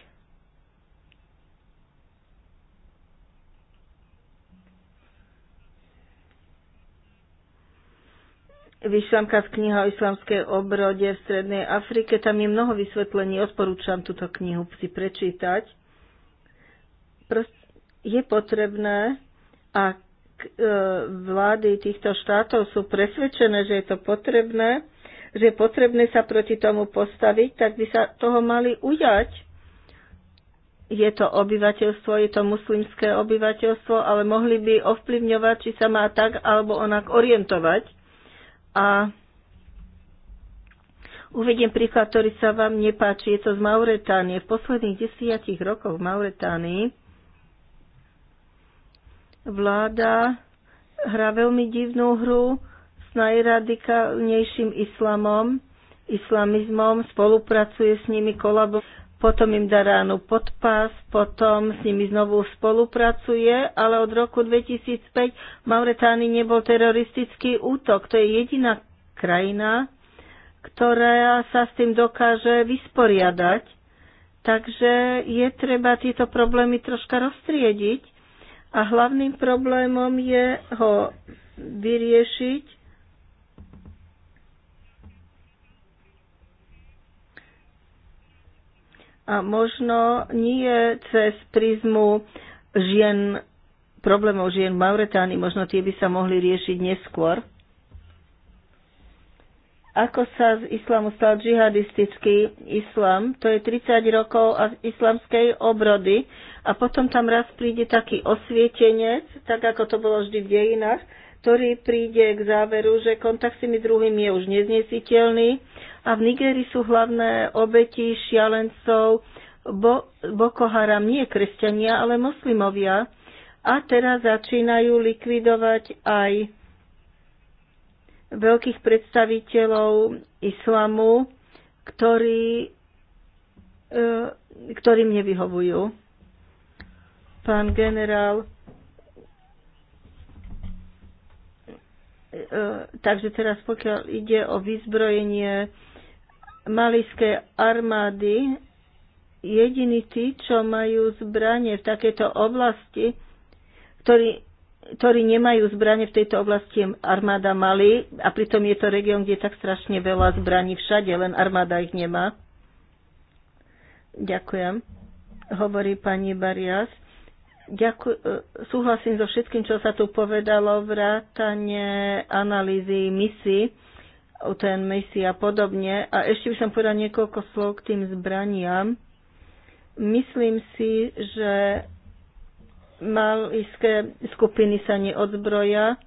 Vyšlamka z kniha o islamskej obrode v Strednej Afrike, tam je mnoho vysvetlení, odporúčam túto knihu si prečítať. Prost, je potrebné, a e, vlády týchto štátov sú presvedčené, že je to potrebné, že je potrebné sa proti tomu postaviť, tak by sa toho mali ujať. Je to obyvateľstvo, je to muslimské obyvateľstvo, ale mohli by ovplyvňovať, či sa má tak alebo onak orientovať. A uvediem príklad, ktorý sa vám nepáči. Je to z Mauretánie. V posledných desiatich rokoch v Mauretánii vláda hrá veľmi divnú hru, najradikálnejším islamom, islamizmom, spolupracuje s nimi, kolabo, potom im dá ránu podpas, potom s nimi znovu spolupracuje, ale od roku 2005 v Mauretánii nebol teroristický útok. To je jediná krajina, ktorá sa s tým dokáže vysporiadať. Takže je treba tieto problémy troška roztriediť a hlavným problémom je ho vyriešiť a možno nie cez prizmu žien, problémov žien v Mauretánii, možno tie by sa mohli riešiť neskôr. Ako sa z islamu stal džihadistický islam? To je 30 rokov islamskej obrody a potom tam raz príde taký osvietenec, tak ako to bolo vždy v dejinách, ktorý príde k záveru, že kontakt s tými druhými je už neznesiteľný a v Nigérii sú hlavné obeti šialencov Bo- Boko Haram, nie kresťania, ale moslimovia. A teraz začínajú likvidovať aj veľkých predstaviteľov islamu, ktorí, e, ktorým nevyhovujú. Pán generál, E, takže teraz pokiaľ ide o vyzbrojenie malijskej armády, jediní tí, čo majú zbranie v takejto oblasti, ktorí, ktorí nemajú zbranie v tejto oblasti, armáda Mali a pritom je to región, kde je tak strašne veľa zbraní všade, len armáda ich nemá. Ďakujem, hovorí pani Barias. Ďakujem, súhlasím so všetkým, čo sa tu povedalo, vrátanie analýzy misi, ten misi a podobne. A ešte by som povedal niekoľko slov k tým zbraniam. Myslím si, že malijské skupiny sa neodzbroja.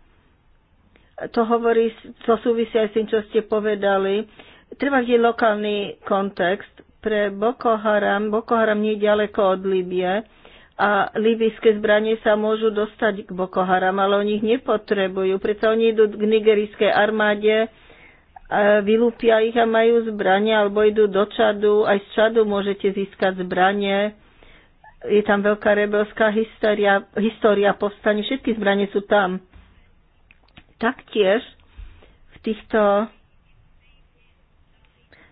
To hovorí, to súvisí aj s tým, čo ste povedali. Treba vidieť lokálny kontext. Pre Boko Haram, Boko Haram nie je ďaleko od Libie a líbyjské zbranie sa môžu dostať k Boko Haram, ale oni ich nepotrebujú. Preto oni idú k nigerijskej armáde, e, vylúpia ich a majú zbranie, alebo idú do Čadu. Aj z Čadu môžete získať zbranie. Je tam veľká rebelská história, história povstanie. Všetky zbranie sú tam. Taktiež v týchto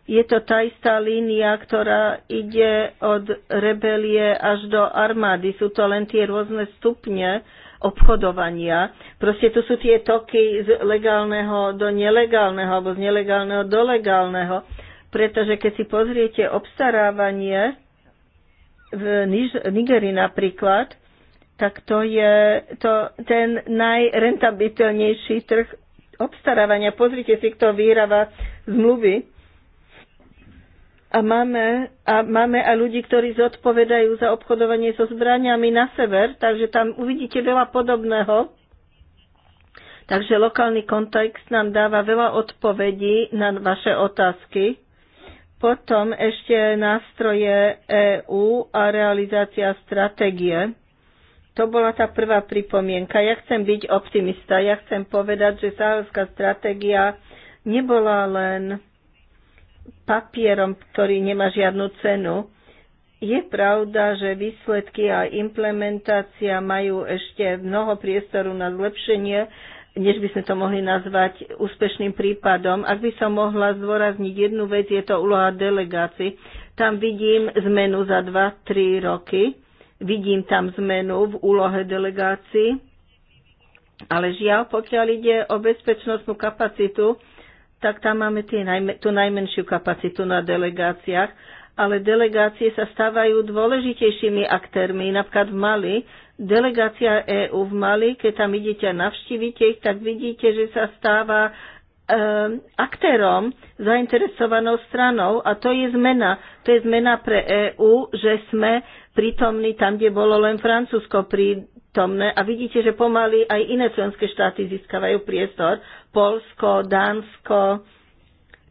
je to tá istá línia, ktorá ide od rebelie až do armády. Sú to len tie rôzne stupne obchodovania. Proste tu sú tie toky z legálneho do nelegálneho alebo z nelegálneho do legálneho. Pretože keď si pozriete obstarávanie v Nigeri napríklad, tak to je to, ten najrentabilnejší trh obstarávania. Pozrite si, kto vyhráva zmluvy a máme, a máme aj ľudí, ktorí zodpovedajú za obchodovanie so zbraniami na sever, takže tam uvidíte veľa podobného. Takže lokálny kontext nám dáva veľa odpovedí na vaše otázky. Potom ešte nástroje EÚ a realizácia stratégie. To bola tá prvá pripomienka. Ja chcem byť optimista. Ja chcem povedať, že sahelská stratégia nebola len papierom, ktorý nemá žiadnu cenu. Je pravda, že výsledky a implementácia majú ešte mnoho priestoru na zlepšenie, než by sme to mohli nazvať úspešným prípadom. Ak by som mohla zdôrazniť jednu vec, je to úloha delegácií. Tam vidím zmenu za 2-3 roky. Vidím tam zmenu v úlohe delegácií. Ale žiaľ, pokiaľ ide o bezpečnostnú kapacitu, tak tam máme tie najme, tú najmenšiu kapacitu na delegáciách, ale delegácie sa stávajú dôležitejšími aktérmi. Napríklad v Mali, delegácia EÚ v Mali, keď tam idete a navštívite ich, tak vidíte, že sa stáva ehm, aktérom, zainteresovanou stranou a to je zmena. To je zmena pre EÚ, že sme prítomní tam, kde bolo len Francúzsko prítomné a vidíte, že pomaly aj iné členské štáty získavajú priestor Polsko, Dánsko,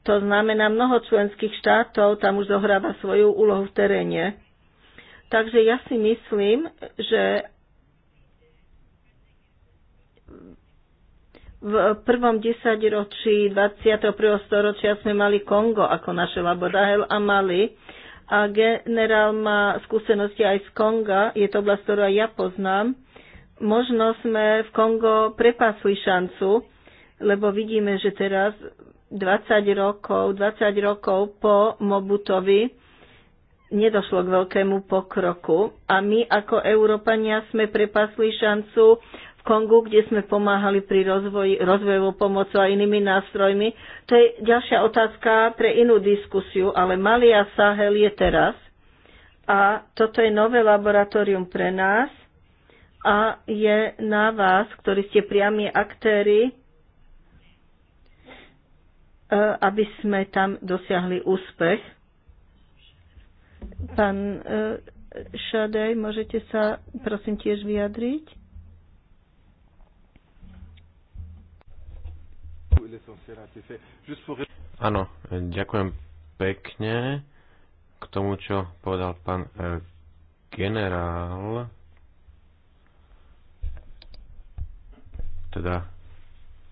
to znamená mnoho členských štátov, tam už zohráva svoju úlohu v teréne. Takže ja si myslím, že v prvom desaťročí 21. storočia sme mali Kongo ako naše labo a Mali. A generál má skúsenosti aj z Konga, je to oblasť, ktorú aj ja poznám. Možno sme v Kongo prepasli šancu, lebo vidíme, že teraz 20 rokov, 20 rokov po Mobutovi nedošlo k veľkému pokroku a my ako Európania sme prepasli šancu v Kongu, kde sme pomáhali pri rozvoji, rozvojovou pomocou a inými nástrojmi. To je ďalšia otázka pre inú diskusiu, ale Malia Sahel je teraz a toto je nové laboratórium pre nás a je na vás, ktorí ste priami aktéry E, aby sme tam dosiahli úspech. Pán e, Šadej, môžete sa prosím tiež vyjadriť? Áno, ďakujem pekne k tomu, čo povedal pán e, generál. Teda,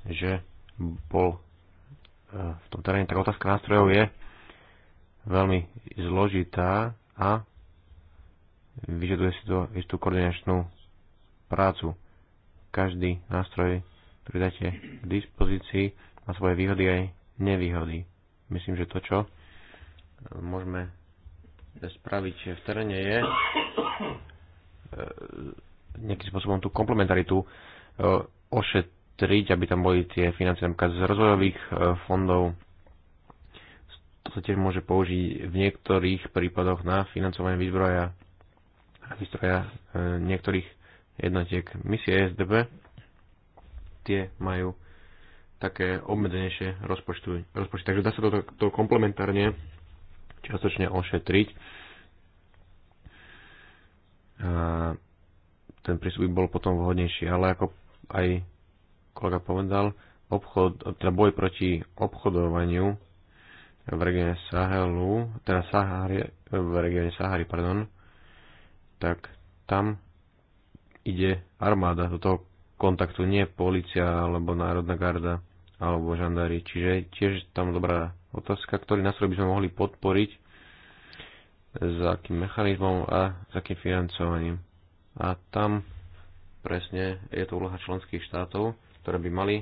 že bol v tom teréne, tak otázka nástrojov je veľmi zložitá a vyžaduje si to istú koordinačnú prácu. Každý nástroj, ktorý dáte k dispozícii, má svoje výhody aj nevýhody. Myslím, že to, čo môžeme spraviť v teréne je e, nejakým spôsobom tú komplementaritu e, ošet, šetriť, aby tam boli tie financie napríklad z rozvojových e, fondov. To sa tiež môže použiť v niektorých prípadoch na financovanie výzbroja a výstroja e, niektorých jednotiek. Misie SDP tie majú také obmedzenejšie rozpočty. rozpočty. Takže dá sa to, to komplementárne čiastočne ošetriť. A ten prístup by bol potom vhodnejší, ale ako aj kolega povedal, obchod, teda boj proti obchodovaniu v regióne Sahelu, teda Sahari, v regióne Sahary, pardon, tak tam ide armáda do toho kontaktu, nie policia alebo národná garda alebo žandári. Čiže tiež tam dobrá otázka, ktorý nástroj by sme mohli podporiť za akým mechanizmom a za akým financovaním. A tam presne je to úloha členských štátov, ktoré by mali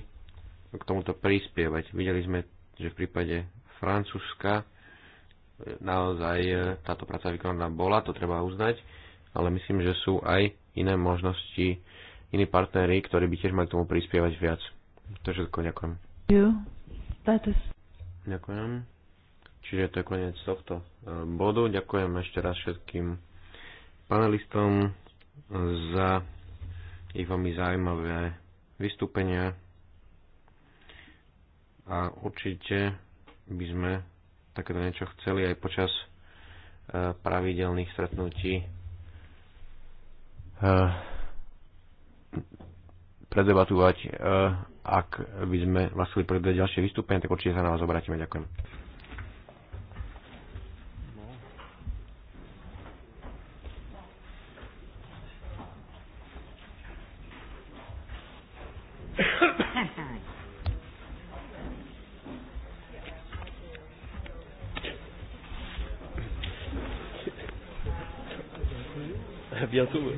k tomuto prispievať. Videli sme, že v prípade Francúzska e, naozaj e, táto práca vykonaná bola, to treba uznať, ale myslím, že sú aj iné možnosti, iní partnery, ktorí by tiež mali k tomu prispievať viac. To všetko, ďakujem. Ďakujem. Čiže to je koniec tohto e, bodu. Ďakujem ešte raz všetkým panelistom za ich veľmi zaujímavé vystúpenia a určite by sme takéto niečo chceli aj počas e, pravidelných stretnutí e, predebatovať. E, ak by sme vás chceli predať ďalšie vystúpenie, tak určite sa na vás obrátime. Ďakujem. bientôt.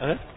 Hein hm?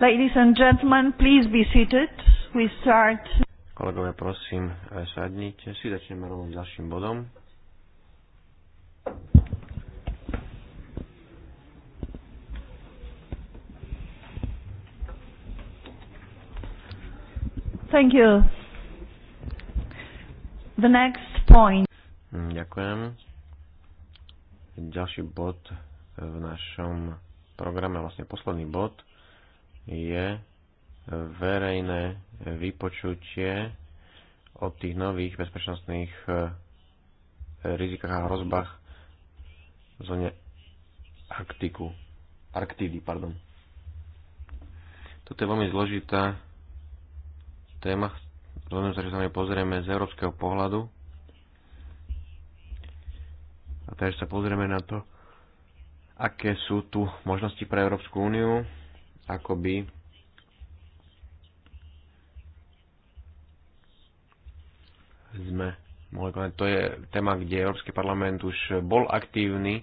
Ladies and gentlemen, please be seated. We start... Kolegovia, prosím, sadnite si, začneme rovno s ďalším bodom. Thank you. The next point. Mm, ďakujem. Ďalší bod v našom programe, vlastne posledný bod, je verejné vypočutie o tých nových bezpečnostných e, rizikách a hrozbách v zóne Arktiku. Arktidy, pardon. Toto je veľmi zložitá téma. Rozumiem sa, že sa na pozrieme z európskeho pohľadu. A teraz sa pozrieme na to, aké sú tu možnosti pre Európsku úniu, akoby sme mohli konať. To je téma, kde Európsky parlament už bol aktívny e,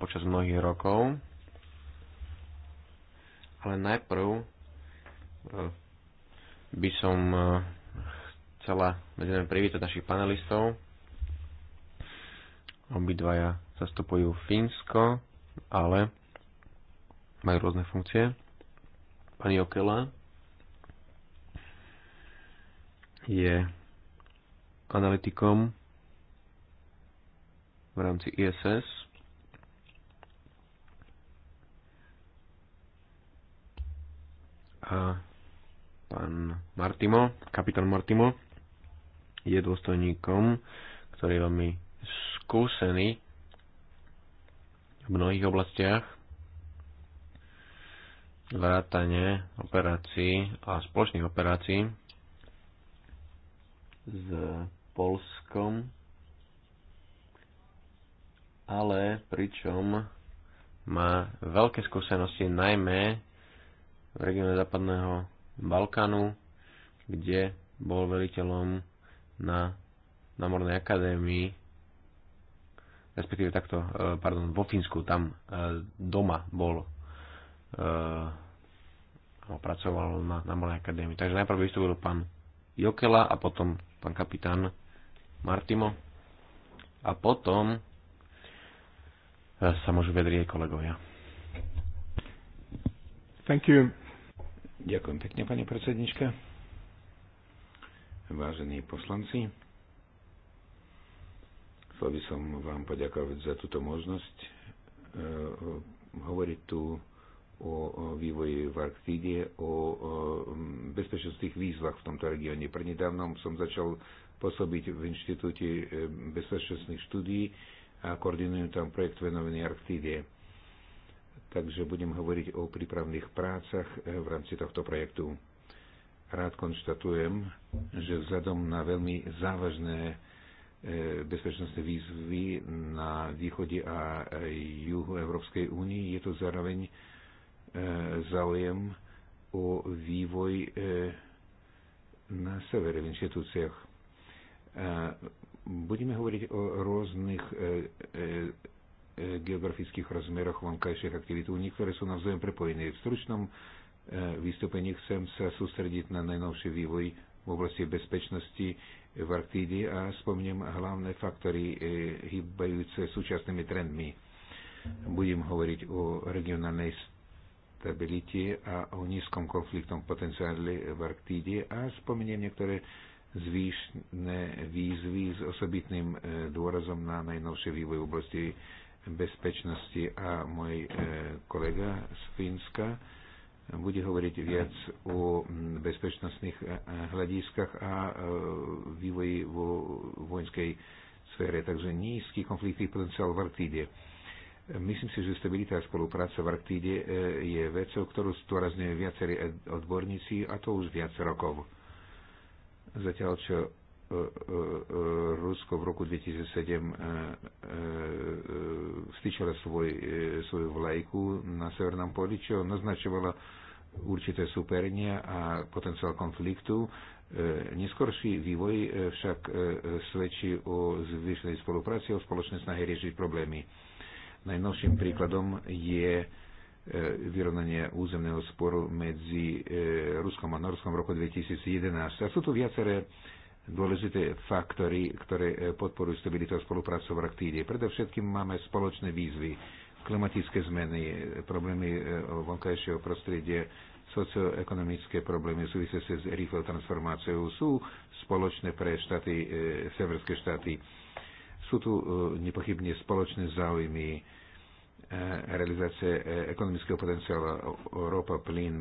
počas mnohých rokov. Ale najprv e, by som e, chcela medzi nami privítať našich panelistov. Obidvaja zastupujú Fínsko, ale majú rôzne funkcie. Pani Okela je analytikom v rámci ISS. A pán Martimo, kapitán Martimo, je dôstojníkom, ktorý je veľmi skúsený v mnohých oblastiach vrátane operácií a spoločných operácií s Polskom, ale pričom má veľké skúsenosti najmä v regióne západného Balkánu, kde bol veliteľom na námornej akadémii, respektíve takto, e, pardon, vo Fínsku, tam e, doma bol uh, pracoval na, na Malej akadémii. Takže najprv vystúpil pán Jokela a potom pán kapitán Martimo a potom uh, sa môžu vedrieť kolegovia. Thank you. Ďakujem pekne, pani predsednička. Vážení poslanci, chcel by som vám poďakovať za túto možnosť e, hovoriť tu o vývoji v Arktíde, o bezpečnostných výzvach v tomto regióne. Prednedávnom som začal pôsobiť v Inštitúte e, bezpečnostných štúdií a koordinujem tam projekt venovaný Arktíde. Takže budem hovoriť o prípravných prácach e, v rámci tohto projektu. Rád konštatujem, že vzhľadom na veľmi závažné e, bezpečnostné výzvy na východe a juhu Európskej únie je to zároveň E, záujem o vývoj e, na severe v inštitúciách. E, budeme hovoriť o rôznych geografických rozmeroch vonkajších aktivít únie, ktoré sú navzájom prepojené. V stručnom vystúpení chcem sa sústrediť na najnovší vývoj v oblasti bezpečnosti v Arktíde a spomeniem hlavné faktory hýbajúce súčasnými trendmi. Budem hovoriť o regionálnej stabilite a o nízkom konfliktnom potenciáli v Arktíde a spomeniem niektoré zvýšne výzvy s osobitným e, dôrazom na najnovšie vývoj v oblasti bezpečnosti a môj e, kolega z Fínska bude hovoriť viac o bezpečnostných e, hľadiskách a vývoji vo vojenskej sfére. Takže nízky konfliktný potenciál v Arktíde. Myslím si, že stabilita a spolupráca v Arktíde e, je vecou, ktorú stôrazňujú viacerí odborníci a to už viac rokov. Zatiaľ, čo e, e, Rusko v roku 2007 vstýčilo svoj, svoju vlajku na Severnom poli, čo naznačovalo určité súperenie a potenciál konfliktu. Neskorší vývoj však svedčí o zvyšnej spolupráci a o spoločnej snahe riešiť problémy. Najnovším príkladom je e, vyrovnanie územného sporu medzi e, Ruskom a Norskom v roku 2011. A sú tu viaceré dôležité faktory, ktoré e, podporujú stabilitu a spoluprácu v Arktíde. Predovšetkým máme spoločné výzvy, klimatické zmeny, problémy vonkajšieho prostredia, socioekonomické problémy súvisiace s rýchlou transformáciou sú spoločné pre štáty, severské štáty sú tu e, nepochybne spoločné záujmy e, realizácie e, ekonomického potenciálu ropa, plyn,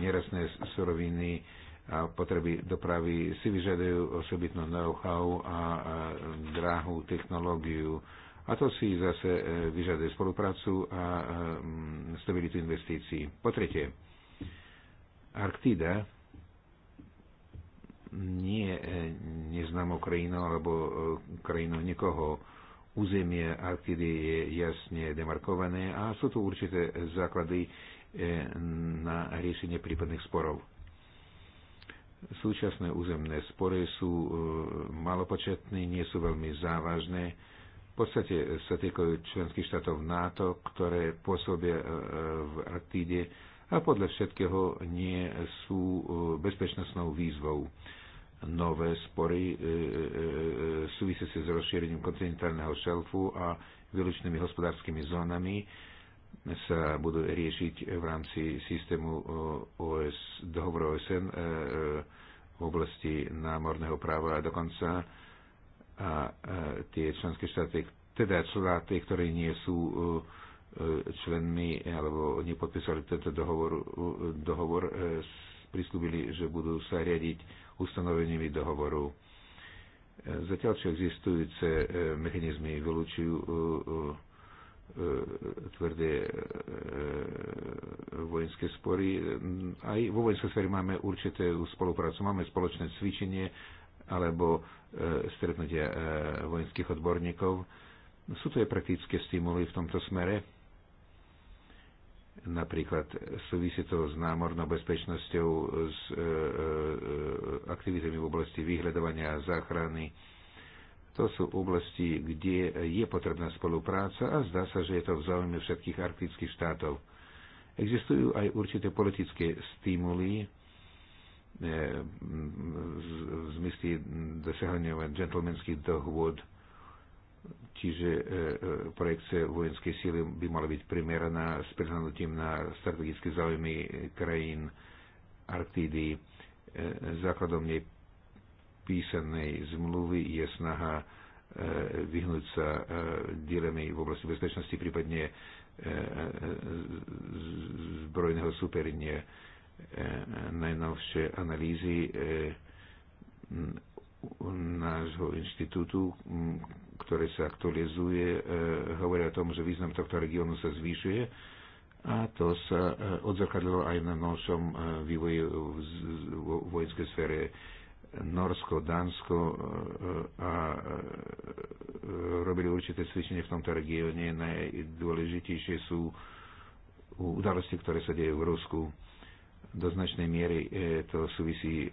nerastné suroviny a potreby dopravy si vyžadujú osobitnú know-how a dráhu technológiu. A to si zase vyžaduje spoluprácu a stabilitu investícií. Po tretie, Arktida nie e, neznámou krajinou alebo e, krajinou niekoho. Územie Arktidy je jasne demarkované a sú tu určité základy e, na riešenie prípadných sporov. Súčasné územné spory sú malopočetné, nie sú veľmi závažné. V podstate sa týkajú členských štátov NATO, ktoré pôsobia v Arktíde a podľa všetkého nie sú bezpečnostnou výzvou nové spory e, e, e, súvisiace s rozšírením kontinentálneho šelfu a výlučnými hospodárskymi zónami sa budú riešiť v rámci systému OS, dohovoru OSN v oblasti námorného práva a dokonca a tie členské štáty, teda štáty, ktoré nie sú členmi alebo nepodpísali tento dohovor, dohovor prislúbili, že budú sa riadiť ustanovenými dohovoru. E, zatiaľ, čo existujúce e, mechanizmy vylúčujú e, tvrdé vojenské spory. Aj vo vojenskej sfere máme určité spoluprácu, máme spoločné cvičenie alebo stretnutia vojenských odborníkov. Sú to aj praktické stimuly v tomto smere Napríklad súvisí to s námornou bezpečnosťou, s e, e, e, aktivitami v oblasti vyhľadovania a záchrany. To sú oblasti, kde je potrebná spolupráca a zdá sa, že je to v záujme všetkých arktických štátov. Existujú aj určité politické stimuly e, v zmysle dosahovania gentlemanských dohôd Čiže e, e, projekcia vojenskej síly by mala byť primeraná s prihľadnutím na strategické záujmy krajín Arktídy. E, základom nej písanej zmluvy je snaha vyhnúť sa dilemy v oblasti bezpečnosti, prípadne zbrojného súperenia. Najnovšie analýzy nášho inštitútu, ktoré sa aktualizuje, e, hovorí o tom, že význam tohto regiónu sa zvyšuje a to sa e, odzrkadlo aj na novšom e, vývoji v vojenskej sfére. Norsko, Dánsko a robili určité cvičenie v tomto regióne. Najdôležitejšie sú udalosti, ktoré sa dejú v Rusku do značnej miery e, to súvisí e, e,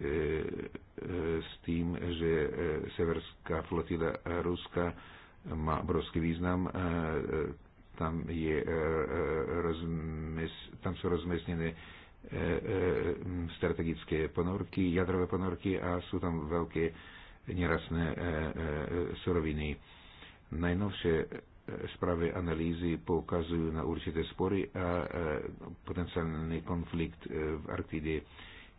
s tým, že severská flotila Ruska má obrovský význam. Tam, je, tam sú rozmestnené strategické ponorky, jadrové ponorky a sú tam veľké nerastné suroviny. Najnovšie správy analýzy poukazujú na určité spory a e, potenciálny konflikt e, v Arktide.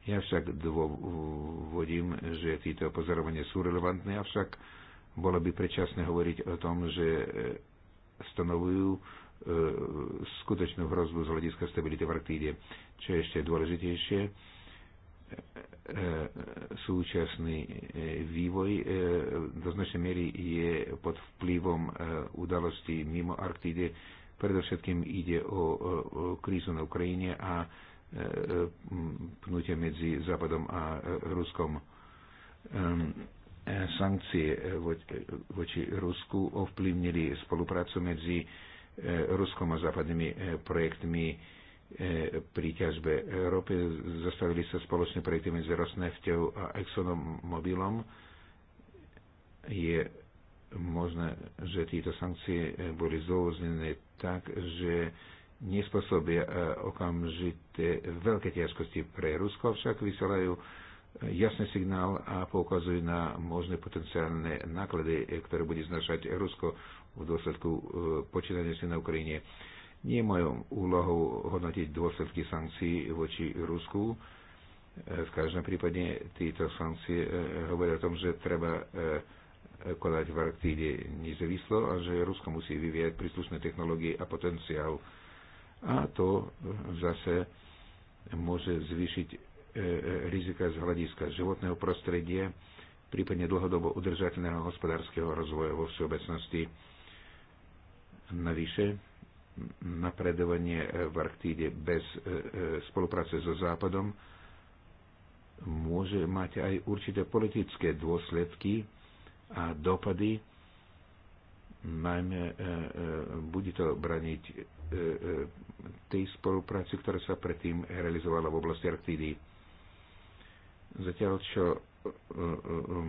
Ja však dôvodím, že títo pozorovania sú relevantné, avšak bolo by predčasné hovoriť o tom, že e, stanovujú skutočnú hrozbu z hľadiska stability v Arktíde. Čo je ešte dôležitejšie, E, súčasný e, vývoj e, do značnej miery je pod vplyvom udalostí mimo Arktídy. Predovšetkým ide o krízu na Ukrajine a pnutie medzi Západom a Ruskom. Ehm, sankcie voči Rusku ovplyvnili spoluprácu medzi Ruskom a západnými projektmi E, pri ťažbe Európy. Zastavili sa spoločne projekty medzi Rosneftou a Exxonom Mobilom. Je možné, že tieto sankcie e, boli zôvodnené tak, že nespôsobia e, okamžité veľké ťažkosti pre Rusko, však vysielajú jasný signál a poukazujú na možné potenciálne náklady, ktoré bude znašať Rusko v dôsledku počítania si na Ukrajine. Nie majú úlohu hodnotiť dôsledky sankcií voči Rusku. E, v každom prípade tieto sankcie e, hovoria o tom, že treba e, konať v Arktíde nezávislo a že Rusko musí vyvíjať príslušné technológie a potenciál. A to zase môže zvýšiť rizika z hľadiska životného prostredia, prípadne dlhodobo udržateľného hospodárskeho rozvoja vo všeobecnosti. Navyše, napredovanie v Arktíde bez e, e, spolupráce so Západom môže mať aj určité politické dôsledky a dopady. Najmä e, bude to braniť tej spolupráci, ktorá sa predtým realizovala v oblasti Arktídy. Zatiaľ, čo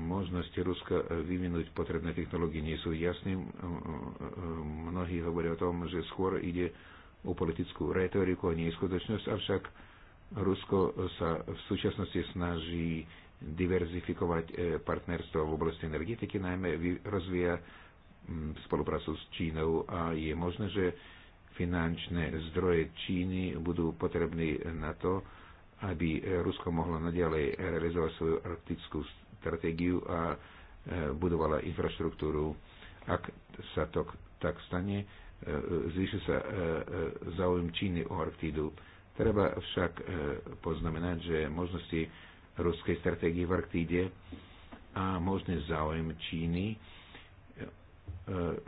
možnosti Ruska vyvinúť potrebné technológie nie sú jasné. Mnohí hovoria o tom, že skôr ide o politickú retoriku a nie skutočnosť, avšak Rusko sa v súčasnosti snaží diverzifikovať eh, partnerstvo v oblasti energetiky, najmä rozvíja hm, spoluprácu s Čínou a je možné, že finančné zdroje Číny budú potrebné na to, aby e, Rusko mohlo nadalej e, realizovať svoju arktickú stratégiu a e, budovala infraštruktúru. Ak sa to tak stane, zvýši sa záujem Číny o Arktídu. Treba však poznamenať, že možnosti ruskej stratégie v Arktíde a možný záujem Číny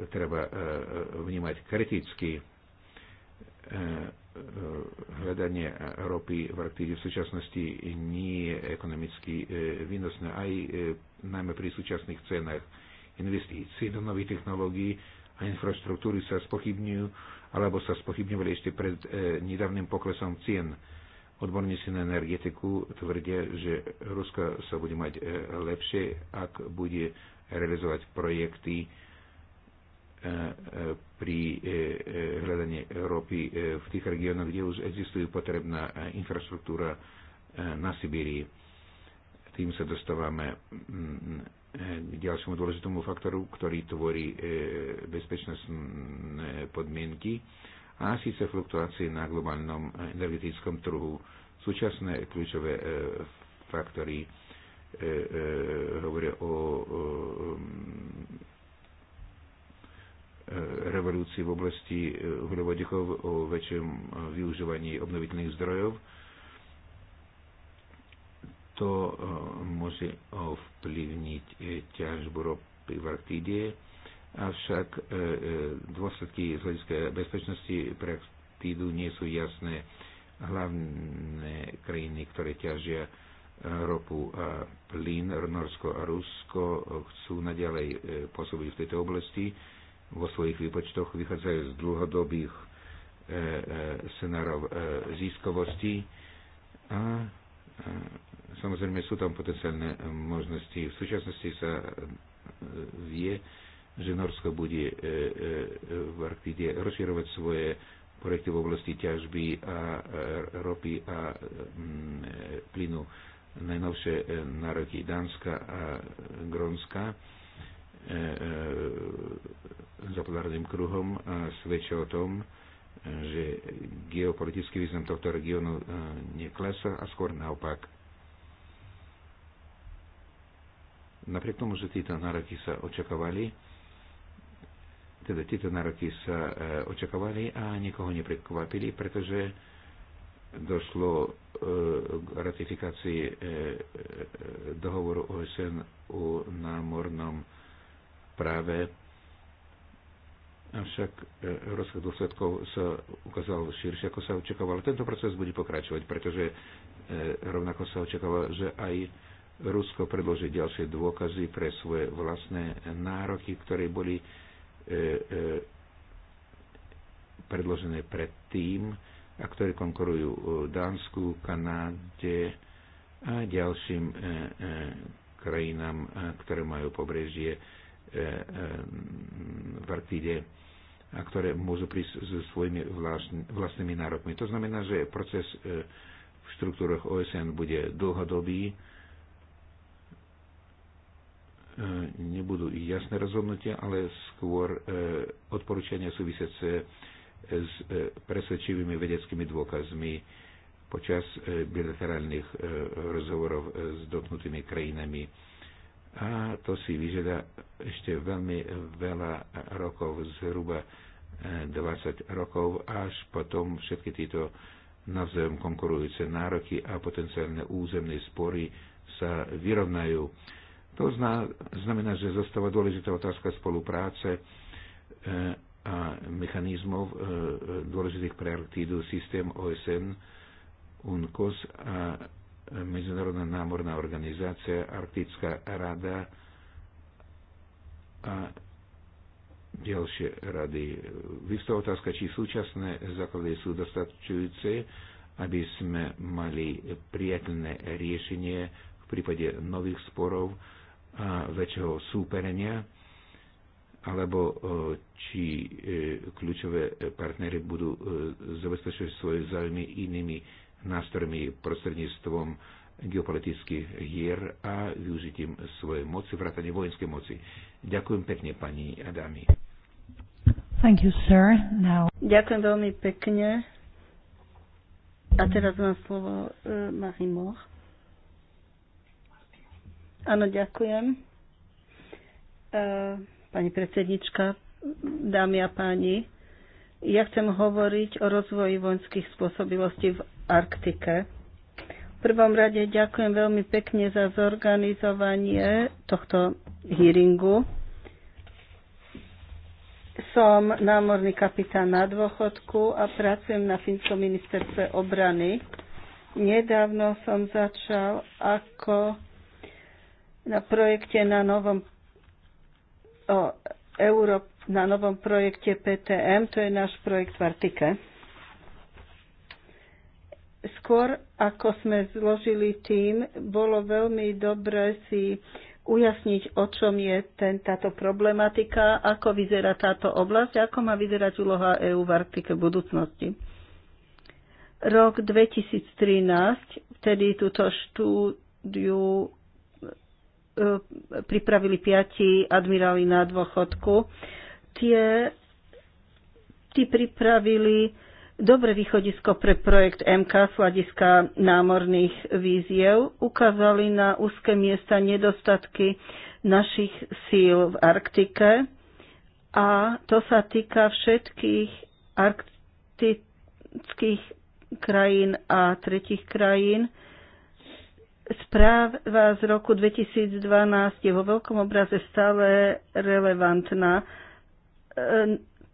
treba vnímať kriticky hľadanie ropy v Arktíde v súčasnosti nie je ekonomicky e, výnosné, aj e, najmä pri súčasných cenách investícií do nových technológií a infraštruktúry sa spochybňujú alebo sa spochybňovali ešte pred e, nedávnym poklesom cien. Odborníci na energetiku tvrdia, že Rusko sa bude mať lepšie, ak bude realizovať projekty E, pri e, e, hľadaní ropy v tých regiónoch, kde už existuje potrebná infraštruktúra na Sibírii. Tým sa dostávame mm, k ďalšiemu dôležitému faktoru, ktorý tvorí bezpečnostné podmienky a síce fluktuácie na globálnom energetickom trhu. Súčasné kľúčové faktory hovoria o revolúcii v oblasti eh, uhľovodikov, o väčšom eh, využívaní obnoviteľných zdrojov. To eh, môže ovplyvniť ťažbu ropy v Arktíde, avšak dôsledky z hľadiska bezpečnosti pre Arktídu nie sú jasné. Hlavné krajiny, ktoré ťažia ropu a plyn, Norsko a Rusko chcú naďalej pôsobiť v tejto oblasti vo svojich výpočtoch vychádzajú z dlhodobých e, e, scenárov e, získovosti a e, samozrejme sú tam potenciálne možnosti. V súčasnosti sa e, vie, že Norsko bude e, e, v Arktide rozširovať svoje projekty v oblasti ťažby a e, ropy a e, e plynu najnovšie e, na roky Dánska a Grónska E, E, e, za polárnym kruhom svedčia o tom, že geopolitický význam tohto regiónu e, neklesa a skôr naopak. Napriek tomu, že títo nároky sa očakávali, teda tieto nároky sa očakávali a nikoho neprekvapili, pretože došlo k ratifikácii dohovoru OSN o námornom práve Avšak e, rozsah dôsledkov sa ukázal širšie, ako sa očakávalo. Tento proces bude pokračovať, pretože e, rovnako sa očakáva, že aj Rusko predloží ďalšie dôkazy pre svoje vlastné nároky, ktoré boli e, predložené predtým a ktoré konkurujú Dánsku, Kanáde a ďalším krajinám, ktoré majú pobrežie E, e, v Arktíde a ktoré môžu prísť so svojimi vlastnými nárokmi. To znamená, že proces e, v štruktúrach OSN bude dlhodobý, nebudú jasné rozhodnutia, ale skôr odporúčania súvisiace s presvedčivými vedeckými dôkazmi počas bilaterálnych rozhovorov s dotknutými krajinami a to si vyžiada ešte veľmi veľa rokov, zhruba 20 e, rokov, až potom všetky tieto navzájom konkurujúce nároky a potenciálne územné spory sa vyrovnajú. To znamená, že zostáva dôležitá otázka spolupráce e, a mechanizmov e, dôležitých pre Arktídu systém OSN, UNCOS a Medzinárodná námorná organizácia, Arktická rada a ďalšie rady. Vystáva otázka, či súčasné základy sú dostačujúce, aby sme mali priateľné riešenie v prípade nových sporov a väčšieho súperenia, alebo e, či e, kľúčové partnery budú e, zabezpečovať svoje záujmy inými nástrojmi prostredníctvom geopolitických hier a využitím svojej moci, vrátane vojenskej moci. Ďakujem pekne, pani Adami. Thank you, sir. Now... Ďakujem veľmi pekne. A teraz mám slovo uh, Marie Moch. Áno, ďakujem. Uh, pani predsednička, dámy a páni, ja chcem hovoriť o rozvoji vojenských spôsobilostí v Arktike. V prvom rade ďakujem veľmi pekne za zorganizovanie tohto hearingu. Som námorný kapitán na dôchodku a pracujem na Fínskom ministerstve obrany. Nedávno som začal ako na projekte na novom o, Euró- na novom projekte PTM, to je náš projekt v Artike skôr ako sme zložili tým, bolo veľmi dobre si ujasniť, o čom je ten, táto problematika, ako vyzerá táto oblasť, ako má vyzerať úloha EÚ v Arktike v budúcnosti. Rok 2013, vtedy túto štúdiu e, pripravili piati admiráli na dôchodku. Tie, tí pripravili dobré východisko pre projekt MK z hľadiska námorných víziev, ukázali na úzke miesta nedostatky našich síl v Arktike a to sa týka všetkých arktických krajín a tretich krajín. Správa z roku 2012 je vo veľkom obraze stále relevantná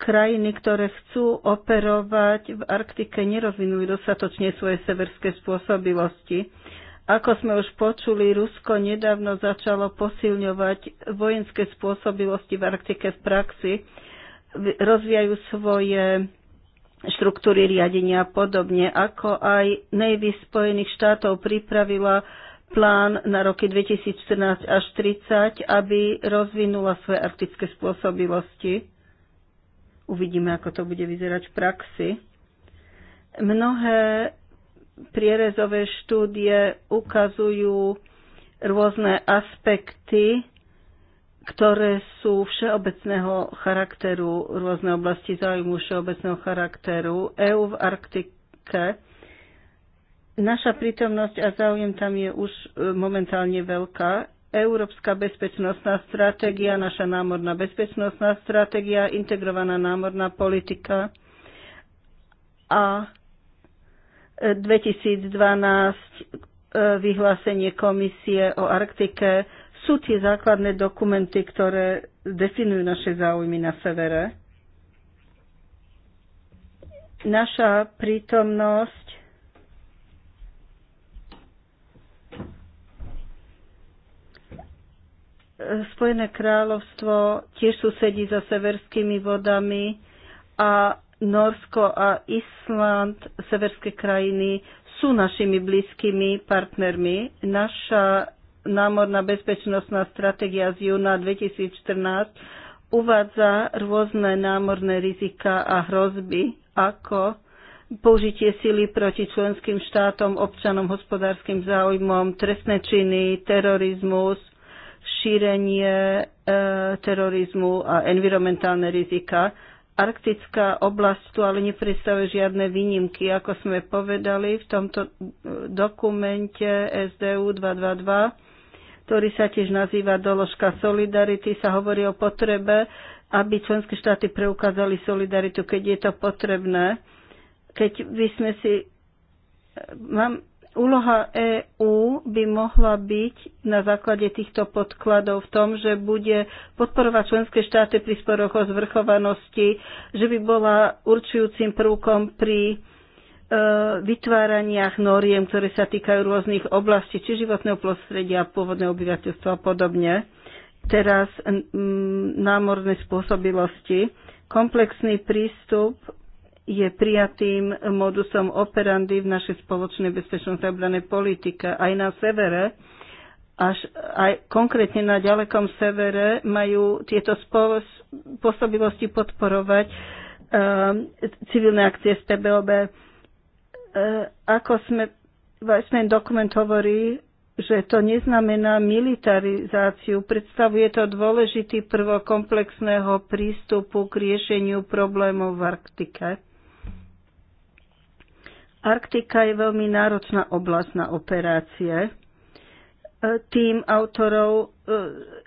krajiny, ktoré chcú operovať v Arktike, nerozvinuli dostatočne svoje severské spôsobilosti. Ako sme už počuli, Rusko nedávno začalo posilňovať vojenské spôsobilosti v Arktike v praxi, rozvíjajú svoje štruktúry riadenia a podobne, ako aj Navy Spojených štátov pripravila plán na roky 2014 až 30, aby rozvinula svoje arktické spôsobilosti. Uvidíme, ako to bude vyzerať v praxi. Mnohé prierezové štúdie ukazujú rôzne aspekty, ktoré sú všeobecného charakteru, rôzne oblasti záujmu všeobecného charakteru. EU v Arktike Naša prítomnosť a záujem tam je už e, momentálne veľká. Európska bezpečnostná stratégia, naša námorná bezpečnostná stratégia, integrovaná námorná politika a 2012 e, e, vyhlásenie komisie o Arktike sú tie základné dokumenty, ktoré definujú naše záujmy na severe. Naša prítomnosť Spojené kráľovstvo tiež susedí so severskými vodami a Norsko a Island, severské krajiny, sú našimi blízkymi partnermi. Naša námorná bezpečnostná stratégia z júna 2014 uvádza rôzne námorné rizika a hrozby, ako použitie sily proti členským štátom, občanom, hospodárskym záujmom, trestné činy, terorizmus, šírenie e, terorizmu a environmentálne rizika. Arktická oblasť tu ale nepredstavuje žiadne výnimky, ako sme povedali v tomto e, dokumente SDU 222, ktorý sa tiež nazýva doložka Solidarity, sa hovorí o potrebe, aby členské štáty preukázali solidaritu, keď je to potrebné. Keď by sme si... E, mám, Úloha EÚ by mohla byť na základe týchto podkladov v tom, že bude podporovať členské štáty pri sporoch o zvrchovanosti, že by bola určujúcim prvkom pri e, vytváraniach noriem, ktoré sa týkajú rôznych oblastí, či životného prostredia, pôvodného obyvateľstva a podobne. Teraz námorné spôsobilosti, komplexný prístup je prijatým modusom operandy v našej spoločnej bezpečnosti obranej politike. Aj na severe, až aj konkrétne na ďalekom severe, majú tieto spôsobilosti podporovať um, civilné akcie z PBOB. Uh, eh, ako sme, vlastne dokument hovorí, že to neznamená militarizáciu, predstavuje to dôležitý prvok komplexného prístupu k riešeniu problémov v Arktike. Arktika je veľmi náročná oblasť na operácie. E, tým autorov e,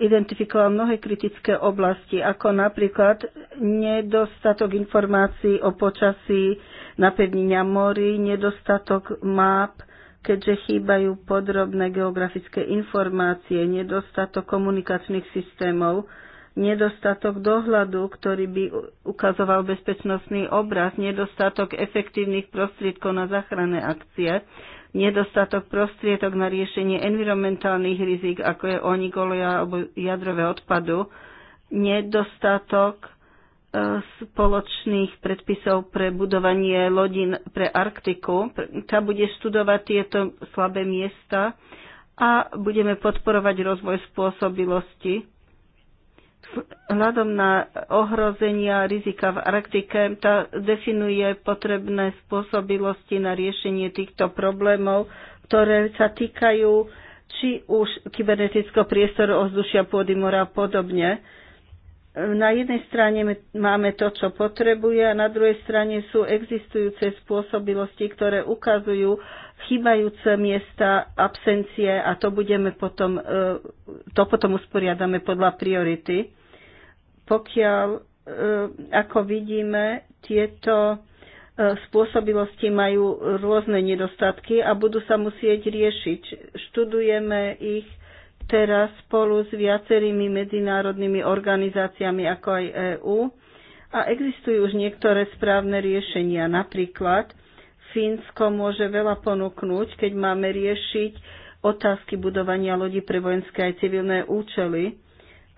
identifikoval mnohé kritické oblasti, ako napríklad nedostatok informácií o počasí napevnenia morí, nedostatok map, keďže chýbajú podrobné geografické informácie, nedostatok komunikačných systémov, nedostatok dohľadu, ktorý by ukazoval bezpečnostný obraz, nedostatok efektívnych prostriedkov na záchranné akcie, nedostatok prostriedok na riešenie environmentálnych rizik, ako je onigolia alebo jadrové odpadu, nedostatok e, spoločných predpisov pre budovanie lodín pre Arktiku. Tá bude študovať tieto slabé miesta a budeme podporovať rozvoj spôsobilosti Hľadom na ohrozenia rizika v Arktike tá definuje potrebné spôsobilosti na riešenie týchto problémov, ktoré sa týkajú či už kybernetického priestoru, ovzdušia, pôdy, mora a podobne. Na jednej strane máme to, čo potrebuje, a na druhej strane sú existujúce spôsobilosti, ktoré ukazujú chýbajúce miesta, absencie a to budeme potom, e, to potom usporiadame podľa priority. Pokiaľ, e, ako vidíme, tieto e, spôsobilosti majú rôzne nedostatky a budú sa musieť riešiť. Študujeme ich teraz spolu s viacerými medzinárodnými organizáciami ako aj EÚ a existujú už niektoré správne riešenia. Napríklad Fínsko môže veľa ponúknuť, keď máme riešiť otázky budovania lodi pre vojenské aj civilné účely.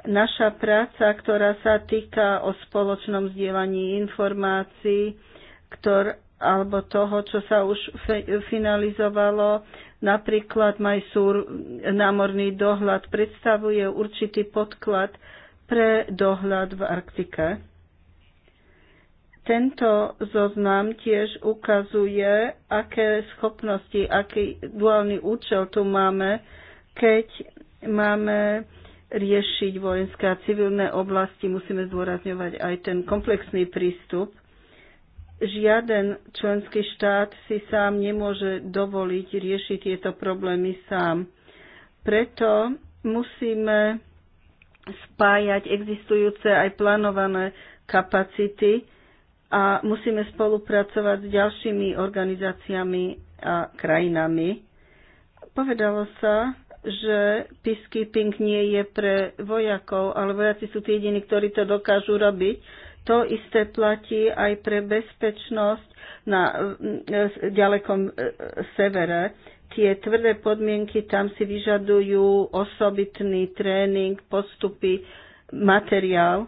Naša práca, ktorá sa týka o spoločnom vzdielaní informácií, ktor, alebo toho, čo sa už fe, finalizovalo, napríklad Majsúr námorný dohľad predstavuje určitý podklad pre dohľad v Arktike. Tento zoznam tiež ukazuje, aké schopnosti, aký duálny účel tu máme, keď máme riešiť vojenské a civilné oblasti, musíme zdôrazňovať aj ten komplexný prístup. Žiaden členský štát si sám nemôže dovoliť riešiť tieto problémy sám. Preto musíme spájať existujúce aj plánované kapacity a musíme spolupracovať s ďalšími organizáciami a krajinami. Povedalo sa, že peacekeeping nie je pre vojakov, ale vojaci sú tí jediní, ktorí to dokážu robiť. To isté platí aj pre bezpečnosť na eh, ďalekom eh, severe. Tie tvrdé podmienky tam si vyžadujú osobitný tréning, postupy, materiál.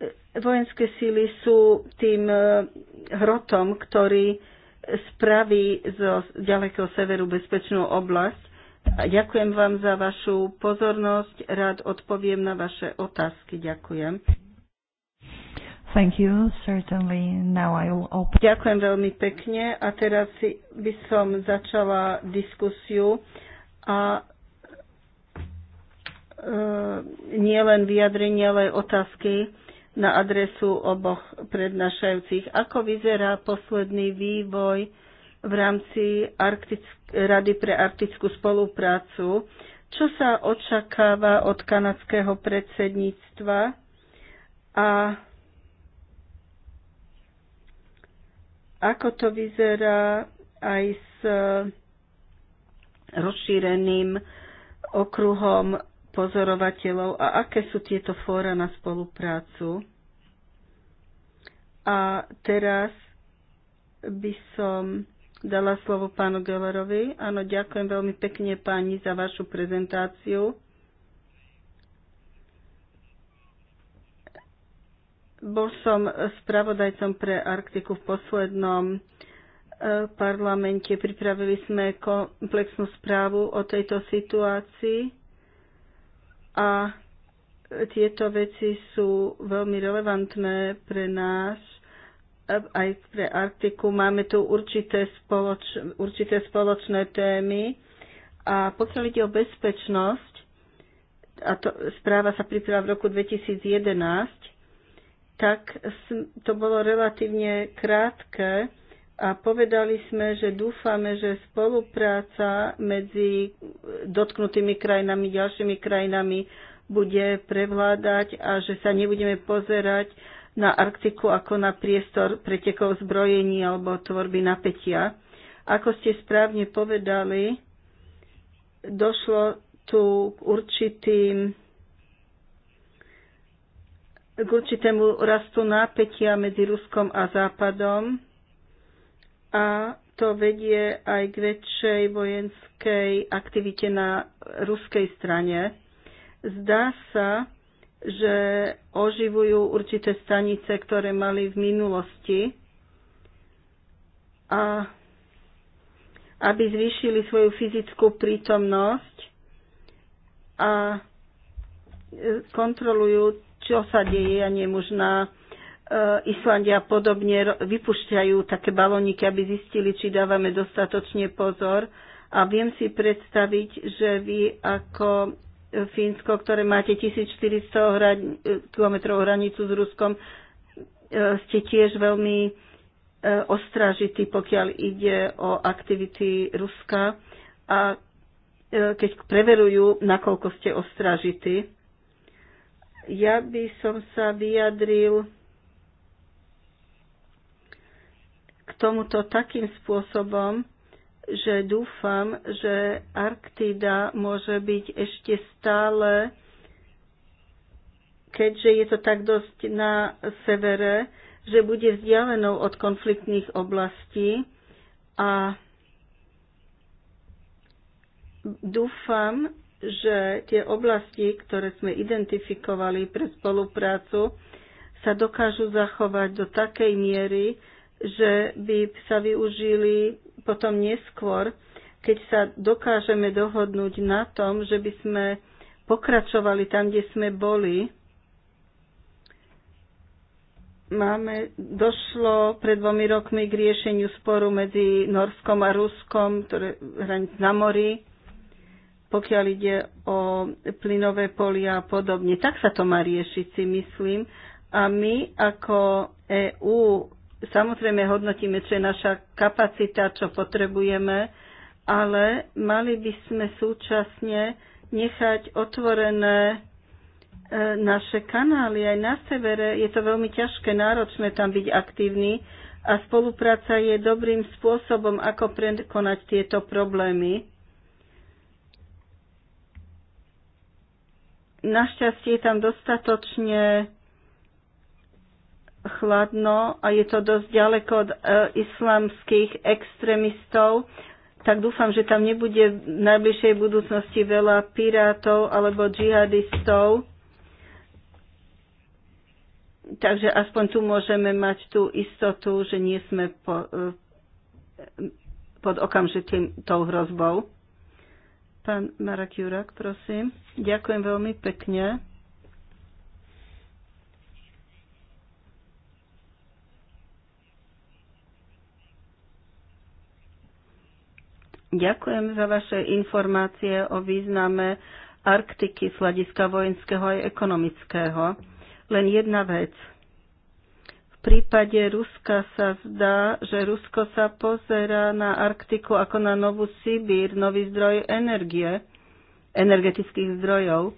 Eh, vojenské síly sú tým hrotom, ktorý spraví zo ďalekého severu bezpečnú oblasť. A ďakujem vám za vašu pozornosť. Rád odpoviem na vaše otázky. Ďakujem. Thank you, certainly. Now I will open. Ďakujem veľmi pekne a teraz by som začala diskusiu a uh, e, nie len vyjadrenie, ale aj otázky na adresu oboch prednášajúcich. Ako vyzerá posledný vývoj v rámci Arktick- Rady pre arktickú spoluprácu? Čo sa očakáva od kanadského predsedníctva? A ako to vyzerá aj s rozšíreným okruhom pozorovateľov a aké sú tieto fóra na spoluprácu. A teraz by som dala slovo pánu Gellerovi. Áno, ďakujem veľmi pekne páni za vašu prezentáciu. Bol som spravodajcom pre Arktiku v poslednom e, parlamente. Pripravili sme komplexnú správu o tejto situácii a tieto veci sú veľmi relevantné pre nás, aj pre Arktiku. Máme tu určité, spoloč, určité spoločné témy. A pokiaľ ide o bezpečnosť, a to, správa sa pripravila v roku 2011, tak to bolo relatívne krátke a povedali sme, že dúfame, že spolupráca medzi dotknutými krajinami, ďalšími krajinami bude prevládať a že sa nebudeme pozerať na Arktiku ako na priestor pretekov zbrojení alebo tvorby napätia. Ako ste správne povedali, došlo tu k určitým k určitému rastu nápetia medzi Ruskom a Západom a to vedie aj k väčšej vojenskej aktivite na ruskej strane. Zdá sa, že oživujú určité stanice, ktoré mali v minulosti a aby zvýšili svoju fyzickú prítomnosť a kontrolujú, čo sa deje a nemužná E, Islandia podobne vypušťajú také balóniky, aby zistili, či dávame dostatočne pozor. A viem si predstaviť, že vy ako Fínsko, ktoré máte 1400 km kilometrov hranicu s Ruskom, e, ste tiež veľmi e, ostražití, pokiaľ ide o aktivity Ruska a keď preverujú, nakoľko ste ostražití. Ja by som sa vyjadril tomuto takým spôsobom, že dúfam, že Arktida môže byť ešte stále, keďže je to tak dosť na severe, že bude vzdialenou od konfliktných oblastí a dúfam, že tie oblasti, ktoré sme identifikovali pre spoluprácu, sa dokážu zachovať do takej miery, že by sa využili potom neskôr, keď sa dokážeme dohodnúť na tom, že by sme pokračovali tam, kde sme boli. Máme, došlo pred dvomi rokmi k riešeniu sporu medzi Norskom a Ruskom, ktoré hraní na mori, pokiaľ ide o plynové polia a podobne. Tak sa to má riešiť, si myslím. A my ako EÚ Samozrejme hodnotíme, čo je naša kapacita, čo potrebujeme, ale mali by sme súčasne nechať otvorené e, naše kanály aj na severe. Je to veľmi ťažké, náročné tam byť aktívny a spolupráca je dobrým spôsobom, ako prekonať tieto problémy. Našťastie je tam dostatočne chladno a je to dosť ďaleko od e, islamských extrémistov, tak dúfam, že tam nebude v najbližšej budúcnosti veľa pirátov alebo džihadistov. Takže aspoň tu môžeme mať tú istotu, že nie sme po, e, pod okamžitým tou hrozbou. Pán Marak Jurak, prosím. Ďakujem veľmi pekne. Ďakujem za vaše informácie o význame Arktiky z hľadiska vojenského aj ekonomického. Len jedna vec. V prípade Ruska sa zdá, že Rusko sa pozerá na Arktiku ako na novú Sibír, nový zdroj energie, energetických zdrojov.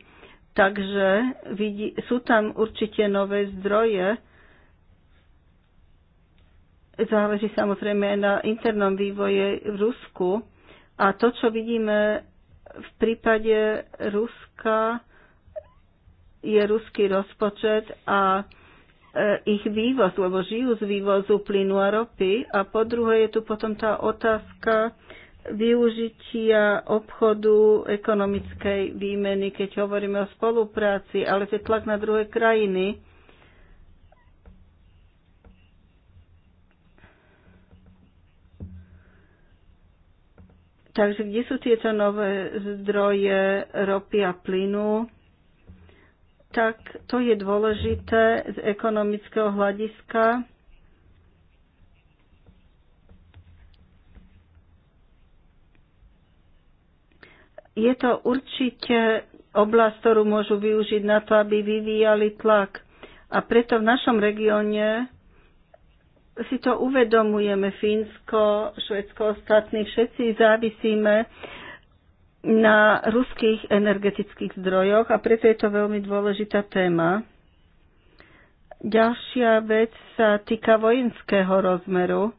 Takže vidí, sú tam určite nové zdroje. Záleží samozrejme aj na internom vývoje v Rusku a to, čo vidíme v prípade Ruska, je ruský rozpočet a e, ich vývoz, lebo žijú z vývozu plynu a ropy. A po druhé je tu potom tá otázka využitia obchodu ekonomickej výmeny, keď hovoríme o spolupráci, ale to je tlak na druhé krajiny. Takže kde sú tieto nové zdroje ropy a plynu? Tak to je dôležité z ekonomického hľadiska. Je to určite oblasť, ktorú môžu využiť na to, aby vyvíjali tlak. A preto v našom regióne si to uvedomujeme, Fínsko, Švedsko, ostatní, všetci závisíme na ruských energetických zdrojoch a preto je to veľmi dôležitá téma. Ďalšia vec sa týka vojenského rozmeru.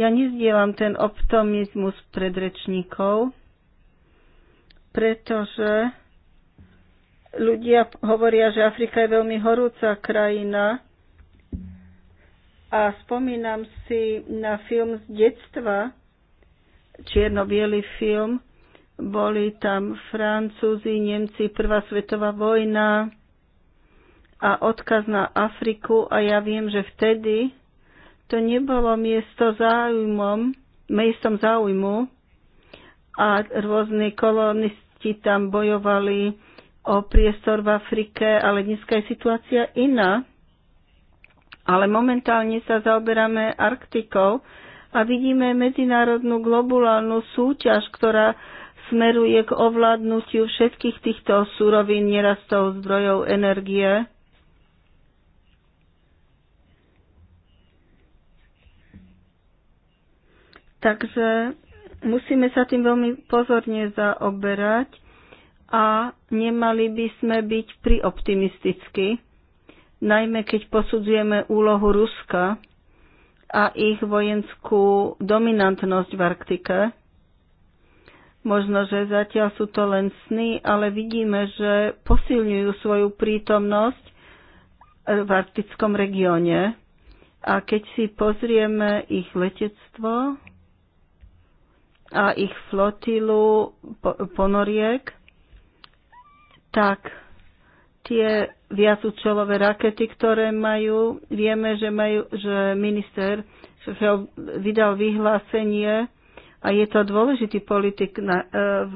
Ja nezdielam ten optimizmus predrečníkov, pretože ľudia hovoria, že Afrika je veľmi horúca krajina, a spomínam si na film z detstva, čierno film, boli tam Francúzi, Nemci, Prvá svetová vojna a odkaz na Afriku a ja viem, že vtedy to nebolo miesto záujmom, miestom záujmu a rôzne kolonisti tam bojovali o priestor v Afrike, ale dneska je situácia iná ale momentálne sa zaoberáme Arktikou a vidíme medzinárodnú globulálnu súťaž, ktorá smeruje k ovládnutiu všetkých týchto súrovín, nerastov, zdrojov energie. Takže musíme sa tým veľmi pozorne zaoberať a nemali by sme byť prioptimistickí najmä keď posudzujeme úlohu Ruska a ich vojenskú dominantnosť v Arktike. Možno, že zatiaľ sú to len sny, ale vidíme, že posilňujú svoju prítomnosť v arktickom regióne. A keď si pozrieme ich letectvo a ich flotilu ponoriek, tak tie viacúčelové rakety, ktoré majú. Vieme, že, majú, že minister vydal vyhlásenie a je to dôležitý politik na, e, v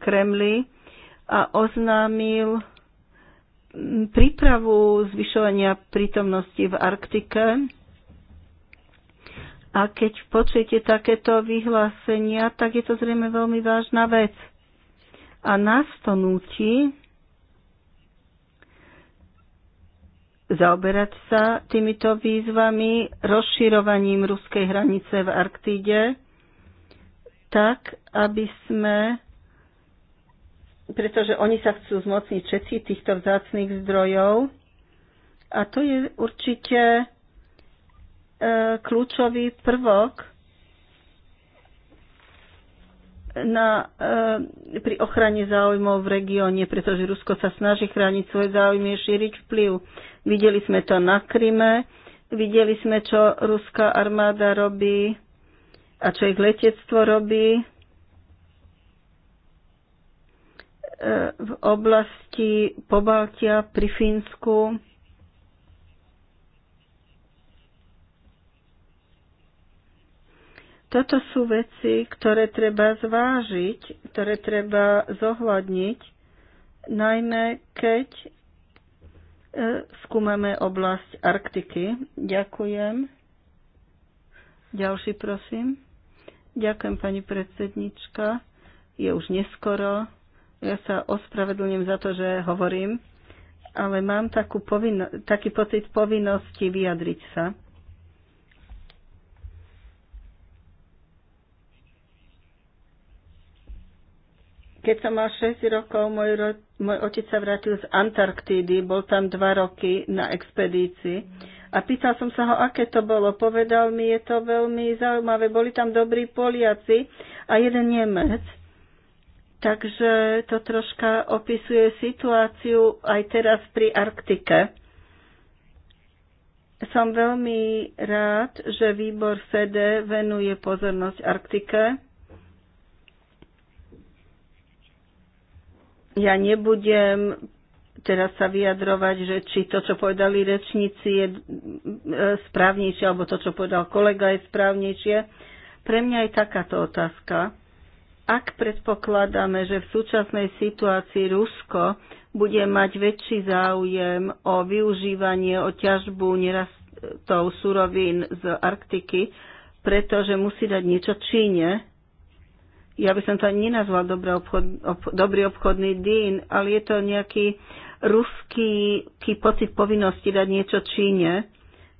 Kremli a oznámil prípravu zvyšovania prítomnosti v Arktike. A keď počujete takéto vyhlásenia, tak je to zrejme veľmi vážna vec a nás to núti zaoberať sa týmito výzvami, rozširovaním ruskej hranice v Arktíde, tak, aby sme, pretože oni sa chcú zmocniť všetci týchto vzácných zdrojov, a to je určite e, kľúčový prvok na, e, pri ochrane záujmov v regióne, pretože Rusko sa snaží chrániť svoje záujmy a šíriť vplyv. Videli sme to na Kryme, videli sme, čo ruská armáda robí a čo ich letectvo robí e, v oblasti Pobaltia pri Fínsku. Toto sú veci, ktoré treba zvážiť, ktoré treba zohľadniť, najmä keď e, skúmame oblasť Arktiky. Ďakujem. Ďalší, prosím. Ďakujem, pani predsednička. Je už neskoro. Ja sa ospravedlňujem za to, že hovorím, ale mám takú taký pocit povinnosti vyjadriť sa. Keď som mal 6 rokov, môj, ro- môj otec sa vrátil z Antarktídy, bol tam 2 roky na expedícii. A pýtal som sa ho, aké to bolo. Povedal mi, je to veľmi zaujímavé. Boli tam dobrí Poliaci a jeden Nemec. Takže to troška opisuje situáciu aj teraz pri Arktike. Som veľmi rád, že výbor SEDE venuje pozornosť Arktike Ja nebudem teraz sa vyjadrovať, že či to, čo povedali rečníci, je e, správnejšie, alebo to, čo povedal kolega, je správnejšie. Pre mňa je takáto otázka. Ak predpokladáme, že v súčasnej situácii Rusko bude mať väčší záujem o využívanie, o ťažbu nerastov surovín z Arktiky, pretože musí dať niečo Číne, ja by som to ani nenazval dobrý, obchod, ob, dobrý obchodný dýn, ale je to nejaký ruský pocit povinnosti dať niečo Číne,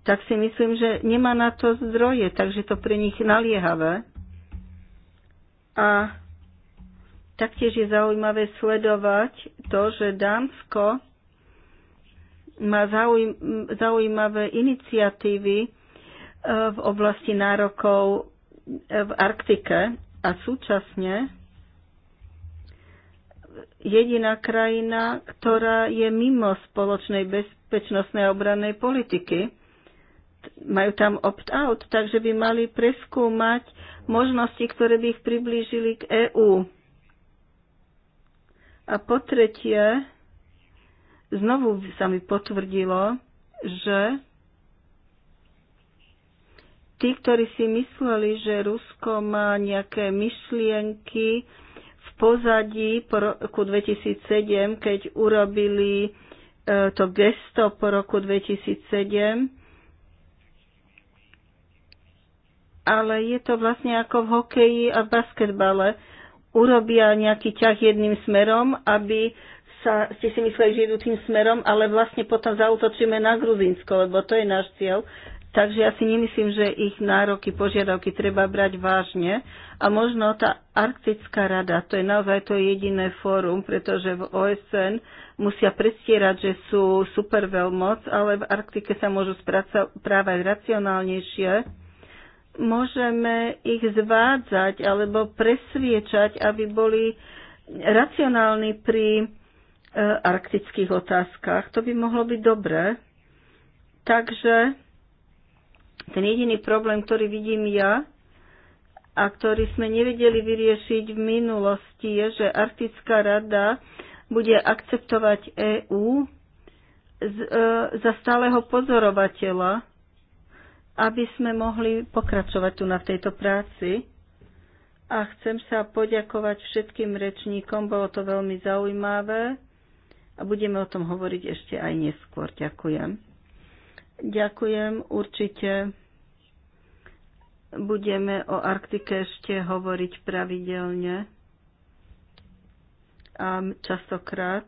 tak si myslím, že nemá na to zdroje, takže to pre nich naliehavé. A taktiež je zaujímavé sledovať to, že Dánsko má zaujímavé iniciatívy e, v oblasti nárokov e, v Arktike a súčasne jediná krajina, ktorá je mimo spoločnej bezpečnostnej a obrannej politiky. Majú tam opt-out, takže by mali preskúmať možnosti, ktoré by ich priblížili k EÚ. A po tretie, znovu sa mi potvrdilo, že tí, ktorí si mysleli, že Rusko má nejaké myšlienky v pozadí po roku 2007, keď urobili e, to gesto po roku 2007, ale je to vlastne ako v hokeji a v basketbale. Urobia nejaký ťah jedným smerom, aby sa, ste si mysleli, že idú tým smerom, ale vlastne potom zautočíme na Gruzinsko, lebo to je náš cieľ. Takže ja si nemyslím, že ich nároky, požiadavky treba brať vážne. A možno tá Arktická rada, to je naozaj to jediné fórum, pretože v OSN musia prestierať, že sú super veľmoc, ale v Arktike sa môžu správať racionálnejšie. Môžeme ich zvádzať alebo presviečať, aby boli racionálni pri e, arktických otázkach. To by mohlo byť dobré. Takže ten jediný problém, ktorý vidím ja a ktorý sme nevedeli vyriešiť v minulosti, je, že Arktická rada bude akceptovať EÚ e, za stáleho pozorovateľa, aby sme mohli pokračovať tu na tejto práci. A chcem sa poďakovať všetkým rečníkom, bolo to veľmi zaujímavé a budeme o tom hovoriť ešte aj neskôr. Ďakujem. Ďakujem, určite budeme o Arktike ešte hovoriť pravidelne a častokrát.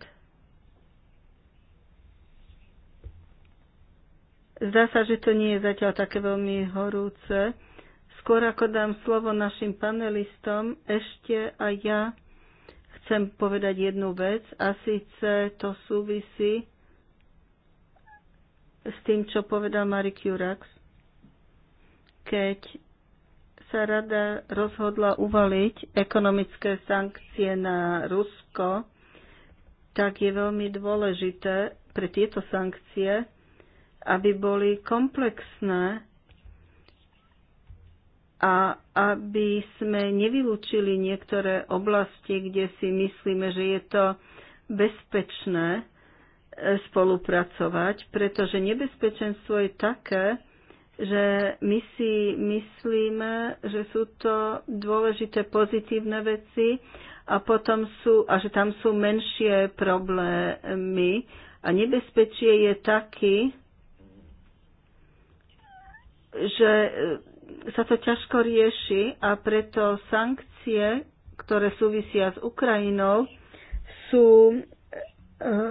Zdá sa, že to nie je zatiaľ také veľmi horúce. Skôr ako dám slovo našim panelistom, ešte aj ja chcem povedať jednu vec a síce to súvisí s tým, čo povedal Marie Curax, keď sa rada rozhodla uvaliť ekonomické sankcie na Rusko, tak je veľmi dôležité pre tieto sankcie, aby boli komplexné a aby sme nevylúčili niektoré oblasti, kde si myslíme, že je to bezpečné, spolupracovať, pretože nebezpečenstvo je také, že my si myslíme, že sú to dôležité pozitívne veci a potom sú, a že tam sú menšie problémy. A nebezpečie je taký, že e, sa to ťažko rieši a preto sankcie, ktoré súvisia s Ukrajinou, sú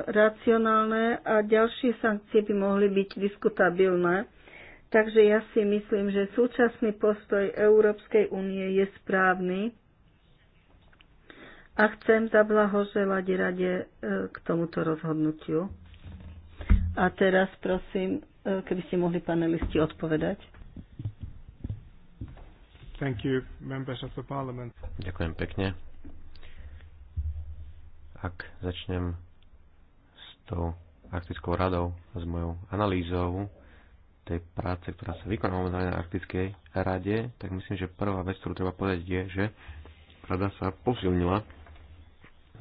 racionálne a ďalšie sankcie by mohli byť diskutabilné. Takže ja si myslím, že súčasný postoj Európskej únie je správny a chcem zablahoželať rade e, k tomuto rozhodnutiu. A teraz prosím, e, keby ste mohli panelisti odpovedať. Thank you, members of the parliament. Ďakujem pekne. Ak začnem tou Arktickou radou a s mojou analýzou tej práce, ktorá sa vykoná momentálne na Arktickej rade, tak myslím, že prvá vec, ktorú treba povedať je, že rada sa posilnila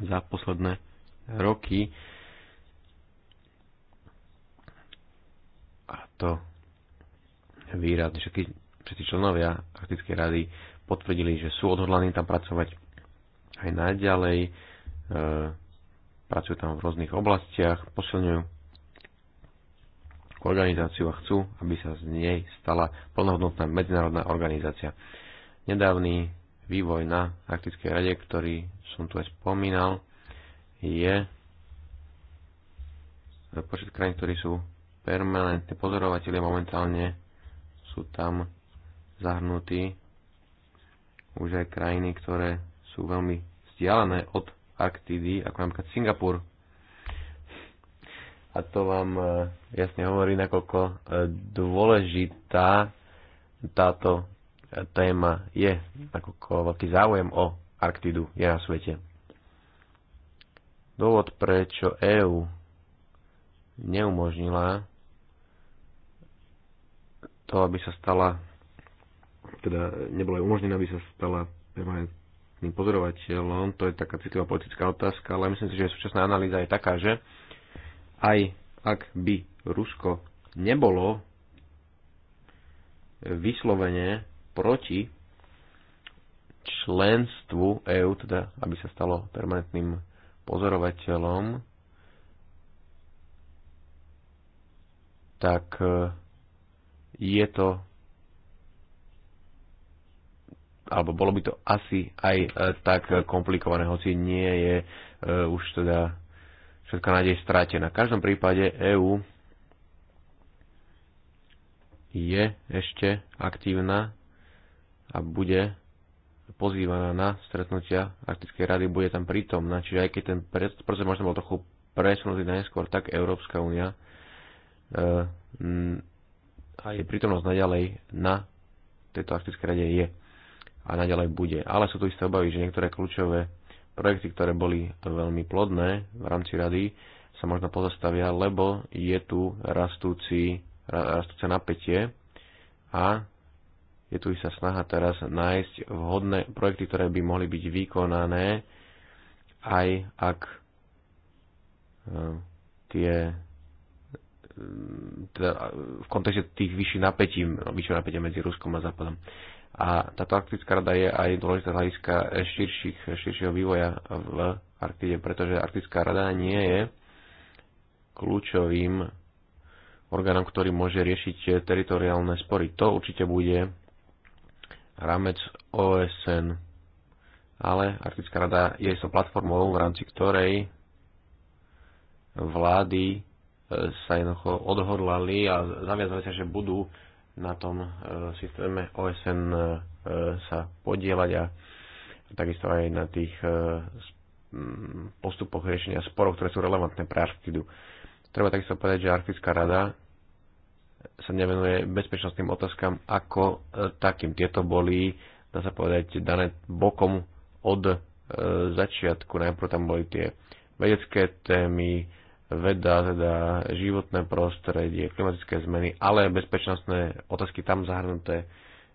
za posledné roky a to že Všetky, všetci členovia Arktickej rady potvrdili, že sú odhodlaní tam pracovať aj naďalej. E, pracujú tam v rôznych oblastiach, posilňujú organizáciu a chcú, aby sa z nej stala plnohodnotná medzinárodná organizácia. Nedávny vývoj na Arktickej rade, ktorý som tu aj spomínal, je počet krajín, ktorí sú permanentní pozorovateľi momentálne sú tam zahrnutí už aj krajiny, ktoré sú veľmi vzdialené od Arktidy, ako napríklad Singapur. A to vám e, jasne hovorí, nakoľko e, dôležitá táto e, téma je, nakoľko veľký záujem o Arktidu je na svete. Dôvod, prečo EÚ neumožnila to, aby sa stala, teda nebola umožnená, aby sa stala permanent, pozorovateľom. To je taká citlivá politická otázka, ale myslím si, že súčasná analýza je taká, že aj ak by Rusko nebolo vyslovene proti členstvu EÚ, teda aby sa stalo permanentným pozorovateľom, tak eh, je to alebo bolo by to asi aj e, tak komplikované, hoci nie je e, už teda všetká nádej stratená. V každom prípade EÚ je ešte aktívna a bude pozývaná na stretnutia Arktickej rady, bude tam prítomná. Čiže aj keď ten proces možno bol trochu presunutý najskôr, tak Európska únia e, a je prítomnosť naďalej na tejto Arktickej rade je a naďalej bude. Ale sú tu isté obavy, že niektoré kľúčové projekty, ktoré boli veľmi plodné v rámci rady, sa možno pozastavia, lebo je tu rastúci, rastúce napätie a je tu sa snaha teraz nájsť vhodné projekty, ktoré by mohli byť vykonané, aj ak eh, tie eh, teda v kontexte tých vyšších napätí, no, vyššieho napätia medzi Ruskom a Západom. A táto Arktická rada je aj dôležitá hľadiska širších, širšieho vývoja v Arktide, pretože Arktická rada nie je kľúčovým orgánom, ktorý môže riešiť teritoriálne spory. To určite bude rámec OSN. Ale Arktická rada je so platformou, v rámci ktorej vlády eh, sa jednoducho odhodlali a zaviazali sa, že budú na tom e, systéme OSN e, sa podielať a takisto aj na tých e, postupoch riešenia sporov, ktoré sú relevantné pre Arktidu. Treba takisto povedať, že Arktická rada sa nevenuje bezpečnostným otázkam ako takým. Tieto boli, dá sa povedať, dané bokom od začiatku. Najprv tam boli tie vedecké témy, veda, teda životné prostredie, klimatické zmeny, ale bezpečnostné otázky tam zahrnuté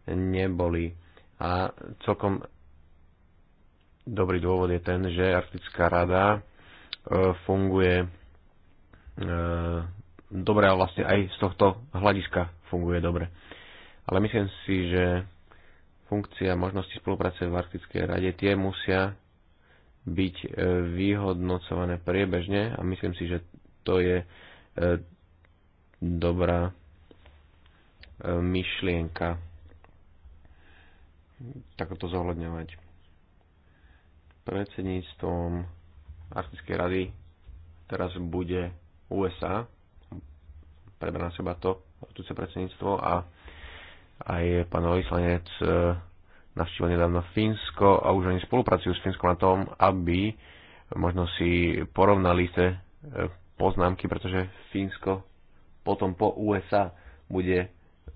neboli. A celkom dobrý dôvod je ten, že Arktická rada e, funguje e, dobre a vlastne aj z tohto hľadiska funguje dobre. Ale myslím si, že funkcia možnosti spolupráce v Arktickej rade tie musia byť e, vyhodnocované priebežne a myslím si, že to je e, dobrá e, myšlienka takto zohľadňovať. Predsedníctvom Arktickej rady teraz bude USA, preberá na seba to, túce predsedníctvo a aj pán vyslanec navštívil nedávno Fínsko a už oni spolupracujú s Fínskom na tom, aby možno si porovnali tie poznámky, pretože Fínsko potom po USA bude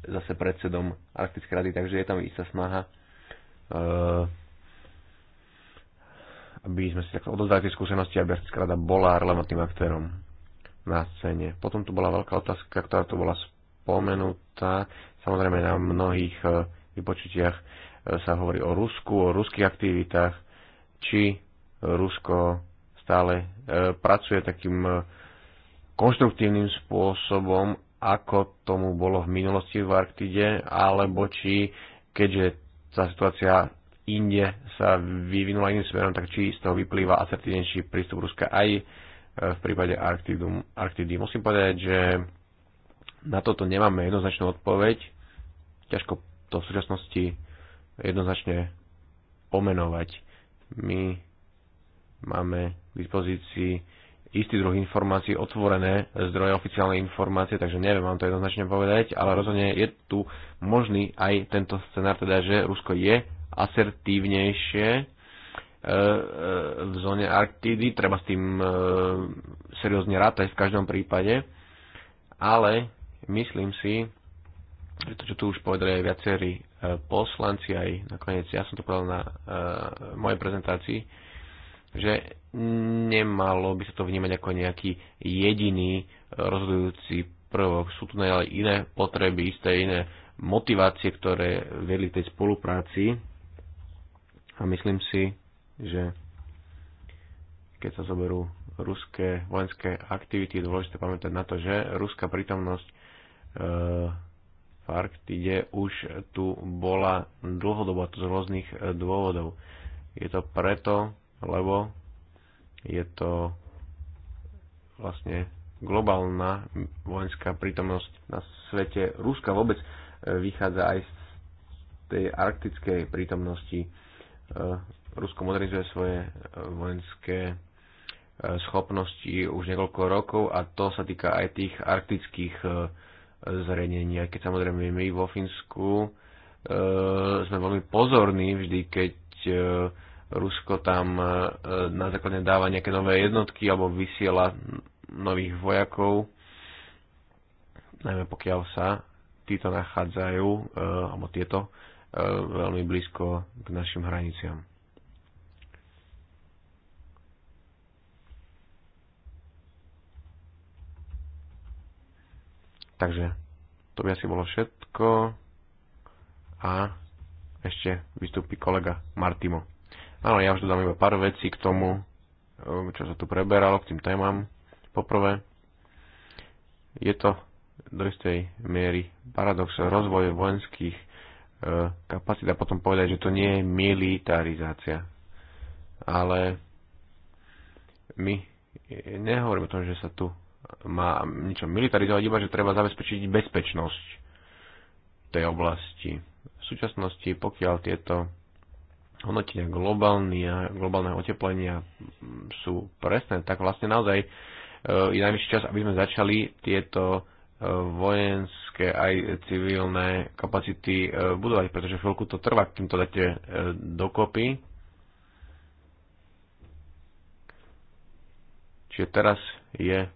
zase predsedom Arktickej rady, takže je tam istá snaha e, aby sme si tak odozdali tie skúsenosti, aby Arktická rada bola relevantným aktérom na scéne. Potom tu bola veľká otázka, ktorá tu bola spomenutá, samozrejme na mnohých e, vypočutiach sa hovorí o Rusku, o ruských aktivitách, či Rusko stále e, pracuje takým e, konštruktívnym spôsobom, ako tomu bolo v minulosti v Arktide, alebo či, keďže tá situácia inde sa vyvinula iným smerom, tak či z toho vyplýva asertívnejší prístup Ruska aj e, v prípade Arktidu. Arktidy. Musím povedať, že na toto nemáme jednoznačnú odpoveď. Ťažko to v súčasnosti jednoznačne pomenovať. My máme k dispozícii istý druh informácií, otvorené zdroje oficiálnej informácie, takže neviem vám to jednoznačne povedať, ale rozhodne je tu možný aj tento scenár, teda že Rusko je asertívnejšie e, e, v zóne Arktidy, treba s tým e, seriózne rátať v každom prípade, ale myslím si, že to, čo tu už povedali aj viacerí poslanci, aj nakoniec ja som to povedal na uh, mojej prezentácii, že nemalo by sa to vnímať ako nejaký jediný eh, rozhodujúci prvok. Sú tu aj iné potreby, isté iné motivácie, ktoré vedli tej spolupráci a myslím si, že keď sa zoberú ruské vojenské aktivity, je dôležité pamätať na to, že ruská prítomnosť uh, v Arktide už tu bola dlhodobo z rôznych e, dôvodov. Je to preto, lebo je to vlastne globálna vojenská prítomnosť na svete. Ruska vôbec e, vychádza aj z tej arktickej prítomnosti. E, Rusko modernizuje svoje vojenské schopnosti už niekoľko rokov a to sa týka aj tých arktických zrenenia, keď samozrejme my vo Fínsku e, sme veľmi pozorní vždy, keď e, Rusko tam e, na základe dáva nejaké nové jednotky alebo vysiela nových vojakov, najmä pokiaľ sa títo nachádzajú, e, alebo tieto, e, veľmi blízko k našim hraniciam. Takže to by asi bolo všetko. A ešte vystúpi kolega Martimo. Áno, ja už dodám iba pár vecí k tomu, eh, čo sa tu preberalo, k tým témam. Poprvé, je to do istej miery paradox rozvoj vojenských e, kapacít a potom povedať, že to nie je militarizácia. Ale my eh, nehovoríme o tom, že sa tu má niečo militarizovať, iba že treba zabezpečiť bezpečnosť tej oblasti. V súčasnosti, pokiaľ tieto hodnotenia globálneho oteplenia sú presné, tak vlastne naozaj eh, je najvyšší čas, aby sme začali tieto eh, vojenské aj civilné kapacity eh, budovať, pretože chvíľku to trvá, kým to dáte dokopy. Čiže teraz je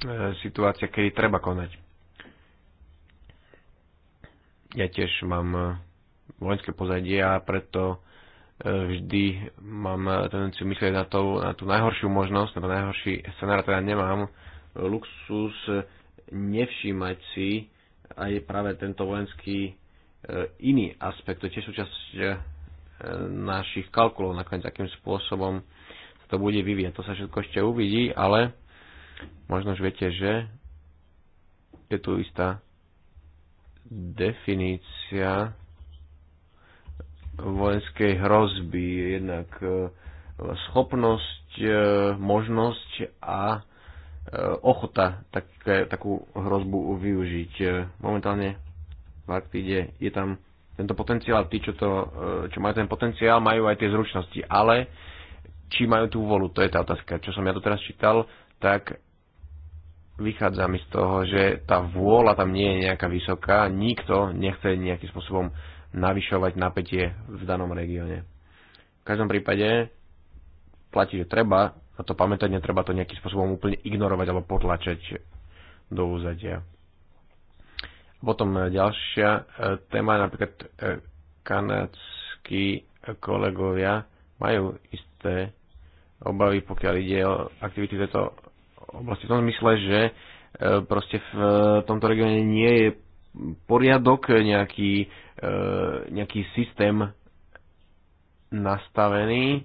E, situácia, kedy treba konať. Ja tiež mám e, vojenské pozadie a preto e, vždy mám tendenciu myslieť na, to, na tú najhoršiu možnosť, na najhorší scenár, teda nemám luxus nevšímať si aj práve tento vojenský iný aspekt, to je tiež súčasť našich kalkulov, nakoniec akým spôsobom sa to bude vyvíjať. To sa všetko ešte uvidí, ale Možno už viete, že je tu istá definícia vojenskej hrozby, jednak e, schopnosť, e, možnosť a e, ochota také, takú hrozbu využiť. Momentálne v Arktide je tam tento potenciál, tí, čo, to, čo majú ten potenciál, majú aj tie zručnosti, ale či majú tú volu, to je tá otázka. Čo som ja teraz čítal, tak vychádza mi z toho, že tá vôľa tam nie je nejaká vysoká, nikto nechce nejakým spôsobom navyšovať napätie v danom regióne. V každom prípade platí, že treba na to pamätať, netreba to nejakým spôsobom úplne ignorovať alebo potlačať do úzadia. Potom e, ďalšia e, téma, napríklad e, kanadskí kolegovia majú isté obavy, pokiaľ ide o aktivity tejto oblasti v tom zmysle, že e, proste v e, tomto regióne nie je poriadok, nejaký, e, nejaký systém nastavený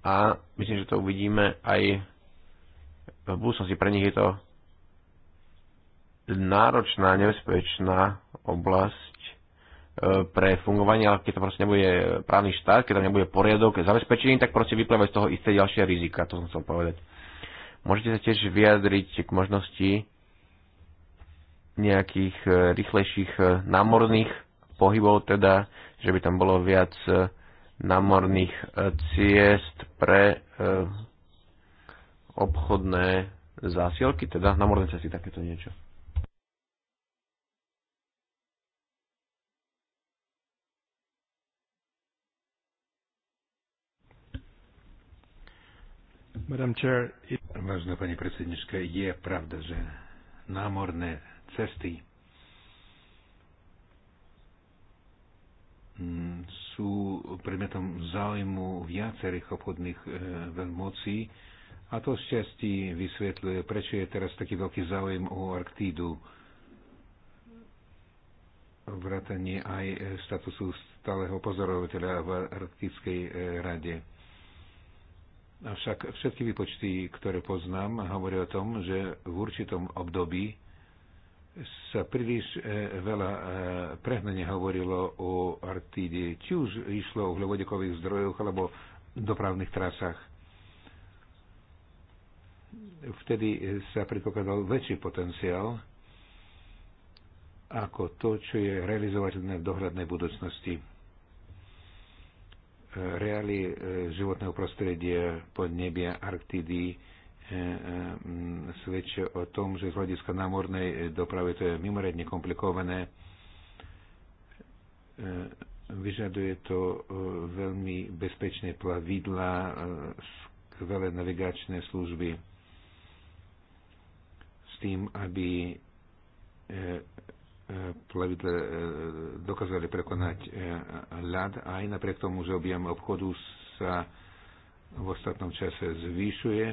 a myslím, že to uvidíme aj v budúcnosti. Pre nich je to náročná, nebezpečná oblasť pre fungovanie, ale keď to proste nebude právny štát, keď tam nebude poriadok zabezpečený, tak proste vyplávajú z toho isté ďalšie rizika, to som chcel povedať. Môžete sa tiež vyjadriť k možnosti nejakých e, rýchlejších e, námorných pohybov, teda, že by tam bolo viac e, námorných ciest pre obchodné zásielky, teda námorné cesty, takéto niečo. Madam Chair, it... Vážená pani predsednička, je pravda, že námorné cesty mm, sú predmetom záujmu viacerých obchodných e, veľmocí a to z časti vysvetľuje, prečo je teraz taký veľký záujem o Arktídu vrátanie aj statusu stáleho pozorovateľa v Arktickej e, rade. Avšak všetky výpočty, ktoré poznám, hovoria o tom, že v určitom období sa príliš e, veľa e, prehnane hovorilo o Artíde, či už išlo o hľovodikových zdrojoch alebo dopravných trasách. Vtedy e, sa predpokladal väčší potenciál ako to, čo je realizovateľné v dohľadnej budúcnosti reálie životného prostredia nebia Arktidy e, e, svedčia o tom, že z hľadiska námornej e, dopravy to je mimoriadne komplikované. Vyžaduje to veľmi bezpečné plavidla, skvelé navigačné služby s tým, aby plavidle e, dokázali prekonať e, ľad aj napriek tomu, že objem obchodu sa v ostatnom čase zvyšuje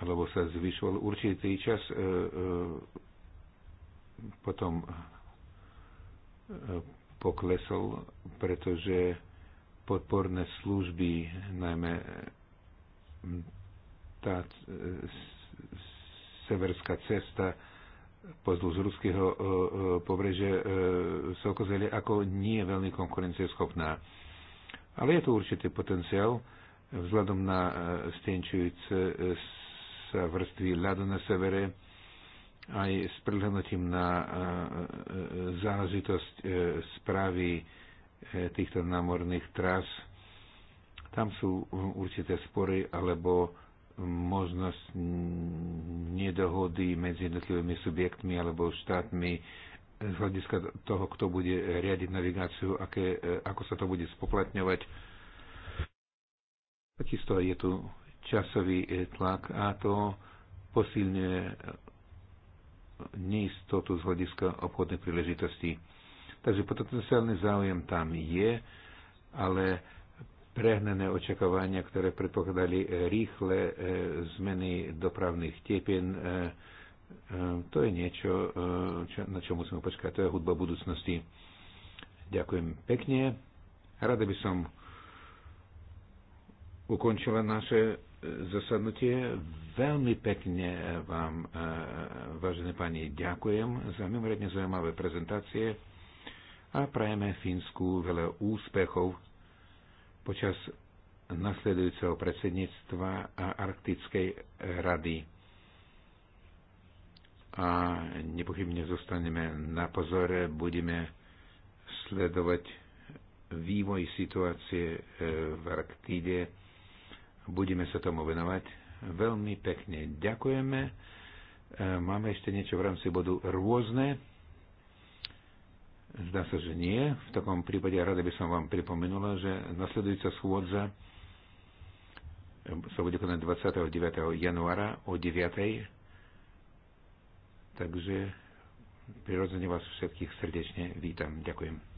alebo sa zvyšoval určitý čas e, potom poklesol, pretože podporné služby, najmä tá severská cesta, pozdĺž ruského e, e, pobrežia e, sa ako nie je veľmi konkurencieschopná. Ale je to určitý potenciál vzhľadom na stenčujúce sa vrstvy ľadu na severe aj s prihľadnutím na záležitosť správy týchto námorných tras. Tam sú určité spory alebo možnosť nedohody medzi jednotlivými subjektmi alebo štátmi z hľadiska toho, kto bude riadiť navigáciu, aké, e, ako sa to bude spoplatňovať. Takisto je tu časový e, tlak a to posilňuje neistotu z hľadiska obchodnej príležitosti. Takže potenciálny záujem tam je, ale prehnané očakávania, ktoré predpokladali e, rýchle e, zmeny dopravných tepien. E, to je niečo, na čo musíme počkať. To je hudba budúcnosti. Ďakujem pekne. Rada by som ukončila naše zasadnutie. Veľmi pekne vám, vážené pani, ďakujem za mimoriadne zaujímavé prezentácie a prajeme Fínsku veľa úspechov počas nasledujúceho predsedníctva Arktickej rady. A nepochybne zostaneme na pozore, budeme sledovať vývoj situácie e, v Arktíde. Budeme sa tomu venovať. Veľmi pekne ďakujeme. E, máme ešte niečo v rámci bodu rôzne. Zdá sa, že nie. V takom prípade rada by som vám pripomenula, že nasledujúca schôdza sa bude konať 29. januára o 9. Takže prirodzene vás všetkých srdečne vítam. Ďakujem.